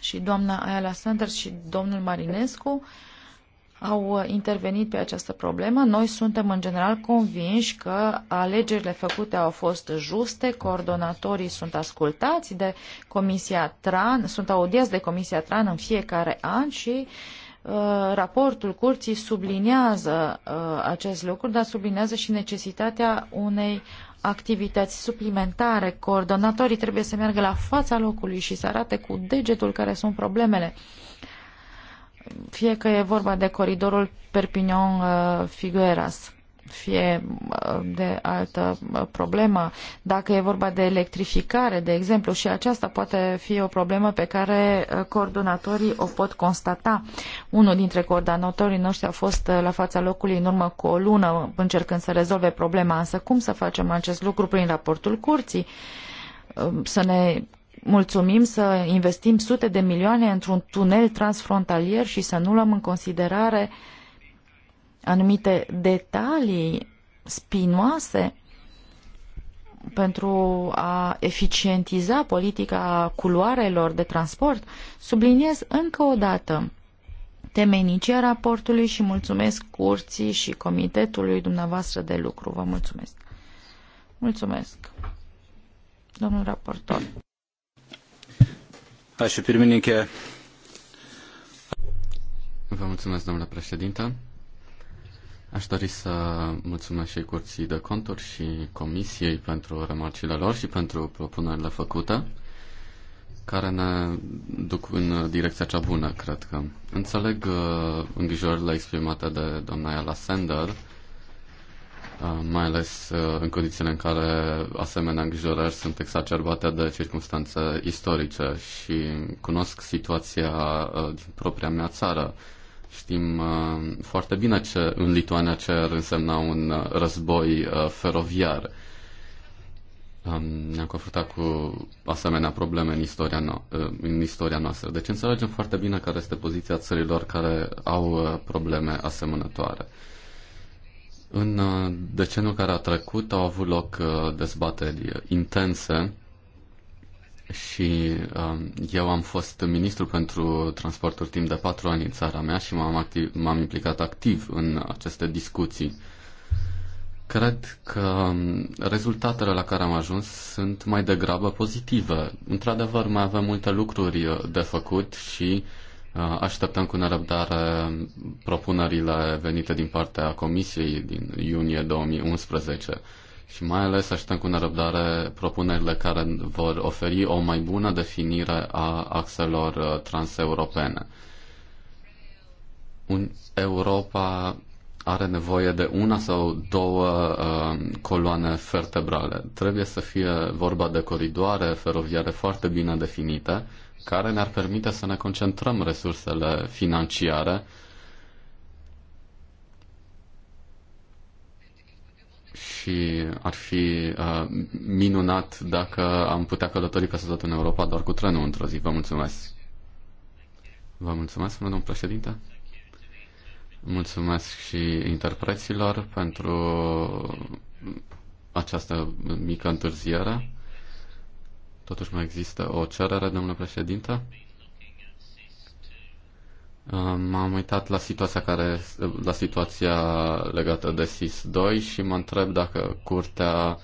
și doamna Ayala Sanders și domnul Marinescu au intervenit pe această problemă. Noi suntem în general convinși că alegerile făcute au fost juste, coordonatorii sunt ascultați de Comisia TRAN, sunt audiați de Comisia TRAN în fiecare an și uh, raportul curții subliniază uh, acest lucru, dar subliniază și necesitatea unei activități suplimentare. Coordonatorii trebuie să meargă la fața locului și să arate cu degetul care sunt problemele. Fie că e vorba de coridorul Perpignan-Figueras. Uh, fie uh, de altă uh, problemă. Dacă e vorba de electrificare, de exemplu, și aceasta poate fi o problemă pe care uh, coordonatorii o pot constata. Unul dintre coordonatorii noștri a fost la fața locului în urmă cu o lună încercând să rezolve problema, însă cum să facem acest lucru prin raportul curții? Să ne mulțumim să investim sute de milioane într-un tunel transfrontalier și să nu luăm în considerare uh, anumite detalii spinoase pentru a eficientiza politica culoarelor de transport, subliniez încă o dată temenicia raportului și mulțumesc curții și comitetului dumneavoastră de lucru. Vă mulțumesc. Mulțumesc. Domnul raportor. Așa, pirminiche. Vă mulțumesc, domnule președinte. Aș dori să mulțumesc și Curții de Conturi și Comisiei pentru remarcile lor și pentru propunerile făcute, care ne duc în direcția cea bună, cred că. Înțeleg uh, îngrijorările exprimate de doamna Ayala Sender, uh, mai ales uh, în condițiile în care asemenea îngrijorări sunt exacerbate de circunstanțe istorice și cunosc situația din propria mea țară, Știm uh, foarte bine ce în Lituania ce ar însemna un uh, război uh, feroviar. Ne-am confruntat cu asemenea probleme în istoria, no- în istoria noastră. Deci înțelegem foarte bine care este poziția țărilor care au probleme asemănătoare. În deceniul care a trecut au avut loc dezbateri intense și uh, eu am fost ministru pentru transportul timp de patru ani în țara mea și m-am, activ, m-am implicat activ în aceste discuții. Cred că um, rezultatele la care am ajuns sunt mai degrabă pozitive. Într-adevăr, mai avem multe lucruri uh, de făcut și uh, așteptăm cu nerăbdare propunerile venite din partea Comisiei din iunie 2011 și mai ales așteptăm cu nerăbdare propunerile care vor oferi o mai bună definire a axelor uh, transeuropene. Un Europa are nevoie de una sau două uh, coloane vertebrale. Trebuie să fie vorba de coridoare feroviare foarte bine definite, care ne-ar permite să ne concentrăm resursele financiare și ar fi uh, minunat dacă am putea călători peste tot în Europa doar cu trenul într-o zi. Vă mulțumesc. Vă mulțumesc, domnul președinte. Mulțumesc și interpreților pentru această mică întârziere. Totuși mai există o cerere, domnule președinte. M-am uitat la situația, care, la situația legată de SIS-2 și mă întreb dacă curtea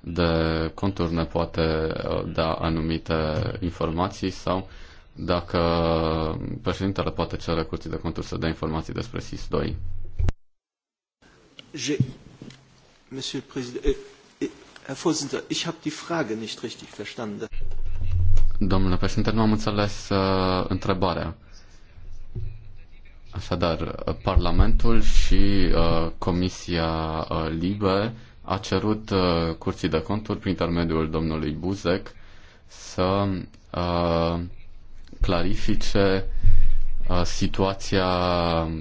de conturi ne poate uh, da anumite informații sau dacă președintele poate cere curții de conturi să dea informații despre SIS-2. Je... Monsieur le Président, eh, eh, Herr Vorsitzender, ich habe die Frage nicht richtig verstanden. Domnule președinte, nu am înțeles uh, întrebarea. Uh, Așadar, uh, Parlamentul și uh, Comisia uh, Libe a cerut uh, Curții de Conturi, prin intermediul domnului Buzek, să uh, clarifice uh, situația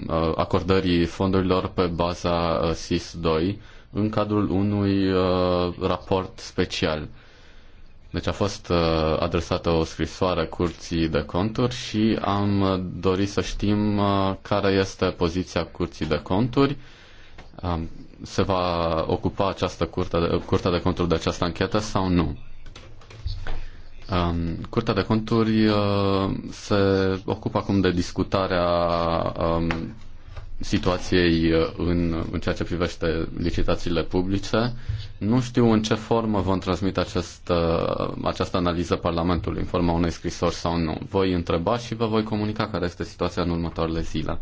uh, acordării fondurilor pe baza uh, SIS-2 în cadrul unui uh, raport special. Deci a fost uh, adresată o scrisoare Curții de Conturi și am dorit să știm uh, care este poziția Curții de Conturi. Um, se va ocupa această curte de, Curtea de Conturi de această anchetă sau nu? Um, Curtea de Conturi uh, se ocupă acum de discutarea um, situației uh, în, în ceea ce privește licitațiile publice. Nu știu în ce formă vom transmite acest, această analiză Parlamentului, în forma unei scrisori sau nu. Voi întreba și vă voi comunica care este situația în următoarele zile.